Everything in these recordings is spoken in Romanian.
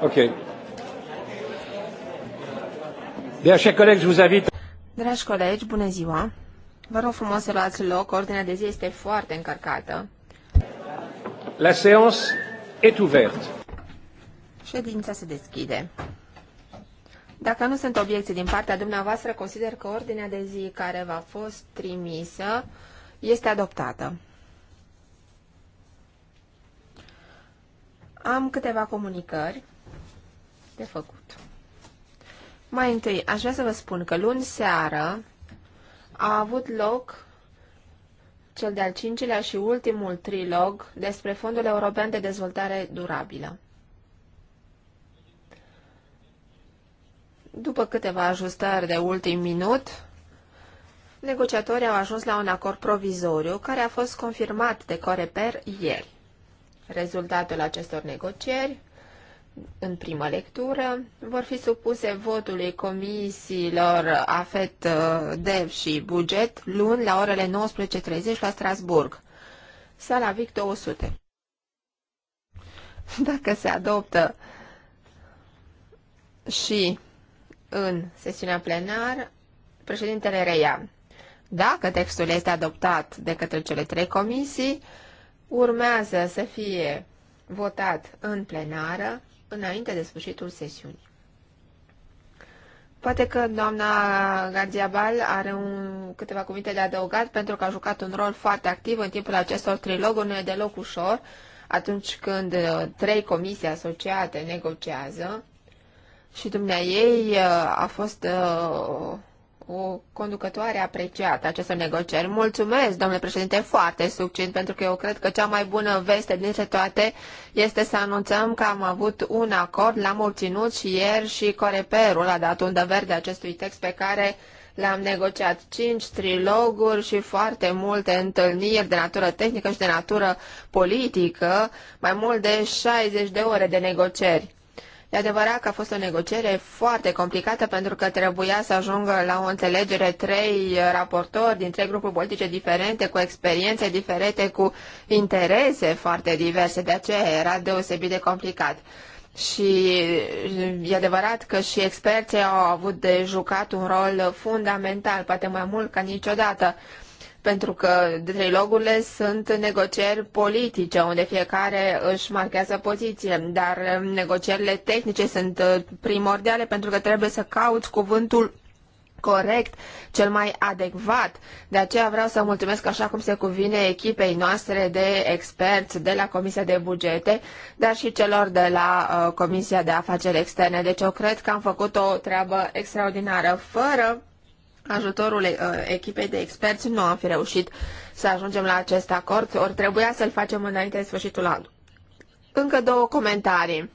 Ok. Dragi colegi, Dragi colegi, bună ziua! Vă rog frumos să luați loc, ordinea de zi este foarte încărcată. La séance est ouverte. Ședința se deschide. Dacă nu sunt obiecții din partea dumneavoastră, consider că ordinea de zi care v-a fost trimisă este adoptată. Am câteva comunicări de făcut. Mai întâi, aș vrea să vă spun că luni seară a avut loc cel de-al cincilea și ultimul trilog despre Fondul European de Dezvoltare Durabilă. După câteva ajustări de ultim minut, negociatorii au ajuns la un acord provizoriu care a fost confirmat de Coreper ieri. Rezultatul acestor negocieri în primă lectură, vor fi supuse votului comisiilor AFET, uh, DEV și Buget luni la orele 19.30 la Strasburg, sala VIC 200. Dacă se adoptă și în sesiunea plenară, președintele reia. Dacă textul este adoptat de către cele trei comisii, urmează să fie votat în plenară înainte de sfârșitul sesiunii. Poate că doamna Gardiabal are un, câteva cuvinte de adăugat pentru că a jucat un rol foarte activ în timpul acestor triloguri. Nu e deloc ușor atunci când uh, trei comisii asociate negociază și dumnea ei uh, a fost uh, o conducătoare apreciată acestor negocieri. Mulțumesc, domnule președinte, foarte succint, pentru că eu cred că cea mai bună veste dintre toate este să anunțăm că am avut un acord, l-am obținut și ieri și Coreperul a dat undă verde acestui text pe care l-am negociat. Cinci triloguri și foarte multe întâlniri de natură tehnică și de natură politică, mai mult de 60 de ore de negocieri. E adevărat că a fost o negociere foarte complicată pentru că trebuia să ajungă la o înțelegere trei raportori din trei grupuri politice diferente, cu experiențe diferite, cu interese foarte diverse. De aceea era deosebit de complicat. Și e adevărat că și experții au avut de jucat un rol fundamental, poate mai mult ca niciodată pentru că trilogurile sunt negocieri politice, unde fiecare își marchează poziție, dar um, negocierile tehnice sunt uh, primordiale pentru că trebuie să cauți cuvântul corect, cel mai adecvat. De aceea vreau să mulțumesc așa cum se cuvine echipei noastre de experți de la Comisia de Bugete, dar și celor de la uh, Comisia de Afaceri Externe. Deci eu cred că am făcut o treabă extraordinară, fără ajutorul uh, echipei de experți nu am fi reușit să ajungem la acest acord, ori trebuia să-l facem înainte de sfârșitul anului. Încă două comentarii.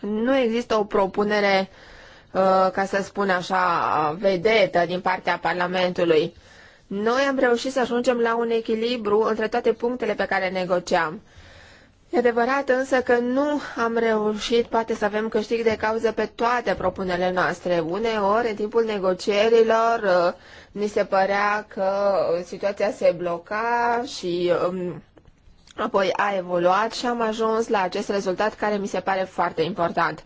Nu există o propunere, uh, ca să spun așa, vedetă din partea Parlamentului. Noi am reușit să ajungem la un echilibru între toate punctele pe care negociam. E adevărat însă că nu am reușit poate să avem câștig de cauză pe toate propunerile noastre. Uneori, în timpul negocierilor, ni se părea că situația se bloca și um, apoi a evoluat și am ajuns la acest rezultat care mi se pare foarte important.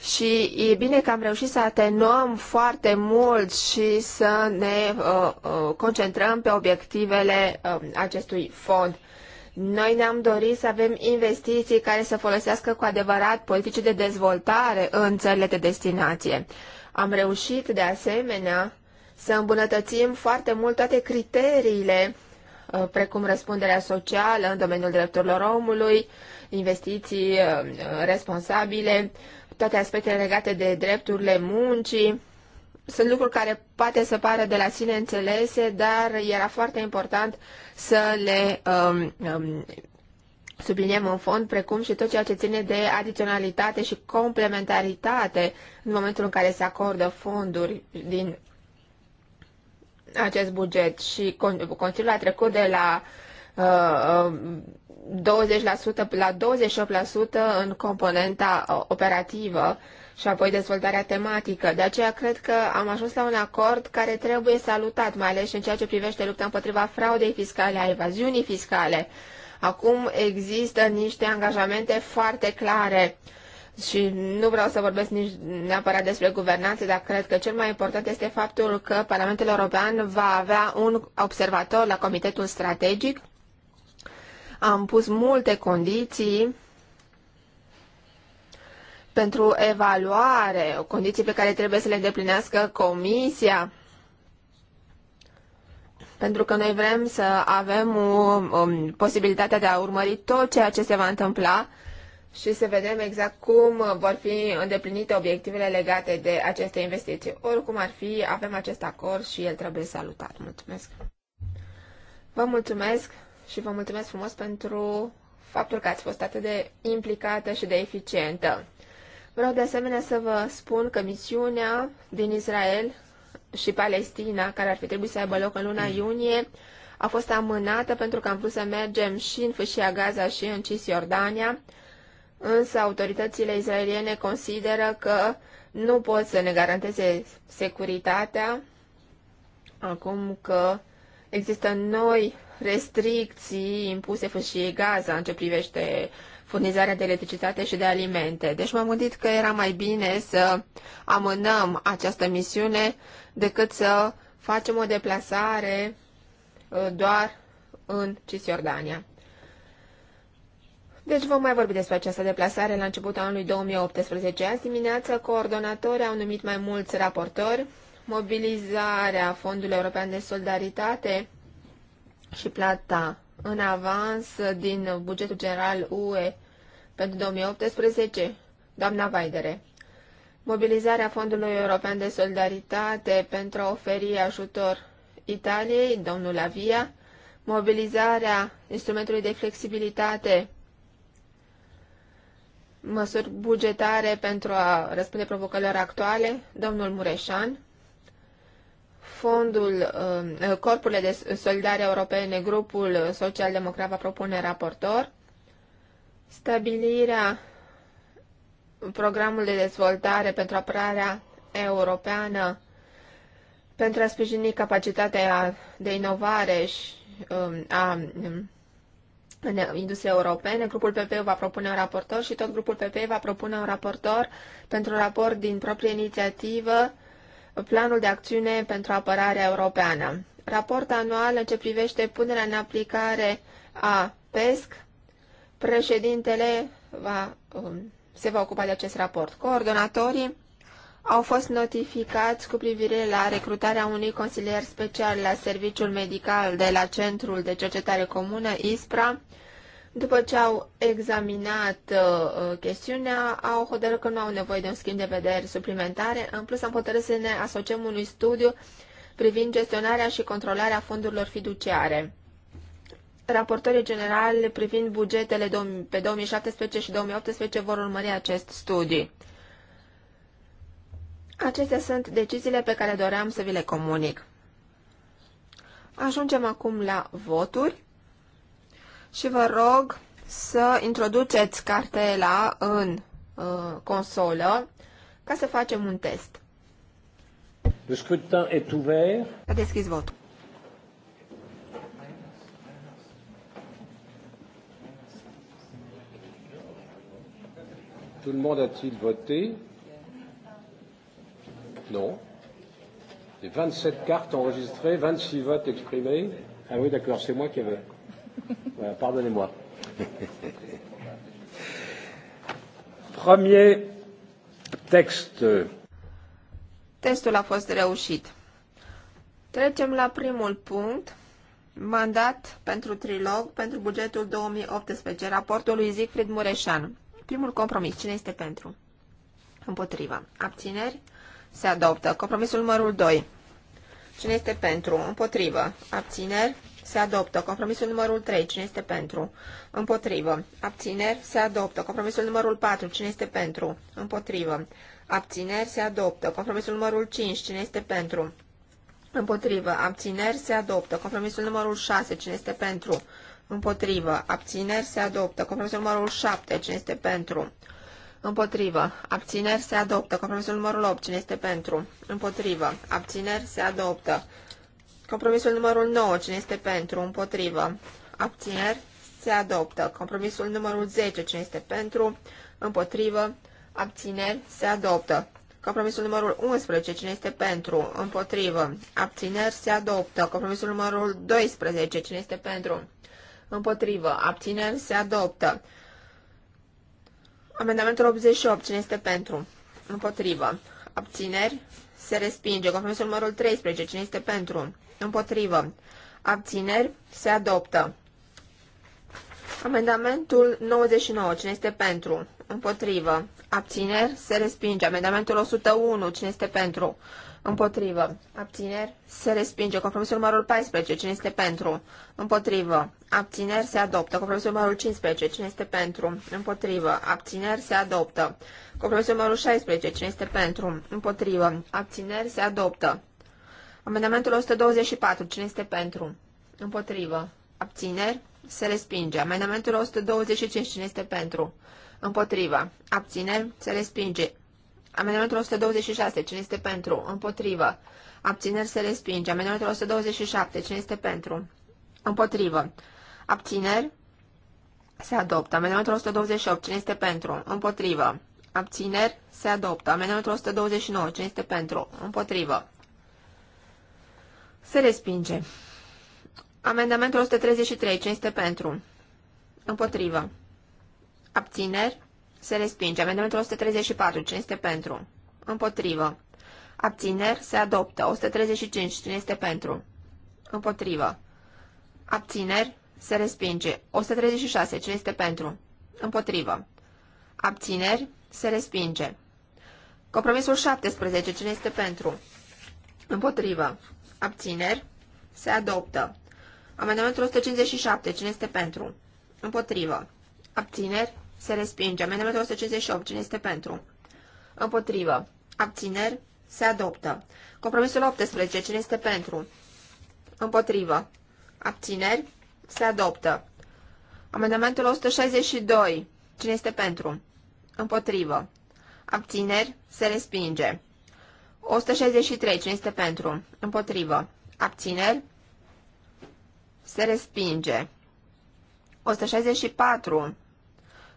Și e bine că am reușit să atenuăm foarte mult și să ne uh, uh, concentrăm pe obiectivele uh, acestui fond noi ne-am dorit să avem investiții care să folosească cu adevărat politici de dezvoltare în țările de destinație. Am reușit, de asemenea, să îmbunătățim foarte mult toate criteriile, uh, precum răspunderea socială în domeniul drepturilor omului, investiții uh, uh, responsabile, toate aspectele legate de drepturile muncii, sunt lucruri care poate să pară de la sine înțelese, dar era foarte important să le um, um, subliniem în fond, precum și tot ceea ce ține de adiționalitate și complementaritate în momentul în care se acordă fonduri din acest buget. Și Consiliul a trecut de la uh, 20% um, la 28% în componenta uh, operativă și apoi dezvoltarea tematică. De aceea cred că am ajuns la un acord care trebuie salutat, mai ales în ceea ce privește lupta împotriva fraudei fiscale, a evaziunii fiscale. Acum există niște angajamente foarte clare și nu vreau să vorbesc nici neapărat despre guvernanță, dar cred că cel mai important este faptul că Parlamentul European va avea un observator la Comitetul Strategic. Am pus multe condiții pentru evaluare, condiții pe care trebuie să le îndeplinească comisia, pentru că noi vrem să avem o o, posibilitatea de a urmări tot ceea ce se va întâmpla și să vedem exact cum vor fi îndeplinite obiectivele legate de aceste investiții. Oricum ar fi, avem acest acord și el trebuie salutat. Mulțumesc! Vă mulțumesc și vă mulțumesc frumos pentru faptul că ați fost atât de implicată și de eficientă. Vreau de asemenea să vă spun că misiunea din Israel și Palestina, care ar fi trebuit să aibă loc în luna iunie, a fost amânată pentru că am vrut să mergem și în fâșia Gaza și în Cisjordania, însă autoritățile israeliene consideră că nu pot să ne garanteze securitatea acum că există noi restricții impuse fâșiei Gaza în ce privește uh, furnizarea de electricitate și de alimente. Deci m-am gândit că era mai bine să amânăm această misiune decât să facem o deplasare uh, doar în Cisjordania. Deci vom mai vorbi despre această deplasare la începutul anului 2018. Azi dimineață, coordonatorii au numit mai mulți raportori. Mobilizarea Fondului European de Solidaritate și plata în avans din bugetul general UE pentru 2018, doamna Vaidere. Mobilizarea Fondului European de Solidaritate pentru a oferi ajutor Italiei, domnul Avia mobilizarea instrumentului de flexibilitate, măsuri bugetare pentru a răspunde provocărilor actuale, domnul Mureșan, fondul, uh, corpurile de solidare europene, grupul social-democrat va propune raportor, stabilirea programului de dezvoltare pentru apărarea europeană pentru a sprijini capacitatea de inovare și um, a um, industriei europene. Grupul PP va propune un raportor și tot grupul PP va propune un raportor pentru un raport din proprie inițiativă planul de acțiune pentru apărarea europeană. Raport anual în ce privește punerea în aplicare a PESC, președintele va, um, se va ocupa de acest raport. Coordonatorii au fost notificați cu privire la recrutarea unui consilier special la Serviciul Medical de la Centrul de Cercetare Comună, ISPRA, după ce au examinat uh, uh, chestiunea, au hotărât că nu au nevoie de un schimb de vederi suplimentare. În plus, am hotărât să ne asociem unui studiu privind gestionarea și controlarea fondurilor fiduciare. Raportorii generali privind bugetele pe 2017 și 2018 vor urmări acest studiu. Acestea sunt deciziile pe care doream să vi le comunic. Ajungem acum la voturi și vă rog să introduceți cartela în uh, consolă ca să facem un test. Le scrutin est ouvert. A deschis votul. Tout le monde a-t-il voté Non. Les 27 cartes enregistrées, 26 votes exprimés. Ah oui, d'accord, c'est moi qui avais. Pardonnez-moi. Premier text. Testul a fost reușit. Trecem la primul punct. Mandat pentru trilog pentru bugetul 2018, raportul lui Siegfried Mureșan. Primul compromis. Cine este pentru? Împotriva. Abțineri? Se adoptă. Compromisul numărul 2. Cine este pentru? Împotrivă. Abțineri? se adoptă. Compromisul numărul 3, cine este pentru? Împotrivă. Abțineri, se adoptă. Compromisul numărul 4, cine este pentru? Împotrivă. Abțineri, se adoptă. Compromisul numărul 5, cine este pentru? Împotrivă. Abțineri, se adoptă. Compromisul numărul 6, cine este pentru? Împotrivă. Abțineri, se adoptă. Compromisul numărul 7, cine este pentru? Împotrivă. Abțineri se adoptă. Compromisul numărul 8. Cine este pentru? Împotrivă. Abțineri se adoptă. Compromisul numărul 9, cine este pentru, împotrivă, abțineri, se adoptă. Compromisul numărul 10, cine este pentru, împotrivă, abțineri, se adoptă. Compromisul numărul 11, cine este pentru, împotrivă, abțineri, se adoptă. Compromisul numărul 12, cine este pentru, împotrivă, abțineri, se adoptă. Amendamentul 88, cine este pentru, împotrivă, abțineri, se respinge. Compromisul numărul 13, cine este pentru, Împotrivă. Abțineri. Se adoptă. Amendamentul 99. Cine este pentru? Împotrivă. Abțineri. Se respinge. Amendamentul 101. Cine este pentru? Împotrivă. Abțineri. Se respinge. Compromisul numărul 14. Cine este pentru? Împotrivă. Abțineri. Se adoptă. Compromisul numărul 15. Cine este pentru? Împotrivă. Abțineri. Se adoptă. Compromisul numărul 16. Cine este pentru? Împotrivă. Abțineri. Se adoptă. Amendamentul 124. Cine este pentru? Împotrivă. Abțineri? Se respinge. Amendamentul 125. Cine este pentru? Împotrivă. Abțineri? Se respinge. Amendamentul 126. Cine este pentru? Împotrivă. Abțineri? Se respinge. Amendamentul 127. Cine este pentru? Împotrivă. Abțineri? Se adoptă. Amendamentul 128. Cine este pentru? Împotrivă. Abțineri? Se adoptă. Amendamentul 129. Cine este pentru? Împotrivă. Se respinge. Amendamentul 133. Cine este pentru? Împotrivă. Abțineri. Se respinge. Amendamentul 134. Cine este pentru? Împotrivă. Abțineri. Se adoptă. 135. Cine este pentru? Împotrivă. Abțineri. Se respinge. 136. Cine este pentru? Împotrivă. Abțineri. Se respinge. Compromisul 17. Cine este pentru? Împotrivă. Abțineri. Se adoptă. Amendamentul 157. Cine este pentru? Împotrivă. Abțineri. Se respinge. Amendamentul 158. Cine este pentru? Împotrivă. Abțineri. Se adoptă. Compromisul 18. Cine este pentru? Împotrivă. Abțineri. Se adoptă. Amendamentul 162. Cine este pentru? Împotrivă. Abțineri. Se respinge. 163. Cine este pentru? Împotrivă. Abțineri? Se respinge. 164.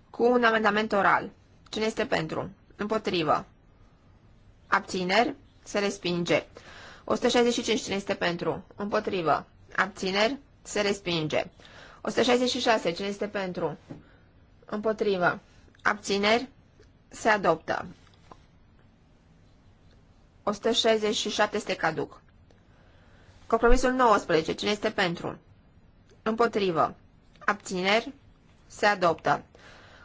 Cu un amendament oral. Cine este pentru? Împotrivă. Abțineri? Se respinge. 165. Cine este pentru? Împotrivă. Abțineri? Se respinge. 166. Cine este pentru? Împotrivă. Abțineri? Se adoptă. 167 este caduc. Compromisul 19. Cine este pentru? Împotrivă. Abțineri. Se adoptă.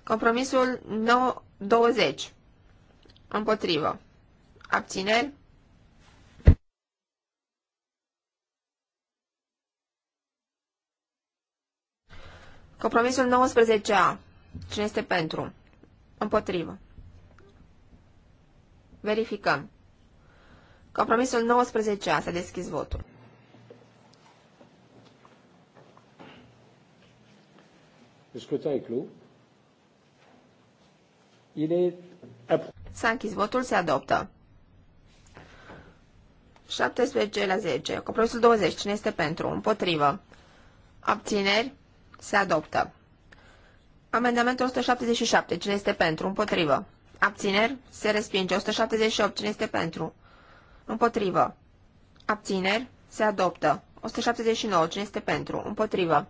Compromisul 9, 20. Împotrivă. Abțineri. Compromisul 19A. Cine este pentru? Împotrivă. Verificăm. Compromisul 19 a, s-a deschis votul. scrutin clos. S-a închis votul, se adoptă. 17 la 10. Compromisul 20. Cine este pentru? Împotrivă. Abțineri? Se adoptă. Amendamentul 177. Cine este pentru? Împotrivă. Abțineri? Se respinge. 178. Cine este pentru? Împotrivă. Abțineri. Se adoptă. 179. Cine este pentru? Împotrivă.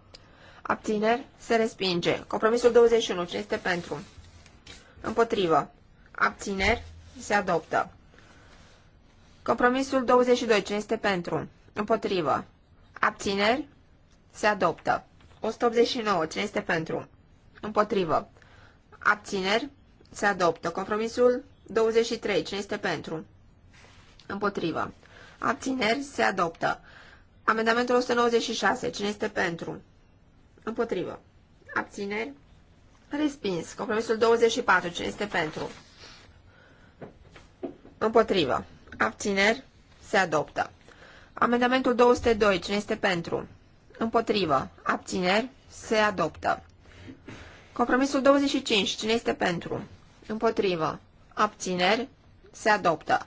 Abțineri. Se respinge. Compromisul 21. Cine este pentru? Împotrivă. Abțineri. Se adoptă. Compromisul 22. Cine este pentru? Împotrivă. Abțineri. Se adoptă. 189. Cine este pentru? Împotrivă. Abțineri. Se adoptă. Compromisul 23. Cine este pentru? Împotrivă. Abțineri se adoptă. Amendamentul 196. Cine este pentru? Împotrivă. Abțineri. Respins. Compromisul 24. Cine este pentru? Împotrivă. Abțineri. Se adoptă. Amendamentul 202. Cine este pentru? Împotrivă. Abțineri. Se adoptă. Compromisul 25. Cine este pentru? Împotrivă. Abțineri. Se adoptă.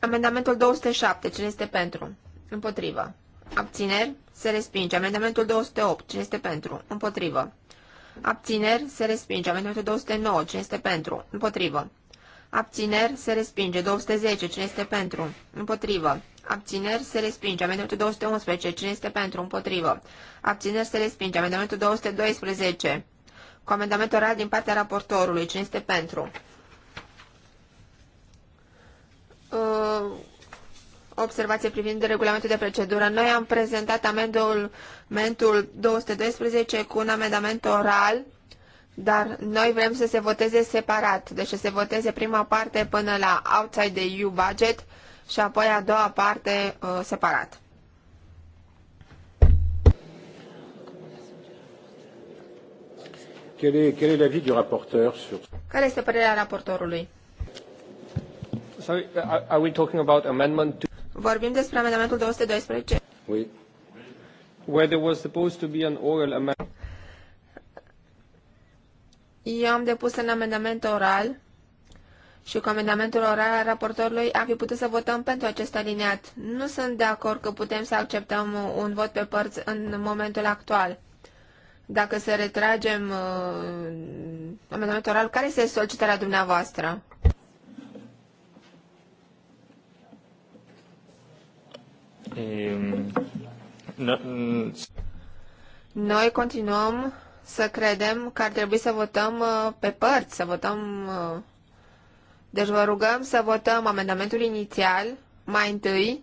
Amendamentul 207. Cine este pentru? Împotrivă. Abțineri? Se respinge. Amendamentul 208. Cine este pentru? Împotrivă. Abțineri? Se respinge. Amendamentul 209. Cine este pentru? Împotrivă. Abțineri? Se respinge. 210. Cine este pentru? Împotrivă. Abțineri? Se respinge. Amendamentul 211. Cine este pentru? Împotrivă. Abțineri? Se respinge. Amendamentul 212. Cu amendament oral din partea raportorului. Cine este pentru? uh, observație privind regulamentul de procedură. Noi am prezentat amendamentul 212 cu un amendament oral, dar noi vrem să se voteze separat, deci să se voteze prima parte până la outside the EU budget și apoi a doua parte uh, separat. Care este părerea raportorului? Sorry, are we talking about amendment to... Vorbim despre amendamentul 212. Oui. Where there was supposed to be an oral amendment. Eu am depus un amendament oral și cu amendamentul oral al raportorului am fi putut să votăm pentru acest aliniat. Nu sunt de acord că putem să acceptăm un vot pe părți în momentul actual. Dacă să retragem uh, amendamentul oral, care este solicitarea dumneavoastră? Noi continuăm să credem că ar trebui să votăm uh, pe părți, să votăm... Uh, deci vă rugăm să votăm amendamentul inițial mai întâi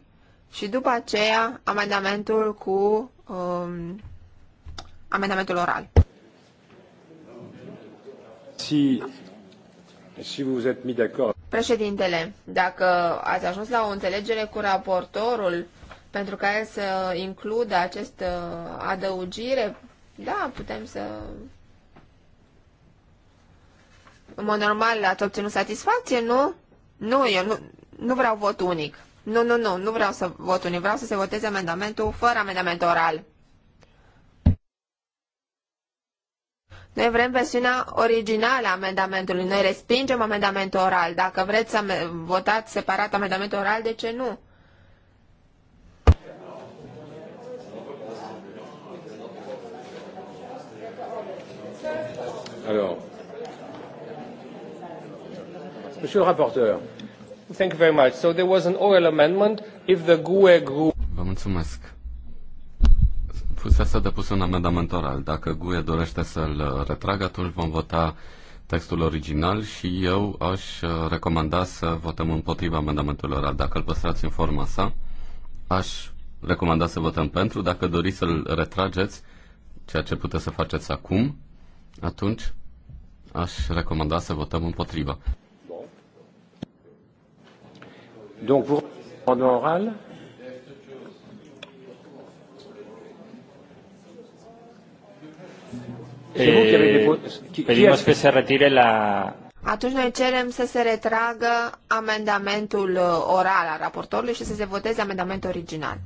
și după aceea amendamentul cu um, amendamentul oral. Si, si vous êtes mis Președintele, dacă ați ajuns la o înțelegere cu raportorul, pentru care să includă această uh, adăugire, da, putem să... În mod normal ați obținut satisfacție, nu? Nu, eu nu, nu vreau vot unic. Nu, nu, nu, nu vreau să vot unic, vreau să se voteze amendamentul fără amendament oral. Noi vrem versiunea originală a amendamentului. Noi respingem amendamentul oral. Dacă vreți să votați separat amendamentul oral, de ce nu? Alors, Monsieur le rapporteur. Thank you very much. So there was an oral amendment. If the GUE group... Vă mulțumesc. Fusese depus un amendament oral. Dacă GUE dorește să-l retragă, atunci vom vota textul original și eu aș recomanda să votăm împotriva amendamentului oral. Dacă îl păstrați în forma sa, aș recomanda să votăm pentru. Dacă doriți să-l retrageți, ceea ce puteți să faceți acum, atunci aș recomanda să votăm împotriva. Donc, vous... En oral Pedimos que se retire la... Atunci noi cerem să se retragă amendamentul uh, oral al raportorului și să se voteze amendamentul original.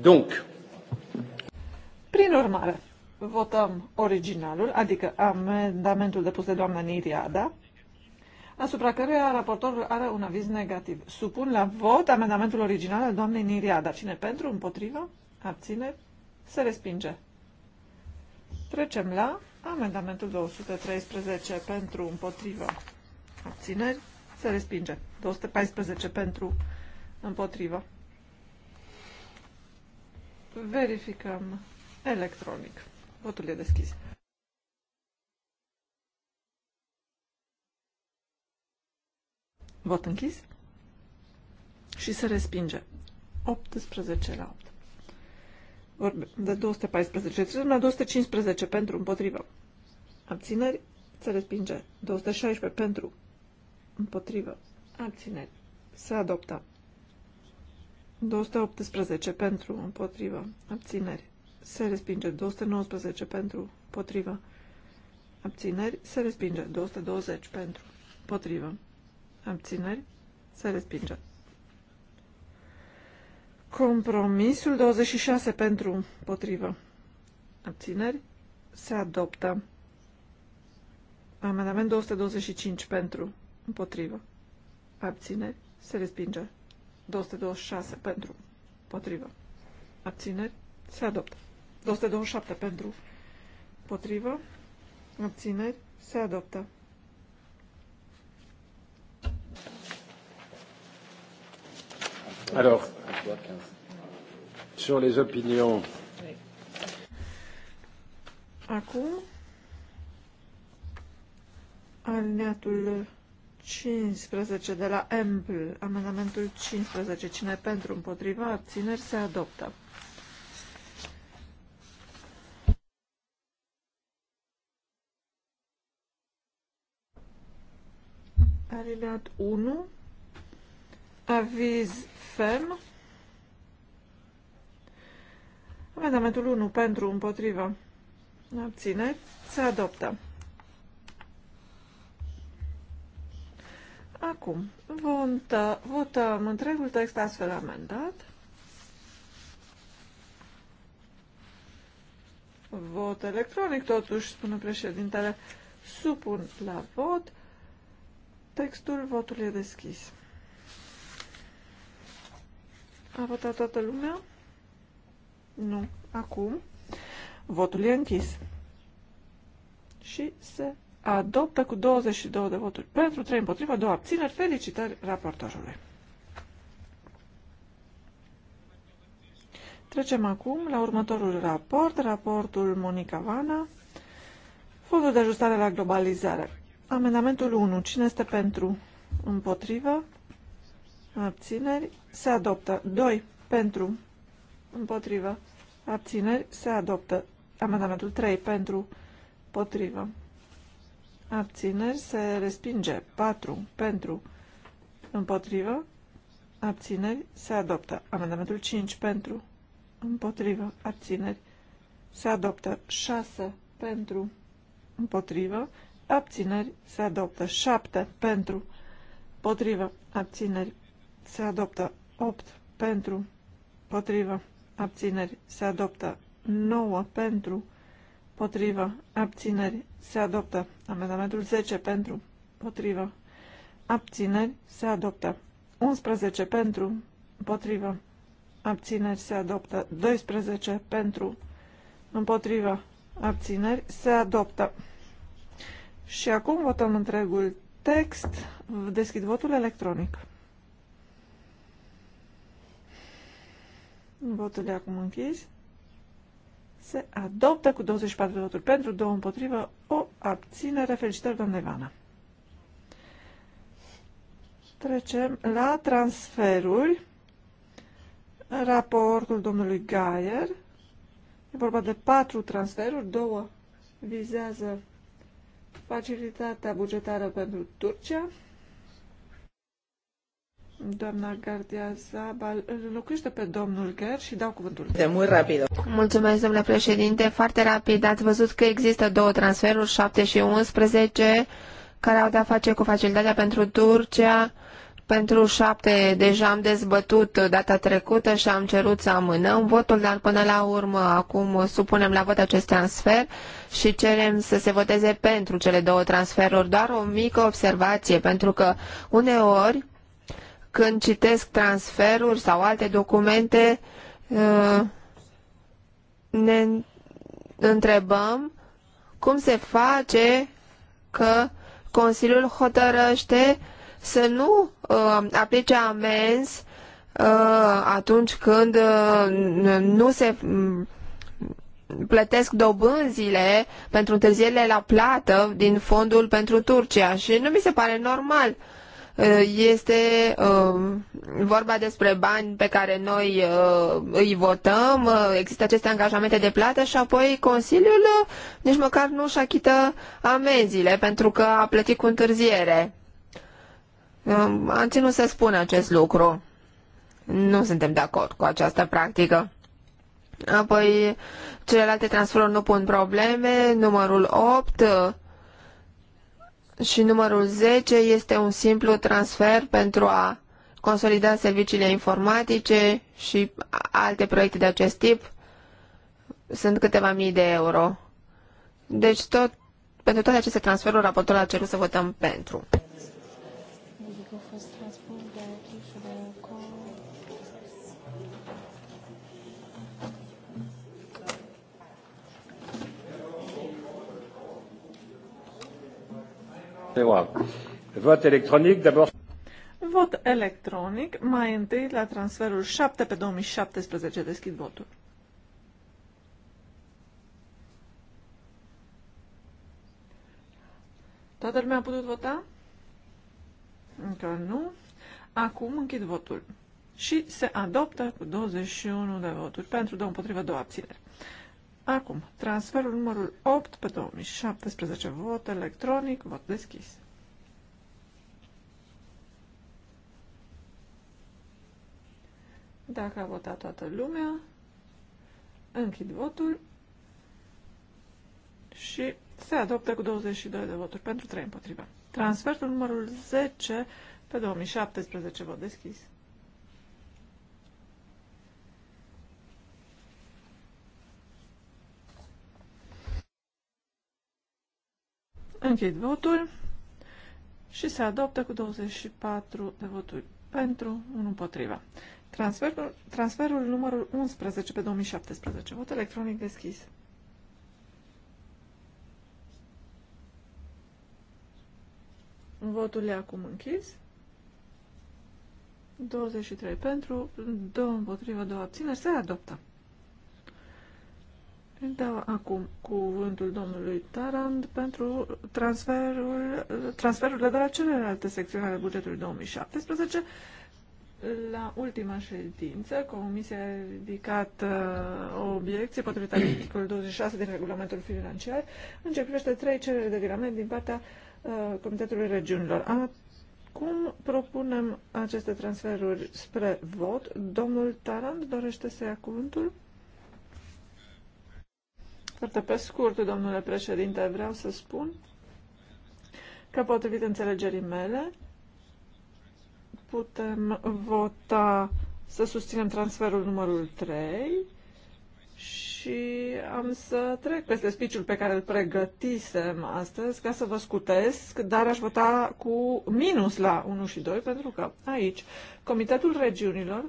Donc. Prin urmare, votăm originalul, adică amendamentul depus de doamna Niriada, asupra căruia raportorul are un aviz negativ. Supun la vot amendamentul original al doamnei Niriada. Cine pentru, împotrivă, abține, se respinge. Trecem la amendamentul 213 pentru, împotrivă, abțineri, se respinge. 214 pentru, împotrivă, Verificăm electronic. Votul e deschis. Vot închis. Și se respinge. 18 la 8. Vorbe de 214. Trebuie la 215 pentru împotrivă. Abțineri. Se respinge. 216 pentru împotrivă. Abțineri. Se adoptă. 218 pentru, împotriva, abțineri, se respinge. 219 pentru, împotriva, abțineri, se respinge. 220 pentru, împotriva, abțineri, se respinge. Compromisul 26 pentru, împotriva, abțineri, se adoptă. Amendament 225 pentru, împotrivă, abțineri, se respinge. 226 pentru, potrivă, abțineri, se adoptă. 227 pentru, potrivă, abțineri, se adoptă. Alors, sur les opinions. Acum, alineatul 15 de la Ample, amendamentul 15, cine pentru, împotriva, abțineri, se adoptă. Alineat 1, aviz FEM, amendamentul 1 pentru, împotriva, abțineri, se adoptă. Acum, vontă, votăm întregul text astfel amendat. Vot electronic, totuși, spune președintele, supun la vot. Textul votului e deschis. A votat toată lumea? Nu. Acum. Votul e închis. Și se adoptă cu 22 de voturi pentru, 3 împotriva, 2 abțineri. Felicitări raportorului. Trecem acum la următorul raport, raportul Monica Vana, Fondul de ajustare la globalizare. Amendamentul 1. Cine este pentru? Împotrivă? Abțineri? Se adoptă. 2. Pentru? Împotrivă? Abțineri? Se adoptă. Amendamentul 3. Pentru? Împotrivă? abțineri se respinge. 4 pentru, împotrivă, abțineri se adoptă. Amendamentul 5 pentru, împotrivă, abțineri se adoptă. 6 pentru, împotrivă, abțineri se adoptă. 7 pentru, împotrivă, abțineri se adoptă. 8 pentru, împotrivă, abțineri se adoptă. 9 pentru, Potrivă. Abțineri. Se adoptă. Amendamentul 10 pentru. Potrivă. Abțineri. Se adoptă. 11 pentru. Potrivă. Abțineri. Se adoptă. 12 pentru. Împotrivă. Abțineri. Se adoptă. Și acum votăm întregul text. Deschid votul electronic. Votul e acum închis se adoptă cu 24 de voturi pentru, 2 împotrivă, o abținere. Felicitări, doamne Ivana! Trecem la transferuri. Raportul domnului Gaier. E vorba de patru transferuri, două vizează facilitatea bugetară pentru Turcia, Doamna Gardia Zabal locuiește pe domnul Ger și dau cuvântul. De mult rapid. Mulțumesc, domnule președinte. Foarte rapid. Ați văzut că există două transferuri, 7 și 11, care au de-a face cu facilitatea pentru Turcia. Pentru 7 deja am dezbătut data trecută și am cerut să amânăm votul, dar până la urmă acum supunem la vot acest transfer și cerem să se voteze pentru cele două transferuri. Doar o mică observație, pentru că uneori când citesc transferuri sau alte documente, uh, ne întrebăm cum se face că Consiliul hotărăște să nu uh, aplice amenzi uh, atunci când nu se mm, plătesc dobânzile pentru întârzierile la plată din fondul pentru Turcia și nu mi se pare normal uh, Uh, este uh, vorba despre bani pe care noi uh, îi votăm, există aceste angajamente de plată și apoi Consiliul nici măcar nu își achită amenziile pentru că a plătit cu întârziere. Am um, ținut să spun acest lucru. Nu suntem de acord cu această practică. Apoi, celelalte transferuri nu pun probleme. Numărul 8, și numărul 10 este un simplu transfer pentru a consolida serviciile informatice și alte proiecte de acest tip. Sunt câteva mii de euro. Deci tot, pentru toate aceste transferuri, raportul a cerut să votăm pentru. Vot electronic, d'abord. Vot electronic, mai întâi la transferul 7 pe 2017 deschid votul. Toată lumea a putut vota? Încă nu. Acum închid votul. Și se adoptă cu 21 de voturi pentru, 2 împotriva, două abțineri. Acum, transferul numărul 8 pe 2017, vot electronic, vot deschis. Dacă a votat toată lumea, închid votul și se adoptă cu 22 de voturi pentru 3 împotriva. Transferul numărul 10 pe 2017, vot deschis. Închid votul și se adoptă cu 24 de voturi pentru, 1 împotriva. Transferul, transferul numărul 11 pe 2017. Vot electronic deschis. Votul e acum închis. 23 pentru, 2 împotriva, 2 abțineri. Se adoptă. Da, acum cuvântul domnului Tarand pentru transferul, transferurile de la celelalte secțiuni ale bugetului 2017. La ultima ședință, Comisia a ridicat uh, o obiecție potrivit articolul 26 din regulamentul financiar în ce privește trei cereri de regulament din partea uh, Comitetului Regiunilor. Acum propunem aceste transferuri spre vot. Domnul Tarand dorește să ia cuvântul? Foarte pe scurt, domnule președinte, vreau să spun că, potrivit înțelegerii mele, putem vota să susținem transferul numărul 3 și am să trec peste spiciul pe care îl pregătisem astăzi ca să vă scutesc, dar aș vota cu minus la 1 și 2 pentru că aici Comitetul Regiunilor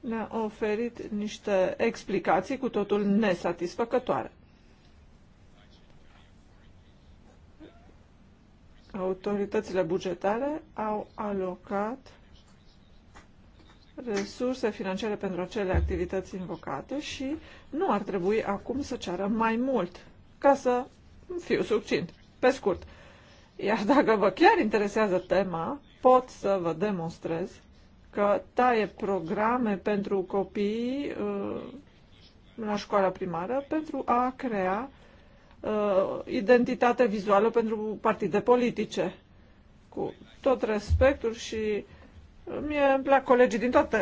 ne-a oferit niște explicații cu totul nesatisfăcătoare. Autoritățile bugetare au alocat resurse financiare pentru acele activități invocate și nu ar trebui acum să ceară mai mult, ca să fiu succint, pe scurt. Iar dacă vă chiar interesează tema, pot să vă demonstrez că taie programe pentru copii uh, la școala primară pentru a crea uh, identitate vizuală pentru partide politice. Cu tot respectul și uh, mie îmi plac colegii din toate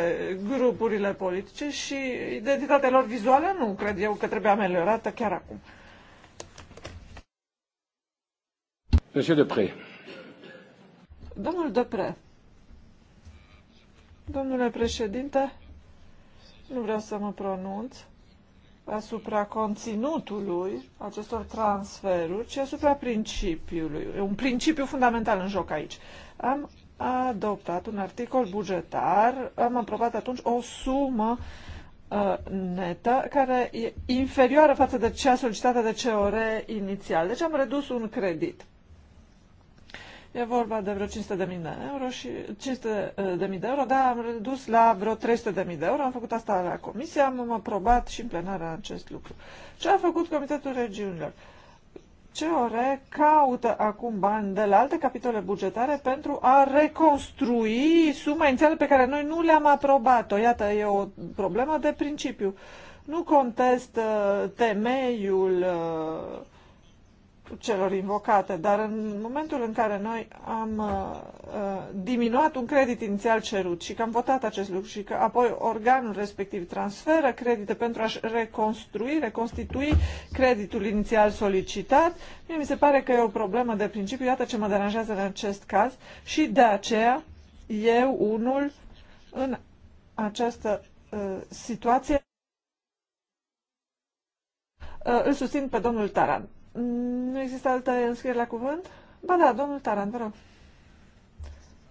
grupurile politice și identitatea lor vizuală nu cred eu că trebuie ameliorată chiar acum. Monsieur Depre. Domnul Depre. Domnule președinte, nu vreau să mă pronunț asupra conținutului acestor transferuri, ci asupra principiului. E un principiu fundamental în joc aici. Am adoptat un articol bugetar, am aprobat atunci o sumă uh, netă care e inferioară față de cea solicitată de COR inițial. Deci am redus un credit. E vorba de vreo 500 de mii de euro și 500 de mii de euro, dar am redus la vreo 300 de mii de euro. Am făcut asta la comisie, am aprobat și în plenară acest lucru. Ce a făcut Comitetul Regiunilor? COR caută acum bani de la alte capitole bugetare pentru a reconstrui suma inițială pe care noi nu le-am aprobat-o. Iată, e o problemă de principiu. Nu contest uh, temeiul uh, celor invocate, dar în momentul în care noi am uh, uh, diminuat un credit inițial cerut și că am votat acest lucru și că apoi organul respectiv transferă credite pentru a-și reconstrui, reconstitui creditul inițial solicitat, mie mi se pare că e o problemă de principiu, iată ce mă deranjează în acest caz și de aceea eu unul în această uh, situație uh, îl susțin pe domnul Taran. Nu există altă înscriere la cuvânt? Ba da, domnul Taran, vă rog.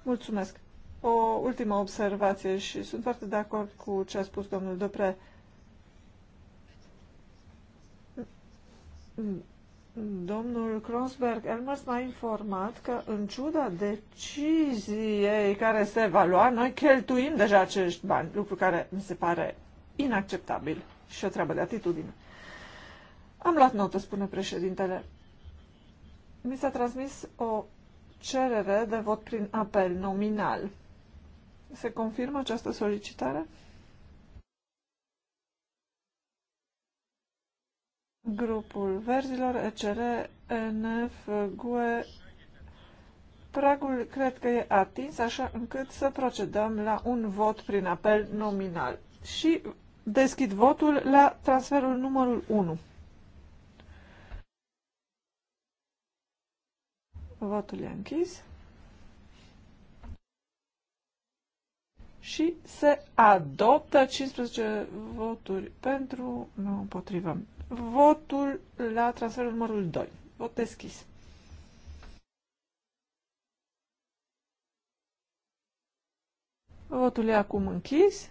Mulțumesc. O ultimă observație și sunt foarte de acord cu ce a spus domnul Dupre. Domnul Kronsberg Elmers m-a informat că, în ciuda deciziei care se va lua, noi cheltuim deja acești bani, lucru care mi se pare inacceptabil și o treabă de atitudine. Am luat notă, spune președintele. Mi s-a transmis o cerere de vot prin apel nominal. Se confirmă această solicitare? Grupul Verzilor, ECR, NF, GUE, pragul cred că e atins, așa încât să procedăm la un vot prin apel nominal. Și deschid votul la transferul numărul 1. Votul e închis. Și se adoptă 15 voturi pentru, nu împotrivă. Votul la transferul numărul 2. Vot deschis. Votul e acum închis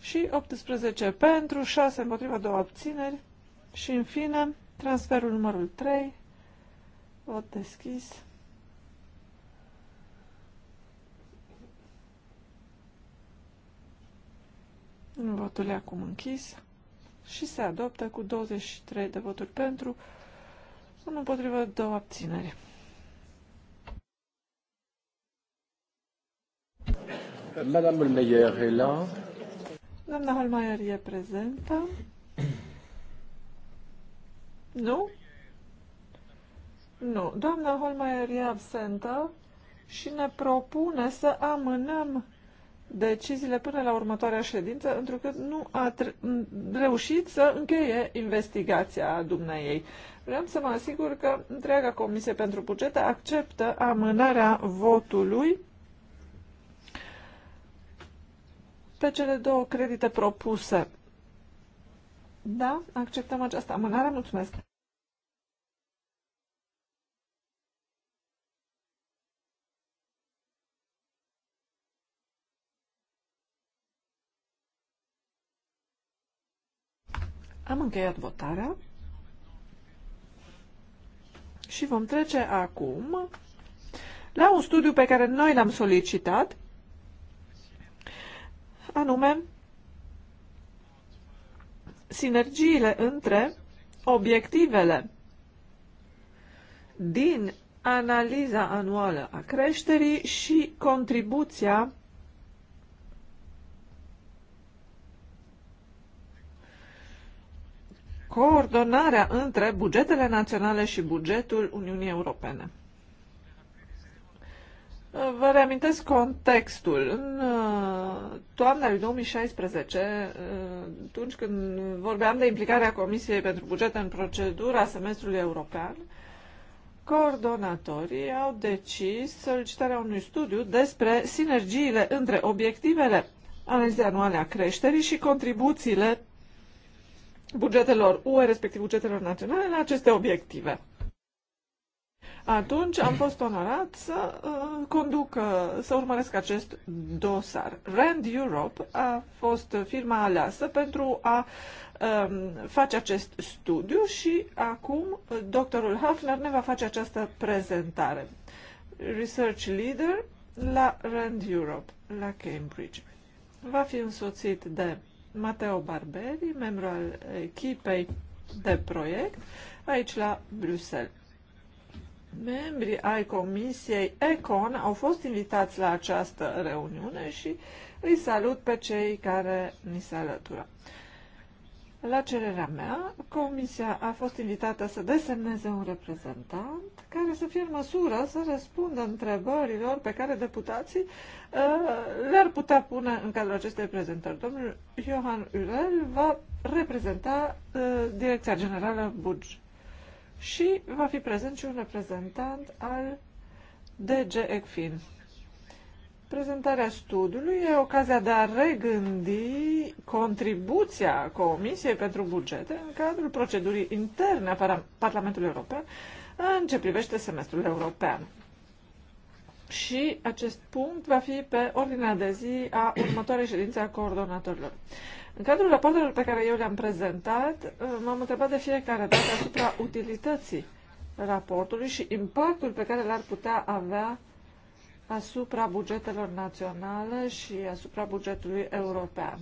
și 18 pentru, 6 împotriva, 2 abțineri și în fine transferul numărul 3, pot deschis. Votul e acum închis și se adoptă cu 23 de voturi pentru, unul împotrivă, două abțineri. Madame Holmeyer e la. Doamna Holmeyer e prezentă. Nu? Nu, doamna Holmeier e absentă și ne propune să amânăm deciziile până la următoarea ședință, întrucât nu a reușit să încheie investigația dumneiei. Vreau să mă asigur că întreaga Comisie pentru Bugete acceptă amânarea votului pe cele două credite propuse. Da? Acceptăm această amânare? Mulțumesc! Am încheiat votarea și vom trece acum la un studiu pe care noi l-am solicitat, anume sinergiile între obiectivele din analiza anuală a creșterii și contribuția coordonarea între bugetele naționale și bugetul Uniunii Europene. Vă reamintesc contextul. În uh, toamna lui 2016, uh, atunci când vorbeam de implicarea Comisiei pentru Buget în procedura semestrului european, coordonatorii au decis solicitarea unui studiu despre sinergiile între obiectivele analize anuale a creșterii și contribuțiile bugetelor UE, respectiv bugetelor naționale, la aceste obiective. Atunci am fost onorat să uh, conduc, uh, să urmăresc acest dosar. Rand Europe a fost firma aleasă pentru a um, face acest studiu și acum doctorul Hafner ne va face această prezentare. Research Leader la Rand Europe, la Cambridge. Va fi însoțit de Mateo Barberi, membru al echipei de proiect, aici la Bruxelles. Membrii ai Comisiei ECON au fost invitați la această reuniune și îi salut pe cei care ni se alătură. La cererea mea, Comisia a fost invitată să desemneze un reprezentant care să fie în măsură să răspundă întrebărilor pe care deputații uh, le-ar putea pune în cadrul acestei prezentări. Domnul Johan Urel va reprezenta uh, Direcția Generală Buj și va fi prezent și un reprezentant al DG ECFIN. Prezentarea studiului e ocazia de a regândi contribuția Comisiei pentru bugete în cadrul procedurii interne a Parlamentului European în ce privește semestrul european. Și acest punct va fi pe ordinea de zi a următoarei ședințe a coordonatorilor. În cadrul raportelor pe care eu le-am prezentat, m-am întrebat de fiecare dată asupra utilității raportului și impactul pe care l-ar putea avea asupra bugetelor naționale și asupra bugetului european.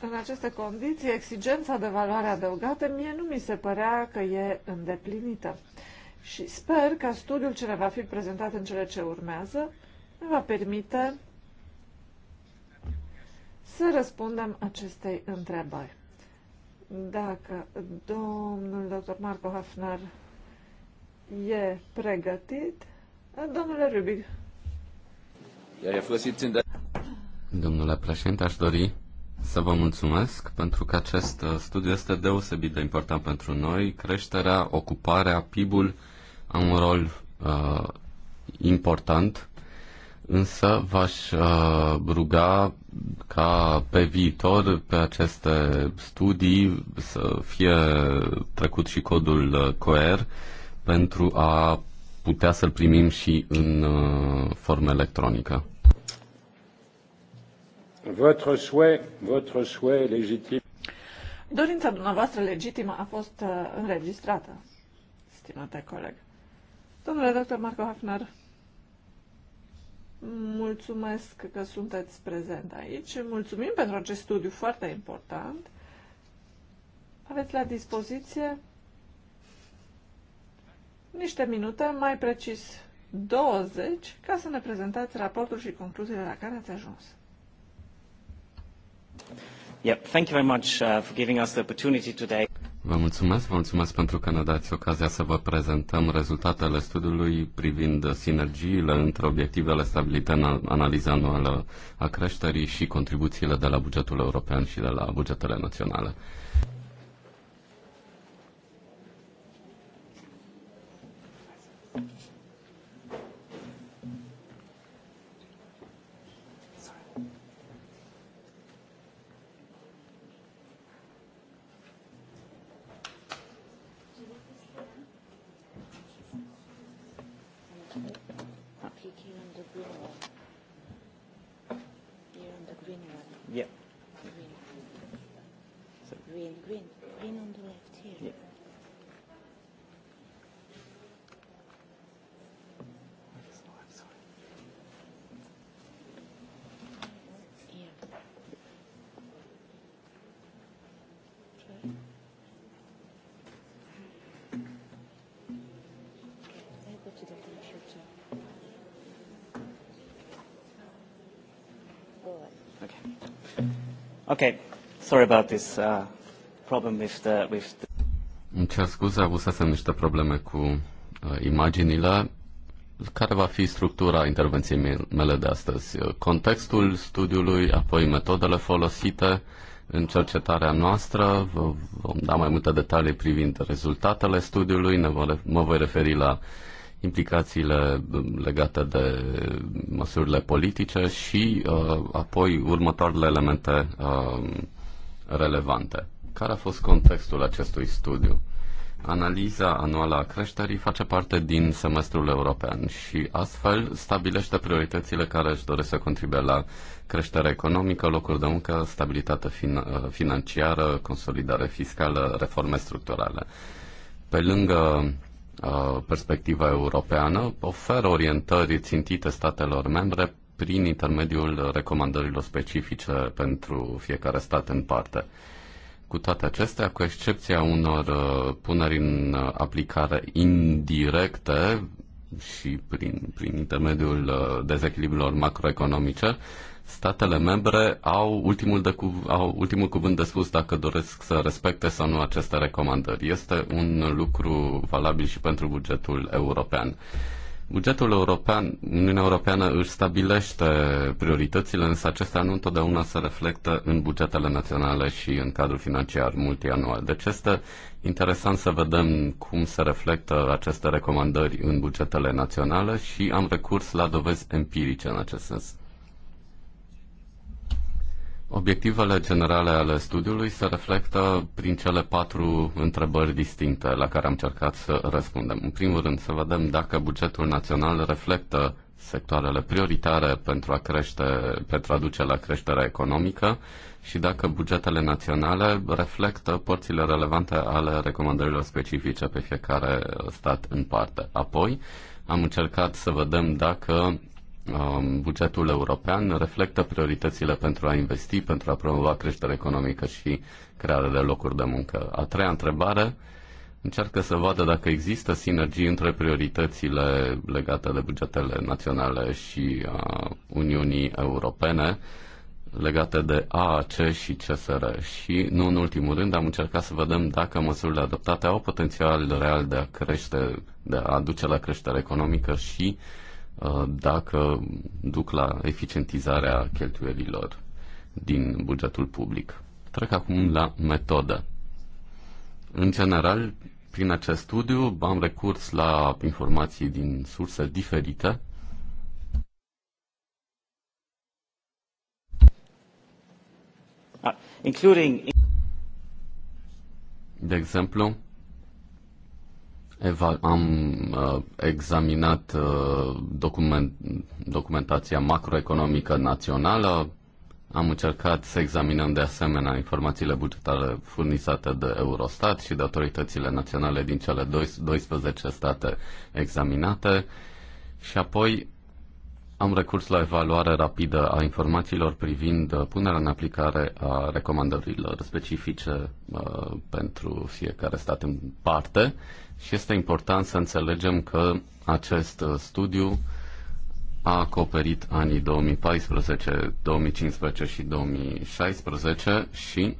În aceste condiții, exigența de valoare adăugată mie nu mi se părea că e îndeplinită. Și sper că studiul ce ne va fi prezentat în cele ce urmează ne va permite să răspundem acestei întrebări. Dacă domnul dr. Marco Hafner e pregătit, Domnule Rubic. Domnule președinte, aș dori să vă mulțumesc pentru că acest uh, studiu este deosebit de important pentru noi. Creșterea, ocuparea, PIB-ul au un rol uh, important, însă v-aș uh, ruga ca pe viitor pe aceste studii să fie trecut și codul uh, COER pentru a putea să-l primim și în uh, formă electronică. Votre souhait, votre souhait legitim. Dorința dumneavoastră legitimă a fost uh, înregistrată, stimate coleg. Domnule doctor Marco Hafner, mulțumesc că sunteți prezent aici. Mulțumim pentru acest studiu foarte important. Aveți la dispoziție niște minute, mai precis 20, ca să ne prezentați raportul și concluziile la care ați ajuns. Yep, thank you very much uh, for giving us the opportunity today. Vă mulțumesc, vă mulțumesc pentru că ne dați ocazia să vă prezentăm rezultatele studiului privind sinergiile între obiectivele stabilite în analiza anuală a creșterii și contribuțiile de la bugetul european și de la bugetele naționale. Okay. Okay. Sorry about this uh, problem with the with the... Îmi cer scuze, avusesem niște probleme cu uh, imaginile. Care va fi structura intervenției mele de astăzi? Uh, contextul studiului, apoi metodele folosite în cercetarea noastră. Vă vom da mai multe detalii privind rezultatele studiului. Ne vă, mă voi referi la uh, implicațiile legate de măsurile politice și uh, apoi următoarele elemente uh, relevante. Care a fost contextul acestui studiu? Analiza anuală a creșterii face parte din semestrul european și astfel stabilește prioritățile care își doresc să contribuie la creșterea economică, locuri de muncă, stabilitate fin- uh, financiară, consolidare fiscală, reforme structurale. Pe lângă Uh, perspectiva europeană oferă orientări țintite statelor membre prin intermediul recomandărilor specifice pentru fiecare stat în parte. Cu toate acestea, cu excepția unor uh, puneri în aplicare indirecte și prin, prin intermediul uh, dezechilibrilor macroeconomice, statele membre au ultimul, de cu, au ultimul cuvânt de spus dacă doresc să respecte sau nu aceste recomandări. Este un lucru valabil și pentru bugetul european. Bugetul european, Uniunea Europeană își stabilește prioritățile, însă acestea nu întotdeauna se reflectă în bugetele naționale și în cadrul financiar multianual. Deci este interesant să vedem cum se reflectă aceste recomandări în bugetele naționale și am recurs la dovezi empirice în acest sens. Obiectivele generale ale studiului se reflectă prin cele patru întrebări distincte la care am încercat să răspundem. În primul rând, să vedem dacă bugetul național reflectă sectoarele prioritare pentru a, crește, pentru a duce la creșterea economică și dacă bugetele naționale reflectă porțile relevante ale recomandărilor specifice pe fiecare stat în parte. Apoi, am încercat să vedem dacă Um, bugetul european reflectă prioritățile pentru a investi, pentru a promova creșterea economică și crearea de locuri de muncă. A treia întrebare încearcă să vadă dacă există sinergii între prioritățile legate de bugetele naționale și a uh, Uniunii Europene legate de AAC și CSR. Și, nu în ultimul rând, am încercat să vedem dacă măsurile adoptate au potențial real de a crește, de a aduce la creștere economică și uh, Uh, dacă duc la eficientizarea cheltuielilor din bugetul public. Trec acum la metodă. În general, prin acest studiu am recurs la informații din surse diferite. Uh, including... De exemplu, am uh, examinat uh, document, documentația macroeconomică națională, am încercat să examinăm de asemenea informațiile bugetare furnizate de Eurostat și de autoritățile naționale din cele 12 state examinate și apoi am recurs la evaluare rapidă a informațiilor privind uh, punerea în aplicare a recomandărilor specifice uh, pentru fiecare stat în parte și este important să înțelegem că acest uh, studiu a acoperit anii 2014, 2015 și 2016 și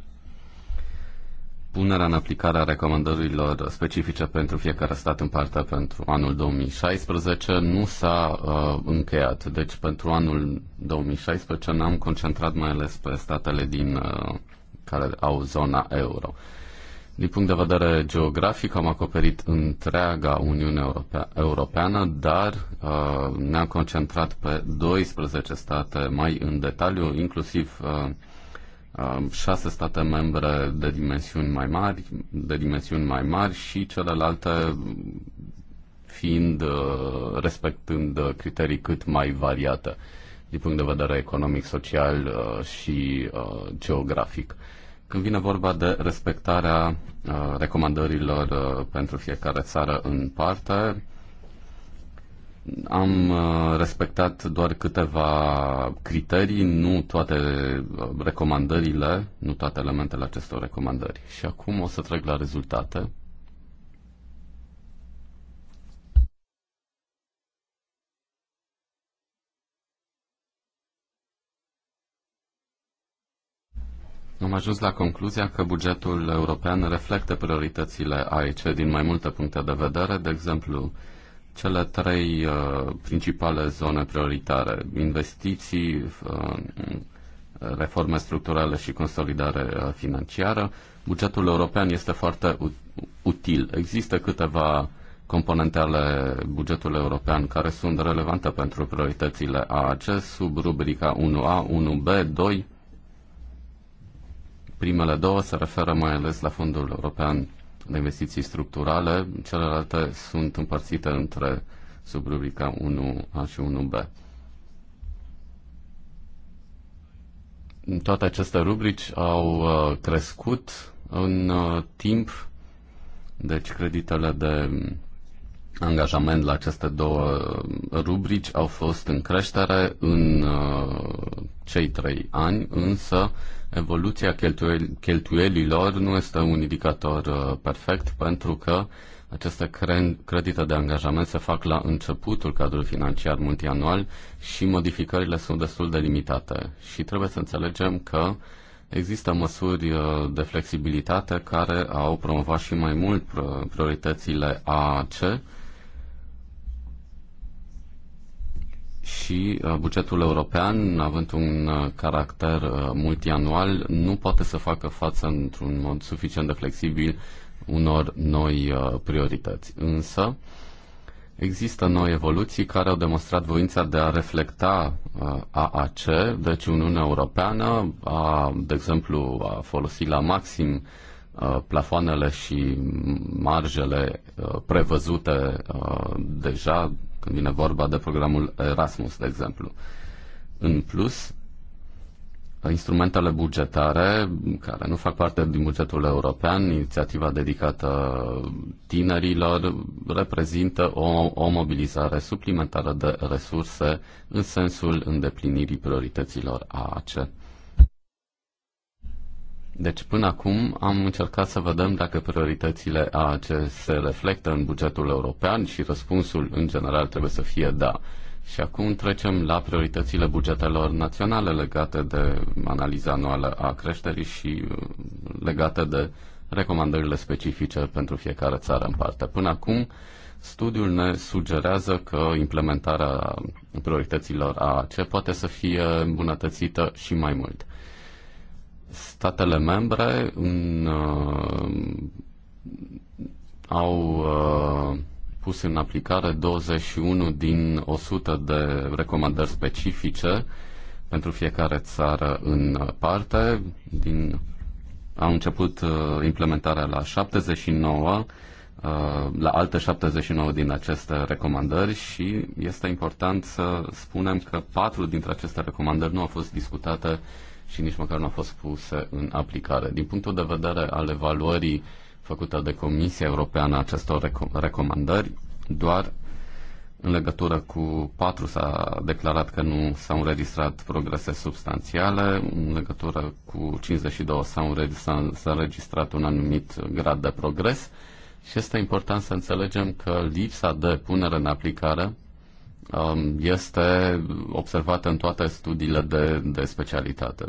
punerea în aplicare a recomandărilor specifice pentru fiecare stat în parte pentru anul 2016 nu s-a uh, încheiat. Deci pentru anul 2016 ne-am concentrat mai ales pe statele din uh, care au zona euro. Din punct de vedere geografic am acoperit întreaga Uniune Europea- Europeană, dar uh, ne-am concentrat pe 12 state mai în detaliu, inclusiv uh, Um, șase state membre de dimensiuni mai mari, de dimensiuni mai mari și celelalte fiind uh, respectând uh, criterii cât mai variate din punct de vedere economic, social uh, și geografic. Când vine vorba de respectarea recomandărilor pentru fiecare țară în parte, am uh, respectat doar câteva criterii, nu toate uh, recomandările, nu toate elementele acestor recomandări. Și acum o să trec la rezultate. Am ajuns la concluzia că bugetul european reflectă prioritățile AIC din mai multe puncte de vedere, de exemplu, cele trei uh, principale zone prioritare, investiții, uh, reforme structurale și consolidare uh, financiară, bugetul european este foarte util. Există câteva componente ale bugetului european care sunt relevante pentru prioritățile AAC sub rubrica 1A, 1B, 2. Primele două se referă mai ales la Fondul European de investiții structurale, celelalte sunt împărțite între subrubrica 1A și 1B. Toate aceste rubrici au uh, crescut în uh, timp, deci creditele de angajament la aceste două uh, rubrici au fost în creștere în cei trei ani, însă evoluția cheltuiel- cheltuielilor nu este un indicator uh, perfect pentru că aceste credite de angajament se fac la începutul cadrului financiar multianual și modificările sunt destul de limitate. Și trebuie să înțelegem că există măsuri uh, de flexibilitate care au promovat și mai mult uh, prioritățile AAC, și uh, bugetul european, având un uh, caracter uh, multianual, nu poate să facă față într-un mod suficient de flexibil unor noi priorități. Însă, există noi evoluții care au demonstrat voința de a reflecta AAC, deci Uniunea Europeană a, de exemplu, a folosi la maxim plafoanele și marjele prevăzute deja când vine vorba de programul Erasmus, de exemplu. În plus, instrumentele bugetare care nu fac parte din bugetul european, inițiativa dedicată tinerilor, reprezintă o, o mobilizare suplimentară de resurse în sensul îndeplinirii priorităților AAC. Deci, până acum am încercat să vedem dacă prioritățile AC se reflectă în bugetul european și răspunsul, în general, trebuie să fie da. Și acum trecem la prioritățile bugetelor naționale legate de analiza anuală a creșterii și uh, legate de recomandările specifice pentru fiecare țară în parte. Până acum, studiul ne sugerează că implementarea priorităților AAC poate să fie îmbunătățită și mai mult statele membre în, uh, au uh, pus în aplicare 21 din 100 de recomandări specifice pentru fiecare țară în parte. Din, au început uh, implementarea la 79 uh, la alte 79 din aceste recomandări și este important să spunem că patru dintre aceste recomandări nu au fost discutate și nici măcar nu a fost pusă în aplicare. Din punctul de vedere al evaluării făcută de Comisia Europeană a acestor recomandări, doar în legătură cu patru s-a declarat că nu s-au înregistrat progrese substanțiale, în legătură cu 52 s-a înregistrat un anumit grad de progres și este important să înțelegem că lipsa de punere în aplicare Um, este observată în toate studiile de, de specialitate.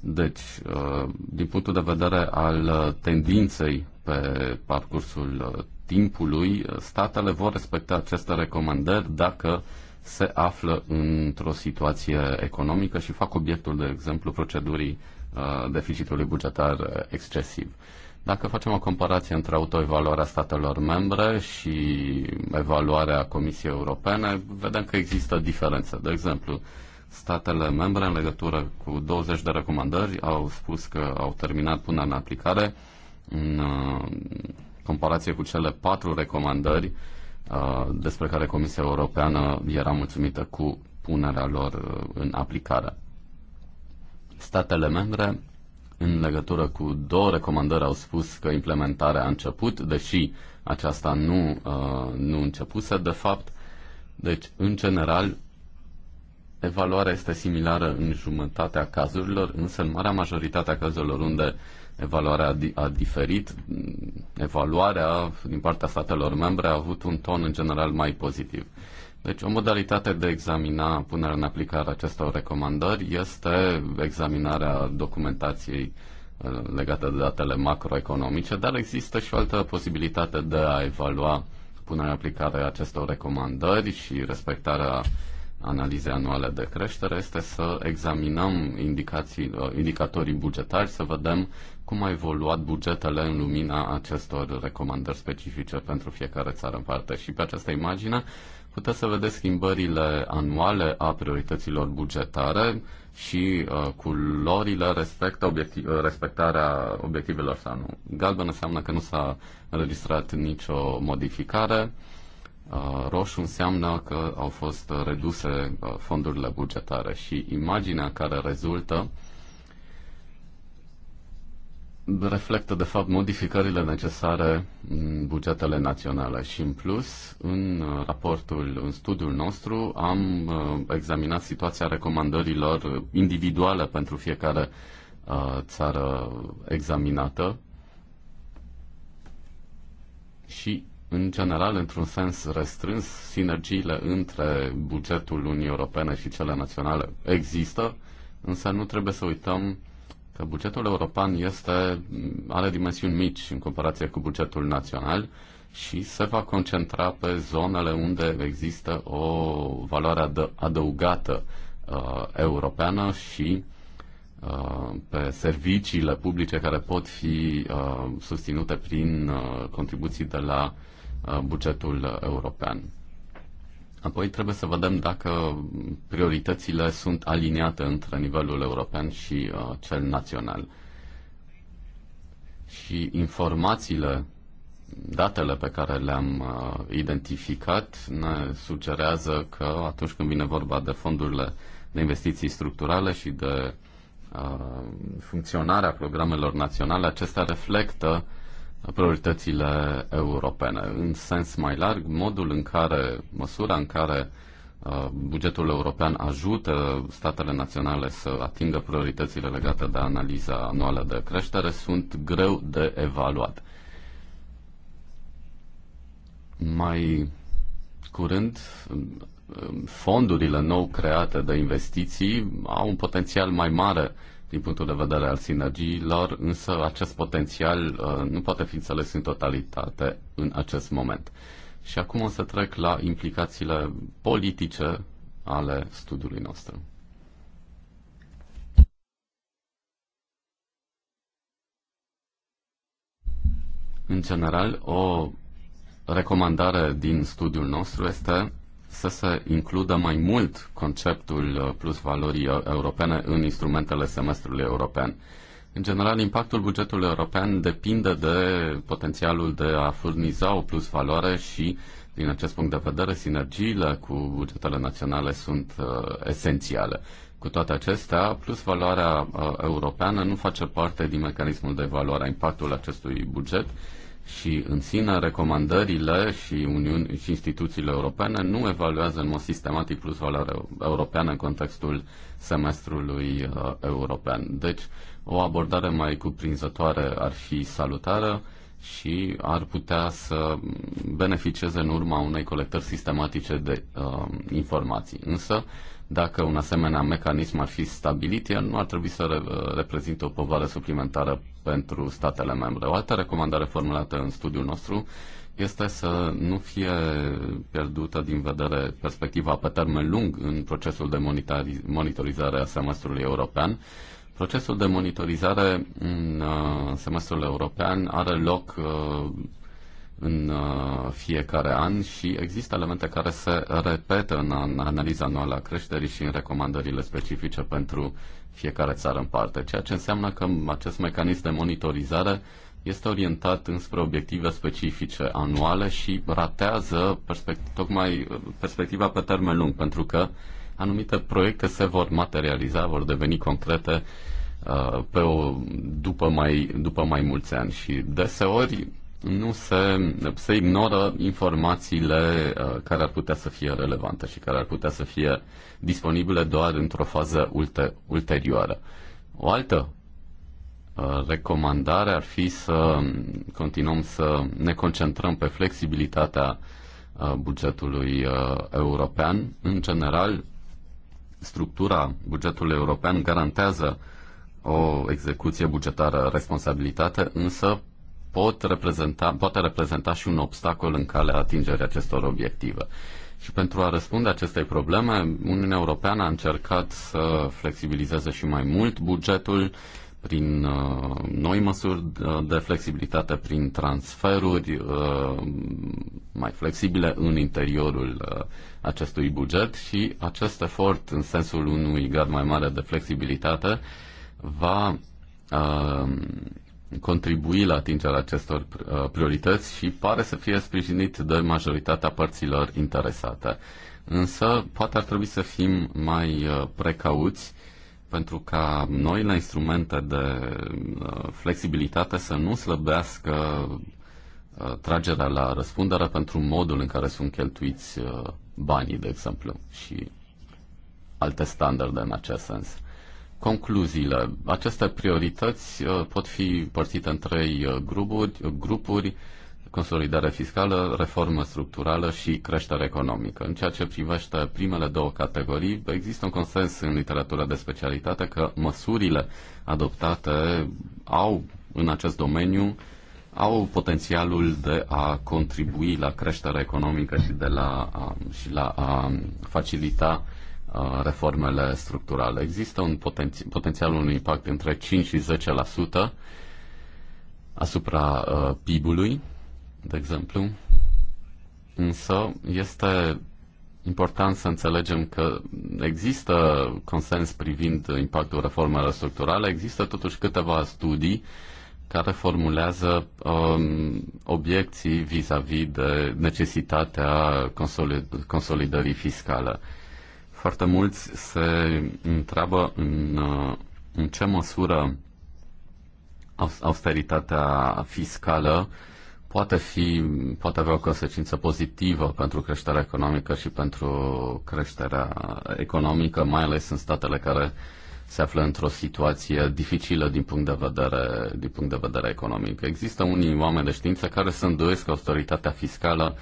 Deci, uh, din punctul de vedere al tendinței pe parcursul uh, timpului, statele vor respecta aceste recomandări dacă se află într-o situație economică și fac obiectul, de exemplu, procedurii uh, deficitului bugetar excesiv. Dacă facem o comparație între autoevaluarea statelor membre și evaluarea Comisiei Europene, vedem că există diferențe. De exemplu, statele membre, în legătură cu 20 de recomandări, au spus că au terminat până în aplicare, în uh, comparație cu cele patru recomandări uh, despre care Comisia Europeană era mulțumită cu punerea lor uh, în aplicare. Statele membre în legătură cu două recomandări au spus că implementarea a început, deși aceasta nu, uh, nu începuse de fapt. Deci, în general, evaluarea este similară în jumătatea cazurilor, însă în marea majoritate a cazurilor unde evaluarea a diferit, evaluarea din partea statelor membre a avut un ton în general mai pozitiv. Deci o modalitate de examina punerea în aplicare acestor recomandări este examinarea documentației uh, legată de datele macroeconomice, dar există și o altă posibilitate de a evalua punerea în aplicare a acestor recomandări și respectarea analizei anuale de creștere este să examinăm indicații, uh, indicatorii bugetari, să vedem cum a evoluat bugetele în lumina acestor recomandări specifice pentru fiecare țară în parte. Și pe această imagine puteți să vedeți schimbările anuale a priorităților bugetare și uh, culorile respectă obiecti- uh, respectarea obiectivelor sau nu. Galben înseamnă că nu s-a înregistrat nicio modificare, uh, roșu înseamnă că au fost reduse uh, fondurile bugetare și imaginea care rezultă reflectă, de fapt, modificările necesare în bugetele naționale și, în plus, în uh, raportul, în studiul nostru, am uh, examinat situația recomandărilor individuale pentru fiecare uh, țară examinată și, în general, într-un sens restrâns, sinergiile între bugetul Uniunii Europene și cele naționale există, însă nu trebuie să uităm uh, că bugetul european este, are dimensiuni mici în comparație cu bugetul național și se va concentra pe zonele unde există o valoare adăugată uh, europeană și uh, pe serviciile publice care pot fi uh, susținute prin uh, contribuții de la uh, bugetul european. Apoi trebuie să vedem dacă prioritățile sunt aliniate între nivelul european și uh, cel național. Și informațiile, datele pe care le-am uh, identificat ne sugerează că atunci când vine vorba de fondurile de investiții structurale și de uh, funcționarea programelor naționale, acestea reflectă uh, prioritățile europene. În sens mai larg, modul în care, măsura în care uh, bugetul european ajută statele naționale să atingă prioritățile legate de analiza anuală de creștere sunt greu de evaluat. Mai curând, uh, fondurile nou create de investiții au un potențial mai mare din punctul de vedere al sinergiilor, însă acest potențial uh, nu poate fi înțeles în totalitate în acest moment. Și acum o să trec la implicațiile politice ale studiului nostru. În general, o recomandare din studiul nostru este să se includă mai mult conceptul uh, plus valorii uh, europene în instrumentele semestrului european. În general, impactul bugetului european depinde de potențialul de a furniza o plus valoare și, din acest punct de vedere, sinergiile cu bugetele naționale sunt uh, esențiale. Cu toate acestea, plus valoarea uh, europeană nu face parte din mecanismul de evaluare a impactului acestui buget, uh, și în sine recomandările și, Uniuni, și instituțiile europene nu evaluează în mod sistematic plus valoare europeană în contextul semestrului uh, european. Deci, o abordare mai cuprinzătoare ar fi salutară și ar putea să beneficieze în urma unei colectări sistematice de uh, informații. Însă, uh, dacă un asemenea mecanism ar fi stabilit, el nu ar trebui să re- reprezinte o povară suplimentară pentru statele membre. O altă recomandare formulată în studiul nostru este să nu fie pierdută din vedere perspectiva pe termen lung în procesul de monitorizare a semestrului european. Procesul de monitorizare în uh, semestrul european are loc uh, în uh, fiecare an și există elemente care se repetă în analiza anuală a creșterii și în recomandările specifice pentru fiecare țară în parte, ceea ce înseamnă că acest mecanism de monitorizare este orientat înspre obiective specifice anuale și ratează perspect- tocmai uh, perspectiva pe termen lung, pentru că anumite proiecte se vor materializa, vor deveni concrete uh, pe o, după, mai, după mai mulți ani și deseori nu se, se ignoră informațiile uh, care ar putea să fie relevante și care ar putea să fie disponibile doar într-o fază ulte, ulterioară. O altă uh, recomandare ar fi să continuăm să ne concentrăm pe flexibilitatea uh, bugetului european. În general, structura bugetului european garantează o execuție bugetară responsabilitate, însă pot reprezenta, poate reprezenta și un obstacol în calea atingerii acestor obiective. Și pentru a răspunde acestei probleme, Uniunea Europeană a încercat să flexibilizeze și mai mult bugetul prin uh, noi măsuri uh, de flexibilitate, prin transferuri uh, mai flexibile în interiorul uh, acestui buget și acest efort în sensul unui grad mai mare de flexibilitate va uh, contribui la atingerea acestor uh, priorități și pare să fie sprijinit de majoritatea părților interesate. Însă, poate ar trebui să fim mai uh, precauți pentru ca noile instrumente de uh, flexibilitate să nu slăbească tragerea la răspundere pentru modul în care sunt cheltuiți banii, de exemplu, și alte standarde în acest sens concluziile. Aceste priorități uh, pot fi părțite în trei uh, grupuri, uh, grupuri consolidare fiscală, reformă structurală și creștere economică. În ceea ce privește primele două categorii, există un consens în literatura de specialitate că măsurile adoptate au în acest domeniu au potențialul de a contribui la creșterea economică și, de la, și la a facilita uh, reformele structurale. Există un potenț- potențial un impact între 5 și 10% asupra uh, PIB-ului, de exemplu, însă este important să înțelegem că există consens privind impactul reformelor structurale, există totuși câteva studii care formulează um, obiecții vis-a-vis -vis de necesitatea consolid- consolidării fiscale. Uh, foarte mulți se întreabă în, uh, în ce măsură austeritatea fiscală poate, fi, poate avea o consecință pozitivă pentru creșterea economică și pentru creșterea economică, mai ales în statele care se află într-o situație dificilă din punct de vedere, din punct de vedere economic. Există unii oameni de știință care se îndoiesc că austeritatea fiscală uh,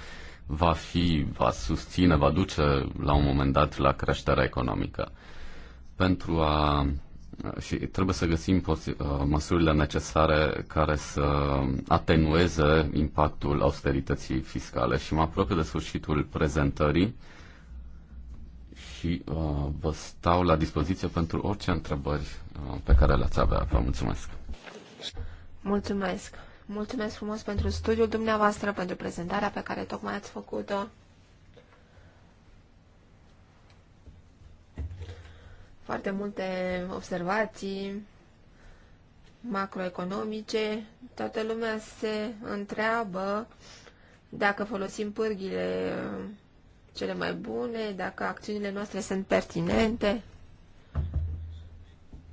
va fi, va susține, va duce la un moment dat la creșterea economică. Pentru a și trebuie să găsim uh, măsurile necesare care să atenueze impactul austerității fiscale. Și mă apropie de sfârșitul prezentării și uh, vă stau la dispoziție pentru orice întrebări uh, pe care le-ați avea. Vă mulțumesc! Mulțumesc! Mulțumesc frumos pentru studiul dumneavoastră, pentru prezentarea pe care tocmai ați făcut-o. Foarte multe observații macroeconomice. Toată lumea se întreabă dacă folosim pârghile cele mai bune, dacă acțiunile noastre sunt pertinente.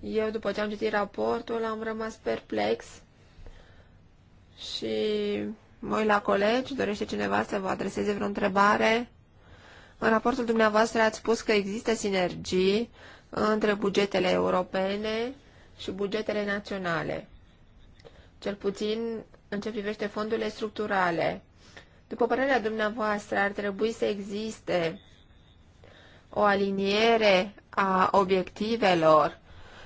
Eu, după ce am citit raportul, am rămas perplex și mă uit la colegi, dorește cineva să vă adreseze vreo întrebare? În raportul dumneavoastră ați spus că există sinergii între bugetele europene și bugetele naționale, cel puțin în ce privește fondurile structurale. După părerea dumneavoastră, ar trebui să existe o aliniere a obiectivelor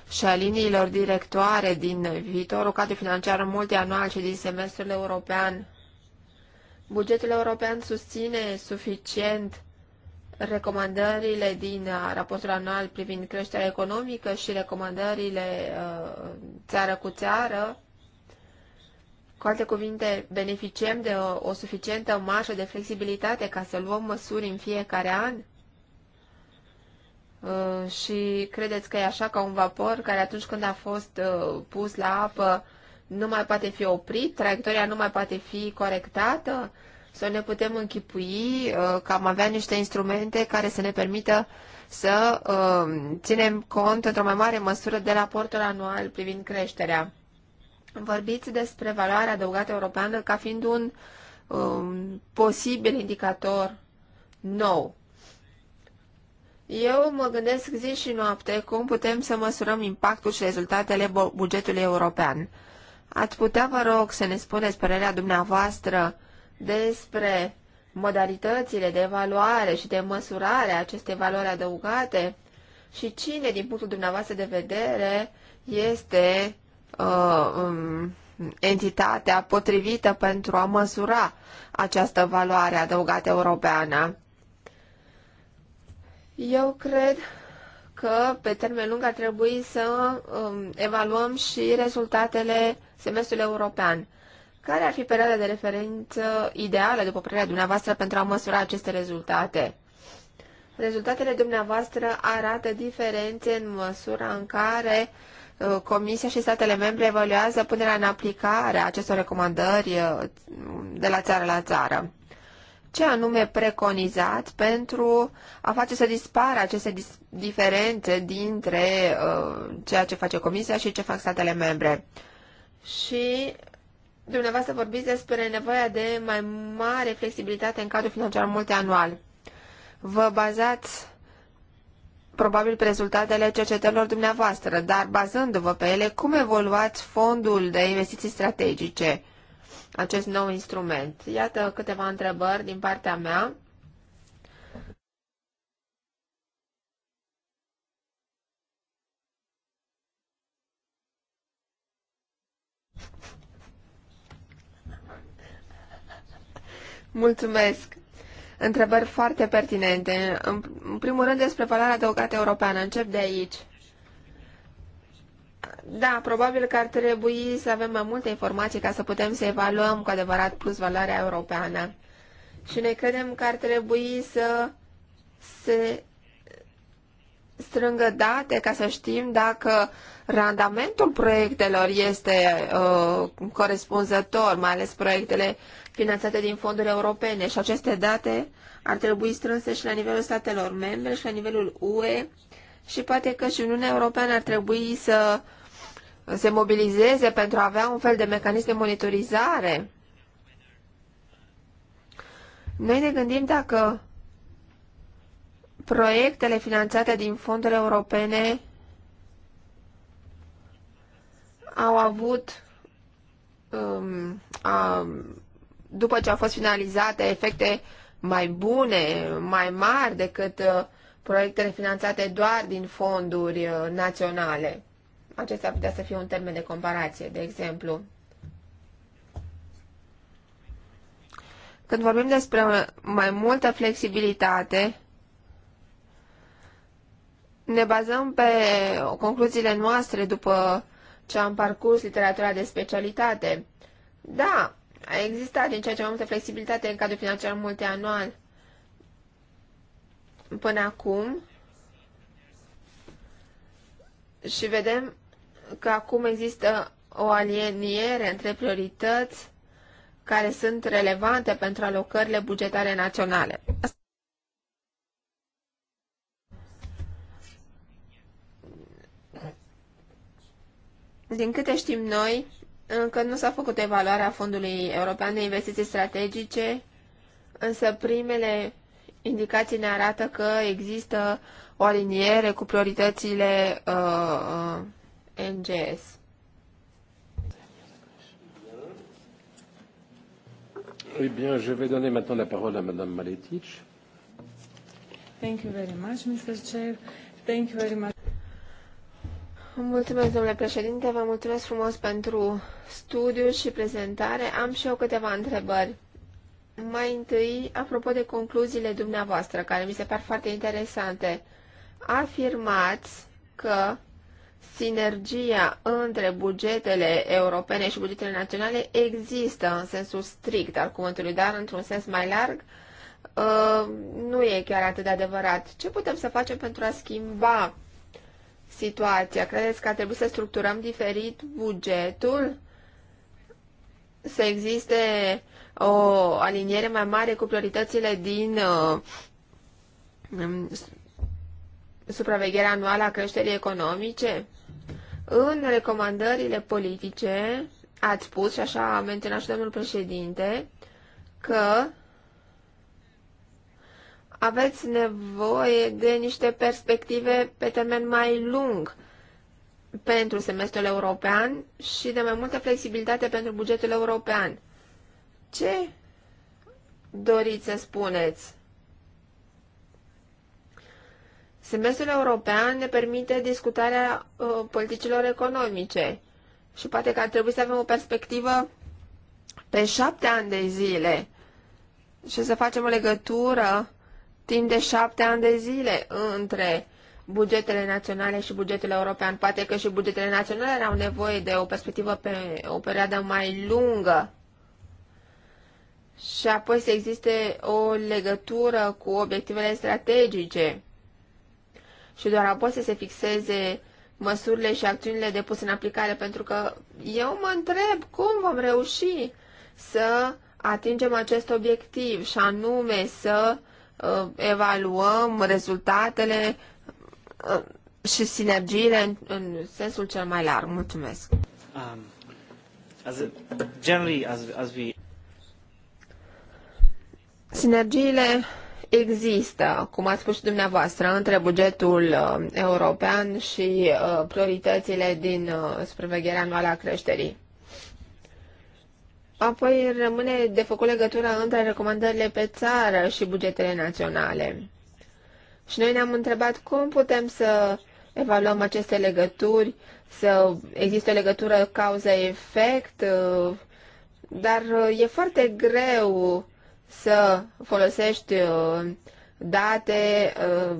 și a liniilor directoare din viitorul cadru financiar multianual și din semestrul european, bugetul european susține suficient recomandările din uh, raportul anual privind creșterea economică și recomandările uh, țară cu țară. Cu alte cuvinte, beneficiem de o, o suficientă marșă de flexibilitate ca să luăm măsuri în fiecare an? Uh, și credeți că e așa ca un vapor care atunci când a fost uh, pus la apă nu mai poate fi oprit, traiectoria nu mai poate fi corectată? Să ne putem închipui uh, că am avea niște instrumente care să ne permită să ținem cont într-o mai mare măsură de raportul anual privind creșterea. Vorbiți despre valoarea adăugată europeană ca fiind un um, posibil indicator nou eu mă gândesc zi și noapte cum putem să măsurăm impactul și rezultatele bugetului european. Ați putea, vă rog, să ne spuneți părerea dumneavoastră despre modalitățile de evaluare și de măsurare a acestei valori adăugate și cine, din punctul dumneavoastră de vedere, este uh, um, entitatea potrivită pentru a măsura această valoare adăugată europeană. Eu cred că pe termen lung ar trebui să um, evaluăm și rezultatele semestrului european. Care ar fi perioada de referință ideală, după părerea dumneavoastră, pentru a măsura aceste rezultate? Rezultatele dumneavoastră arată diferențe în măsura în care uh, Comisia și statele membre evaluează punerea în aplicare a acestor recomandări uh, de la țară la țară ce anume preconizați pentru a face să dispară aceste dis- diferențe dintre uh, ceea ce face Comisia și ce fac statele membre. Și dumneavoastră vorbiți despre nevoia de mai mare flexibilitate în cadrul financiar multianual. Vă bazați probabil pe rezultatele cercetărilor dumneavoastră, dar bazându-vă pe ele, cum evoluați fondul de investiții strategice? acest nou instrument. Iată câteva întrebări din partea mea. Mulțumesc! Întrebări foarte pertinente. În, primul rând despre valoarea adăugată europeană. Încep de aici. Da, probabil că ar trebui să avem mai multe informații ca să putem să evaluăm cu adevărat plus valoarea europeană. Și ne credem că ar trebui să se strângă date ca să știm dacă randamentul proiectelor este uh, corespunzător, mai ales proiectele finanțate din fonduri europene și aceste date ar trebui strânse și la nivelul statelor membre și la nivelul UE și poate că și Uniunea Europeană ar trebui să uh, se mobilizeze pentru a avea un fel de mecanism de monitorizare. Noi ne gândim dacă proiectele finanțate din fonduri europene au avut, um, a, după ce au fost finalizate, efecte mai bune, mai mari decât uh, proiectele finanțate doar din fonduri uh, naționale. Acesta putea să fie un termen de comparație, de exemplu. Când vorbim despre mai multă flexibilitate, ne bazăm pe concluziile noastre după ce am parcurs literatura de specialitate. Da, a existat din ceea ce mai multă flexibilitate în cadrul financiar multianual până acum și vedem că acum există o aliniere între priorități care sunt relevante pentru alocările bugetare naționale. Din câte știm noi, încă nu s-a făcut evaluarea Fondului European de Investiții Strategice, însă primele indicații ne arată că există o aliniere cu prioritățile uh, uh NGS. Eh bien, je vais donner maintenant la parole à Madame Maletic. Thank you very much, Mr. Chair. Thank you very much. Mulțumesc, domnule președinte, vă mulțumesc frumos pentru studiu și prezentare. Am și eu câteva întrebări. Mai întâi, apropo de concluziile dumneavoastră, care mi se par foarte interesante, afirmați că Sinergia între bugetele europene și bugetele naționale există în sensul strict al cuvântului, dar într-un sens mai larg uh, nu e chiar atât de adevărat. Ce putem să facem pentru a schimba situația? Credeți că ar trebui să structurăm diferit bugetul? Să existe o aliniere mai mare cu prioritățile din uh, supravegherea anuală a creșterii economice? În recomandările politice ați spus, și așa a menționat și domnul președinte, că aveți nevoie de niște perspective pe termen mai lung pentru semestrul european și de mai multă flexibilitate pentru bugetul european. Ce doriți să spuneți? Semestrul european ne permite discutarea uh, politicilor economice și poate că ar trebui să avem o perspectivă pe șapte ani de zile și să facem o legătură timp de șapte ani de zile între bugetele naționale și bugetele european. Poate că și bugetele naționale au nevoie de o perspectivă pe o perioadă mai lungă și apoi să existe o legătură cu obiectivele strategice și doar apoi să se fixeze măsurile și acțiunile depuse în aplicare, pentru că eu mă întreb cum vom reuși să atingem acest obiectiv și anume să uh, evaluăm rezultatele uh, și sinergiile în, în sensul cel mai larg. Mulțumesc. Um, as, generally, as, as we... Sinergiile există, cum ați spus și dumneavoastră, între bugetul uh, european și uh, prioritățile din uh, supravegherea anuală a creșterii. Apoi rămâne de făcut legătura între recomandările pe țară și bugetele naționale. Și noi ne-am întrebat cum putem să evaluăm aceste legături, să există legătură cauză-efect, dar e foarte greu să folosești uh, date uh,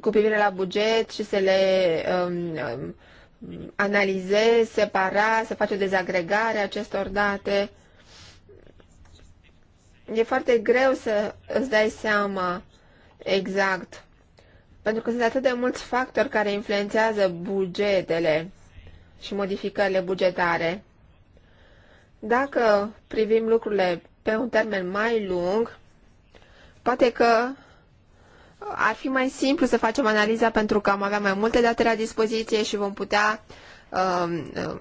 cu privire la buget și să le um, analizezi, separa, să faci o dezagregare a acestor date. E foarte greu să îți dai seama exact, pentru că sunt atât de mulți factori care influențează bugetele și modificările bugetare. Dacă privim lucrurile pe un termen mai lung, poate că ar fi mai simplu să facem analiza pentru că am avea mai multe date la dispoziție și vom putea um, um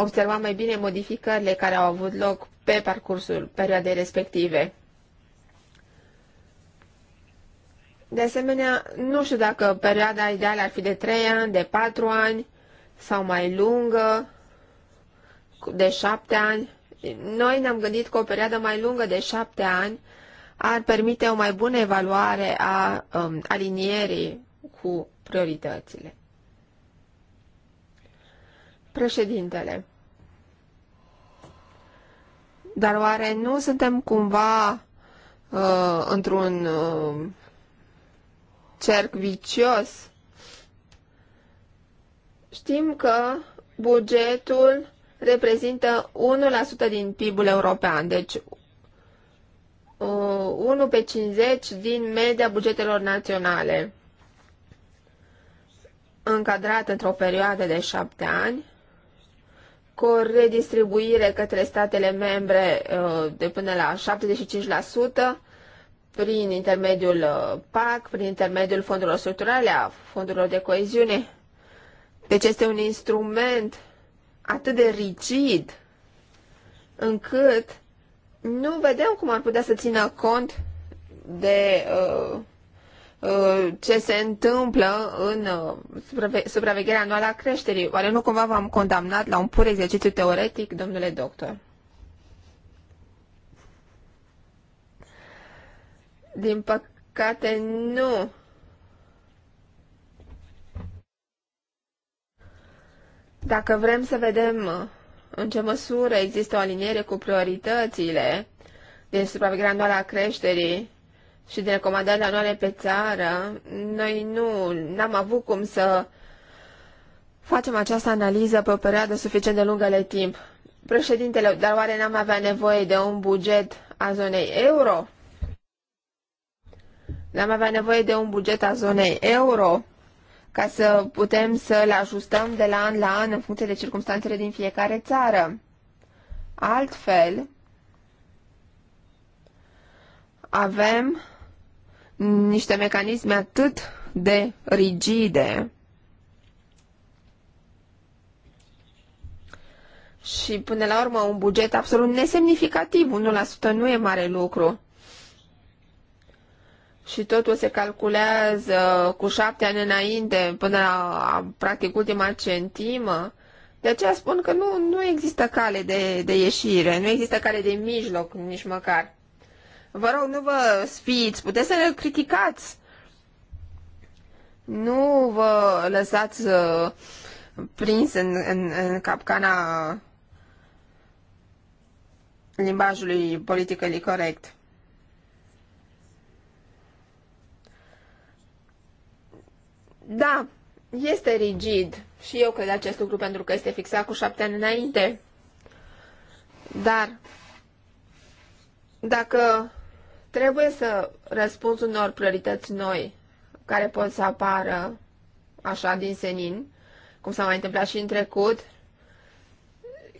observa mai bine modificările care au avut loc pe parcursul perioadei respective. De asemenea, nu știu dacă perioada ideală ar fi de 3 ani, de 4 ani sau mai lungă, de 7 ani. Noi ne-am gândit că o perioadă mai lungă de șapte ani ar permite o mai bună evaluare a um, alinierii cu prioritățile. Președintele, dar oare nu suntem cumva uh, într-un uh, cerc vicios? Știm că bugetul reprezintă 1% din PIB-ul european, deci 1 uh, pe 50 din media bugetelor naționale, încadrat într-o perioadă de 7 ani, cu o redistribuire către statele membre uh, de până la 75%, prin intermediul uh, PAC, prin intermediul fondurilor structurale, a fondurilor de coeziune. Deci este un instrument atât de rigid încât nu vedem cum ar putea să țină cont de uh, uh, ce se întâmplă în uh, supraveg- supravegherea anuală a creșterii. Oare nu cumva v-am condamnat la un pur exercițiu teoretic, domnule doctor? Din păcate, nu Dacă vrem să vedem uh, în ce măsură există o aliniere cu prioritățile din supravegherea anuală a creșterii și din recomandările anuale pe țară, noi nu am avut cum să facem această analiză pe o perioadă suficient de lungă de timp. Președintele, dar oare n-am avea nevoie de un buget a zonei euro? N-am avea nevoie de un buget a zonei euro? ca să putem să le ajustăm de la an la an în funcție de circumstanțele din fiecare țară. Altfel, avem niște mecanisme atât de rigide și până la urmă un buget absolut nesemnificativ, 1% nu e mare lucru și totul se calculează cu șapte ani înainte, până la practic ultima centimă. De aceea spun că nu, nu există cale de, de ieșire, nu există cale de mijloc nici măcar. Vă rog, nu vă sfiți, puteți să ne criticați. Nu vă lăsați uh, prins în, în, în capcana limbajului politically corect. Da, este rigid și eu cred acest lucru pentru că este fixat cu șapte ani înainte. Dar dacă trebuie să răspunzi unor priorități noi care pot să apară așa din senin, cum s-a mai întâmplat și în trecut,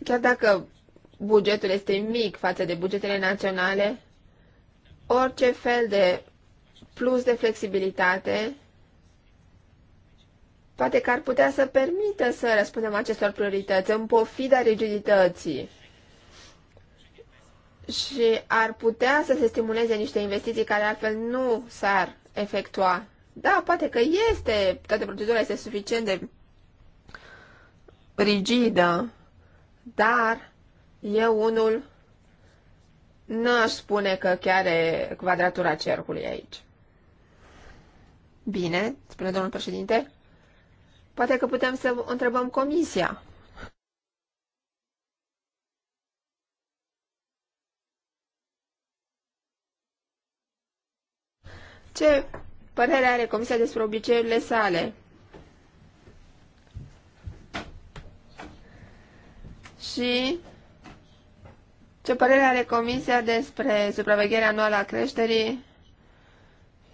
chiar dacă bugetul este mic față de bugetele naționale, orice fel de plus de flexibilitate Poate că ar putea să permită să răspundem acestor priorități în pofida rigidității și ar putea să se stimuleze niște investiții care altfel nu s-ar efectua. Da, poate că este, toată procedura este suficient de rigidă, dar eu unul nu aș spune că chiar e quadratura cercului aici. Bine, spune domnul președinte. Poate că putem să întrebăm comisia. Ce părere are comisia despre obiceiurile sale? Și ce părere are comisia despre supravegherea anuală a creșterii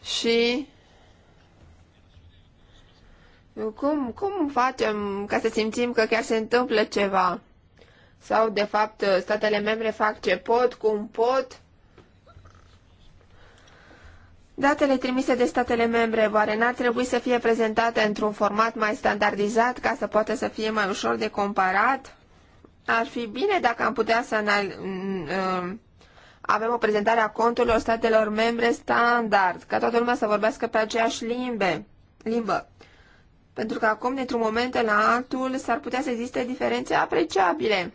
și cum, cum facem ca să simțim că chiar se întâmplă ceva? Sau, de fapt, statele membre fac ce pot, cum pot? Datele trimise de statele membre, oare n-ar trebui să fie prezentate într-un format mai standardizat ca să poată să fie mai ușor de comparat? Ar fi bine dacă am putea să anal- uh, avem o prezentare a conturilor statelor membre standard, ca toată lumea să vorbească pe aceeași limbe, limbă. Pentru că acum, dintr-un moment în altul, s-ar putea să existe diferențe apreciabile.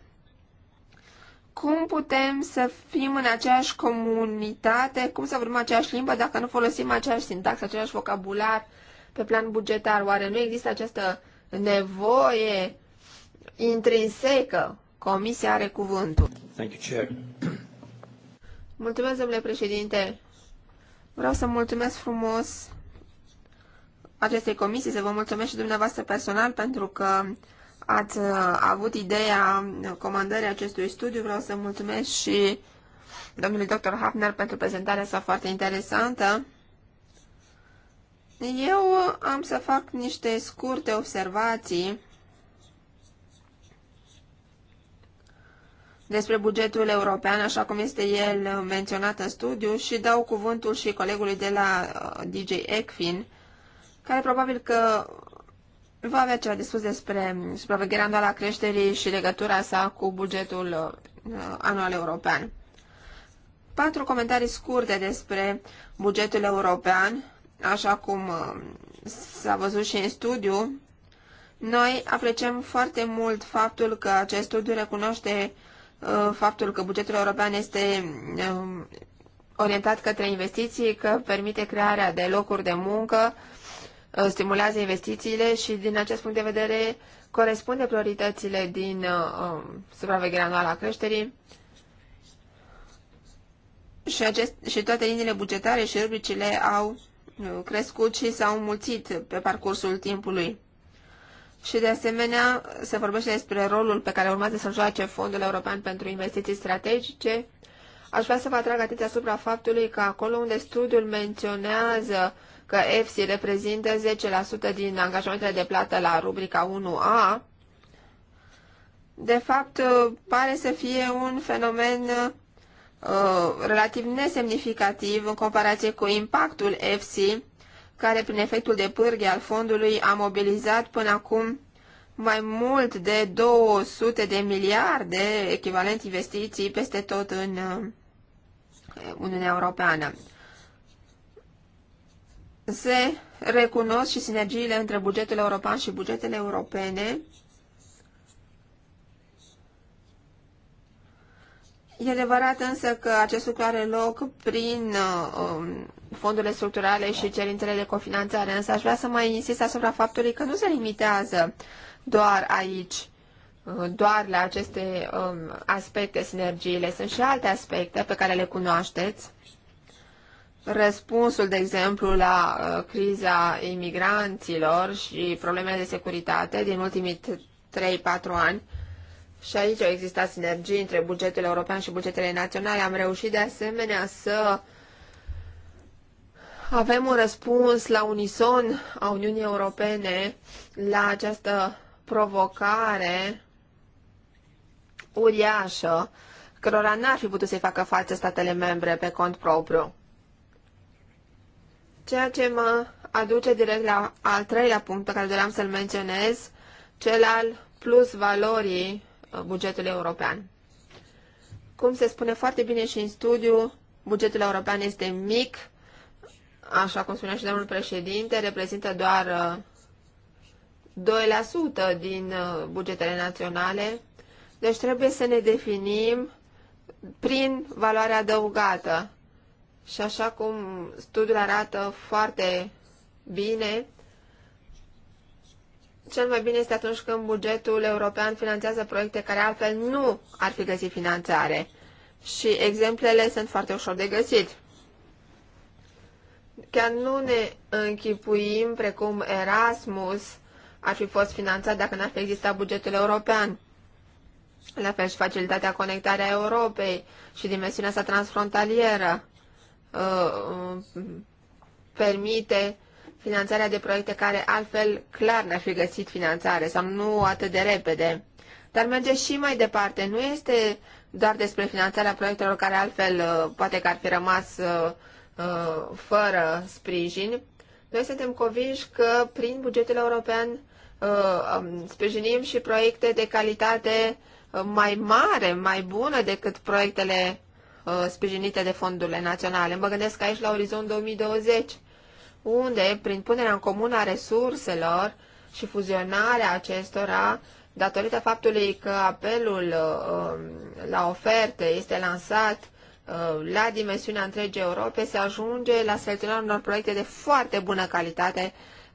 Cum putem să fim în aceeași comunitate, cum să vorbim aceeași limbă dacă nu folosim aceeași sintaxă, același vocabular pe plan bugetar? Oare nu există această nevoie intrinsecă? Comisia are cuvântul. Thank you, Chair. Mulțumesc, domnule președinte. Vreau să mulțumesc frumos acestei comisii, să vă mulțumesc și dumneavoastră personal pentru că ați uh, avut ideea comandării acestui studiu. Vreau să mulțumesc și domnului dr. Hafner pentru prezentarea sa foarte interesantă. Eu am să fac niște scurte observații despre bugetul european, așa cum este el menționat în studiu, și dau cuvântul și colegului de la uh, DJ ECFIN, care probabil că va avea ceva de spus despre supravegherea în doala creșterii și legătura sa cu bugetul uh, anual european. Patru comentarii scurte despre bugetul european, așa cum uh, s-a văzut și în studiu. Noi apreciem foarte mult faptul că acest studiu recunoaște uh, faptul că bugetul european este um, orientat către investiții, că permite crearea de locuri de muncă, Uh, stimulează investițiile și din acest punct de vedere corespunde prioritățile din uh, um, supravegherea anuală a creșterii și, acest, și toate liniile bugetare și rubricile au uh, crescut și s-au mulțit pe parcursul timpului. Și de asemenea se vorbește despre rolul pe care urmează să-l joace Fondul European pentru Investiții Strategice. Aș vrea să vă atrag atenția asupra faptului că acolo unde studiul menționează că EFSI reprezintă 10% din angajamentele de plată la rubrica 1A, de fapt uh, pare să fie un fenomen uh, relativ nesemnificativ în comparație cu impactul EFSI, care prin efectul de pârghie al fondului a mobilizat până acum mai mult de 200 de miliarde echivalent investiții peste tot în uh, Uniunea Europeană se recunosc și sinergiile între bugetul european și bugetele europene. E adevărat însă că acest lucru are loc prin um, fondurile structurale și cerințele de cofinanțare, însă aș vrea să mai insist asupra faptului că nu se limitează doar aici, uh, doar la aceste um, aspecte, sinergiile. Sunt și alte aspecte pe care le cunoașteți răspunsul, de exemplu, la uh, criza imigranților și problemele de securitate din ultimii 3-4 ani, și aici au existat sinergii între bugetul european și bugetele naționale, am reușit de asemenea să avem un răspuns la unison a Uniunii Europene la această provocare uriașă, cărora n-ar fi putut să-i facă față statele membre pe cont propriu. Ceea ce mă aduce direct la al treilea punct pe care doream să-l menționez, cel al plus valorii uh, bugetului european. Cum se spune foarte bine și în studiu, bugetul european este mic, așa cum spunea și domnul președinte, reprezintă doar 2% uh, din uh, bugetele naționale, deci trebuie să ne definim prin valoarea adăugată și așa cum studiul arată foarte bine, cel mai bine este atunci când bugetul european finanțează proiecte care altfel nu ar fi găsit finanțare. Și exemplele sunt foarte ușor de găsit. Chiar nu ne închipuim precum Erasmus ar fi fost finanțat dacă n-ar fi existat bugetul european. La fel și facilitatea conectarea Europei și dimensiunea sa transfrontalieră. Uh, permite finanțarea de proiecte care altfel clar n-ar fi găsit finanțare sau nu atât de repede. Dar merge și mai departe. Nu este doar despre finanțarea proiectelor care altfel uh, poate că ar fi rămas uh, fără sprijin. Noi suntem convinși că prin bugetul european um, sprijinim și proiecte de calitate mai mare, mai bună decât proiectele Uh, sprijinite de fondurile naționale. Mă gândesc aici la Orizont 2020, unde, prin punerea în comun a resurselor și fuzionarea acestora, datorită faptului că apelul uh, um, la oferte este lansat uh, la dimensiunea întregii Europe, se ajunge la selecționarea unor proiecte de foarte bună calitate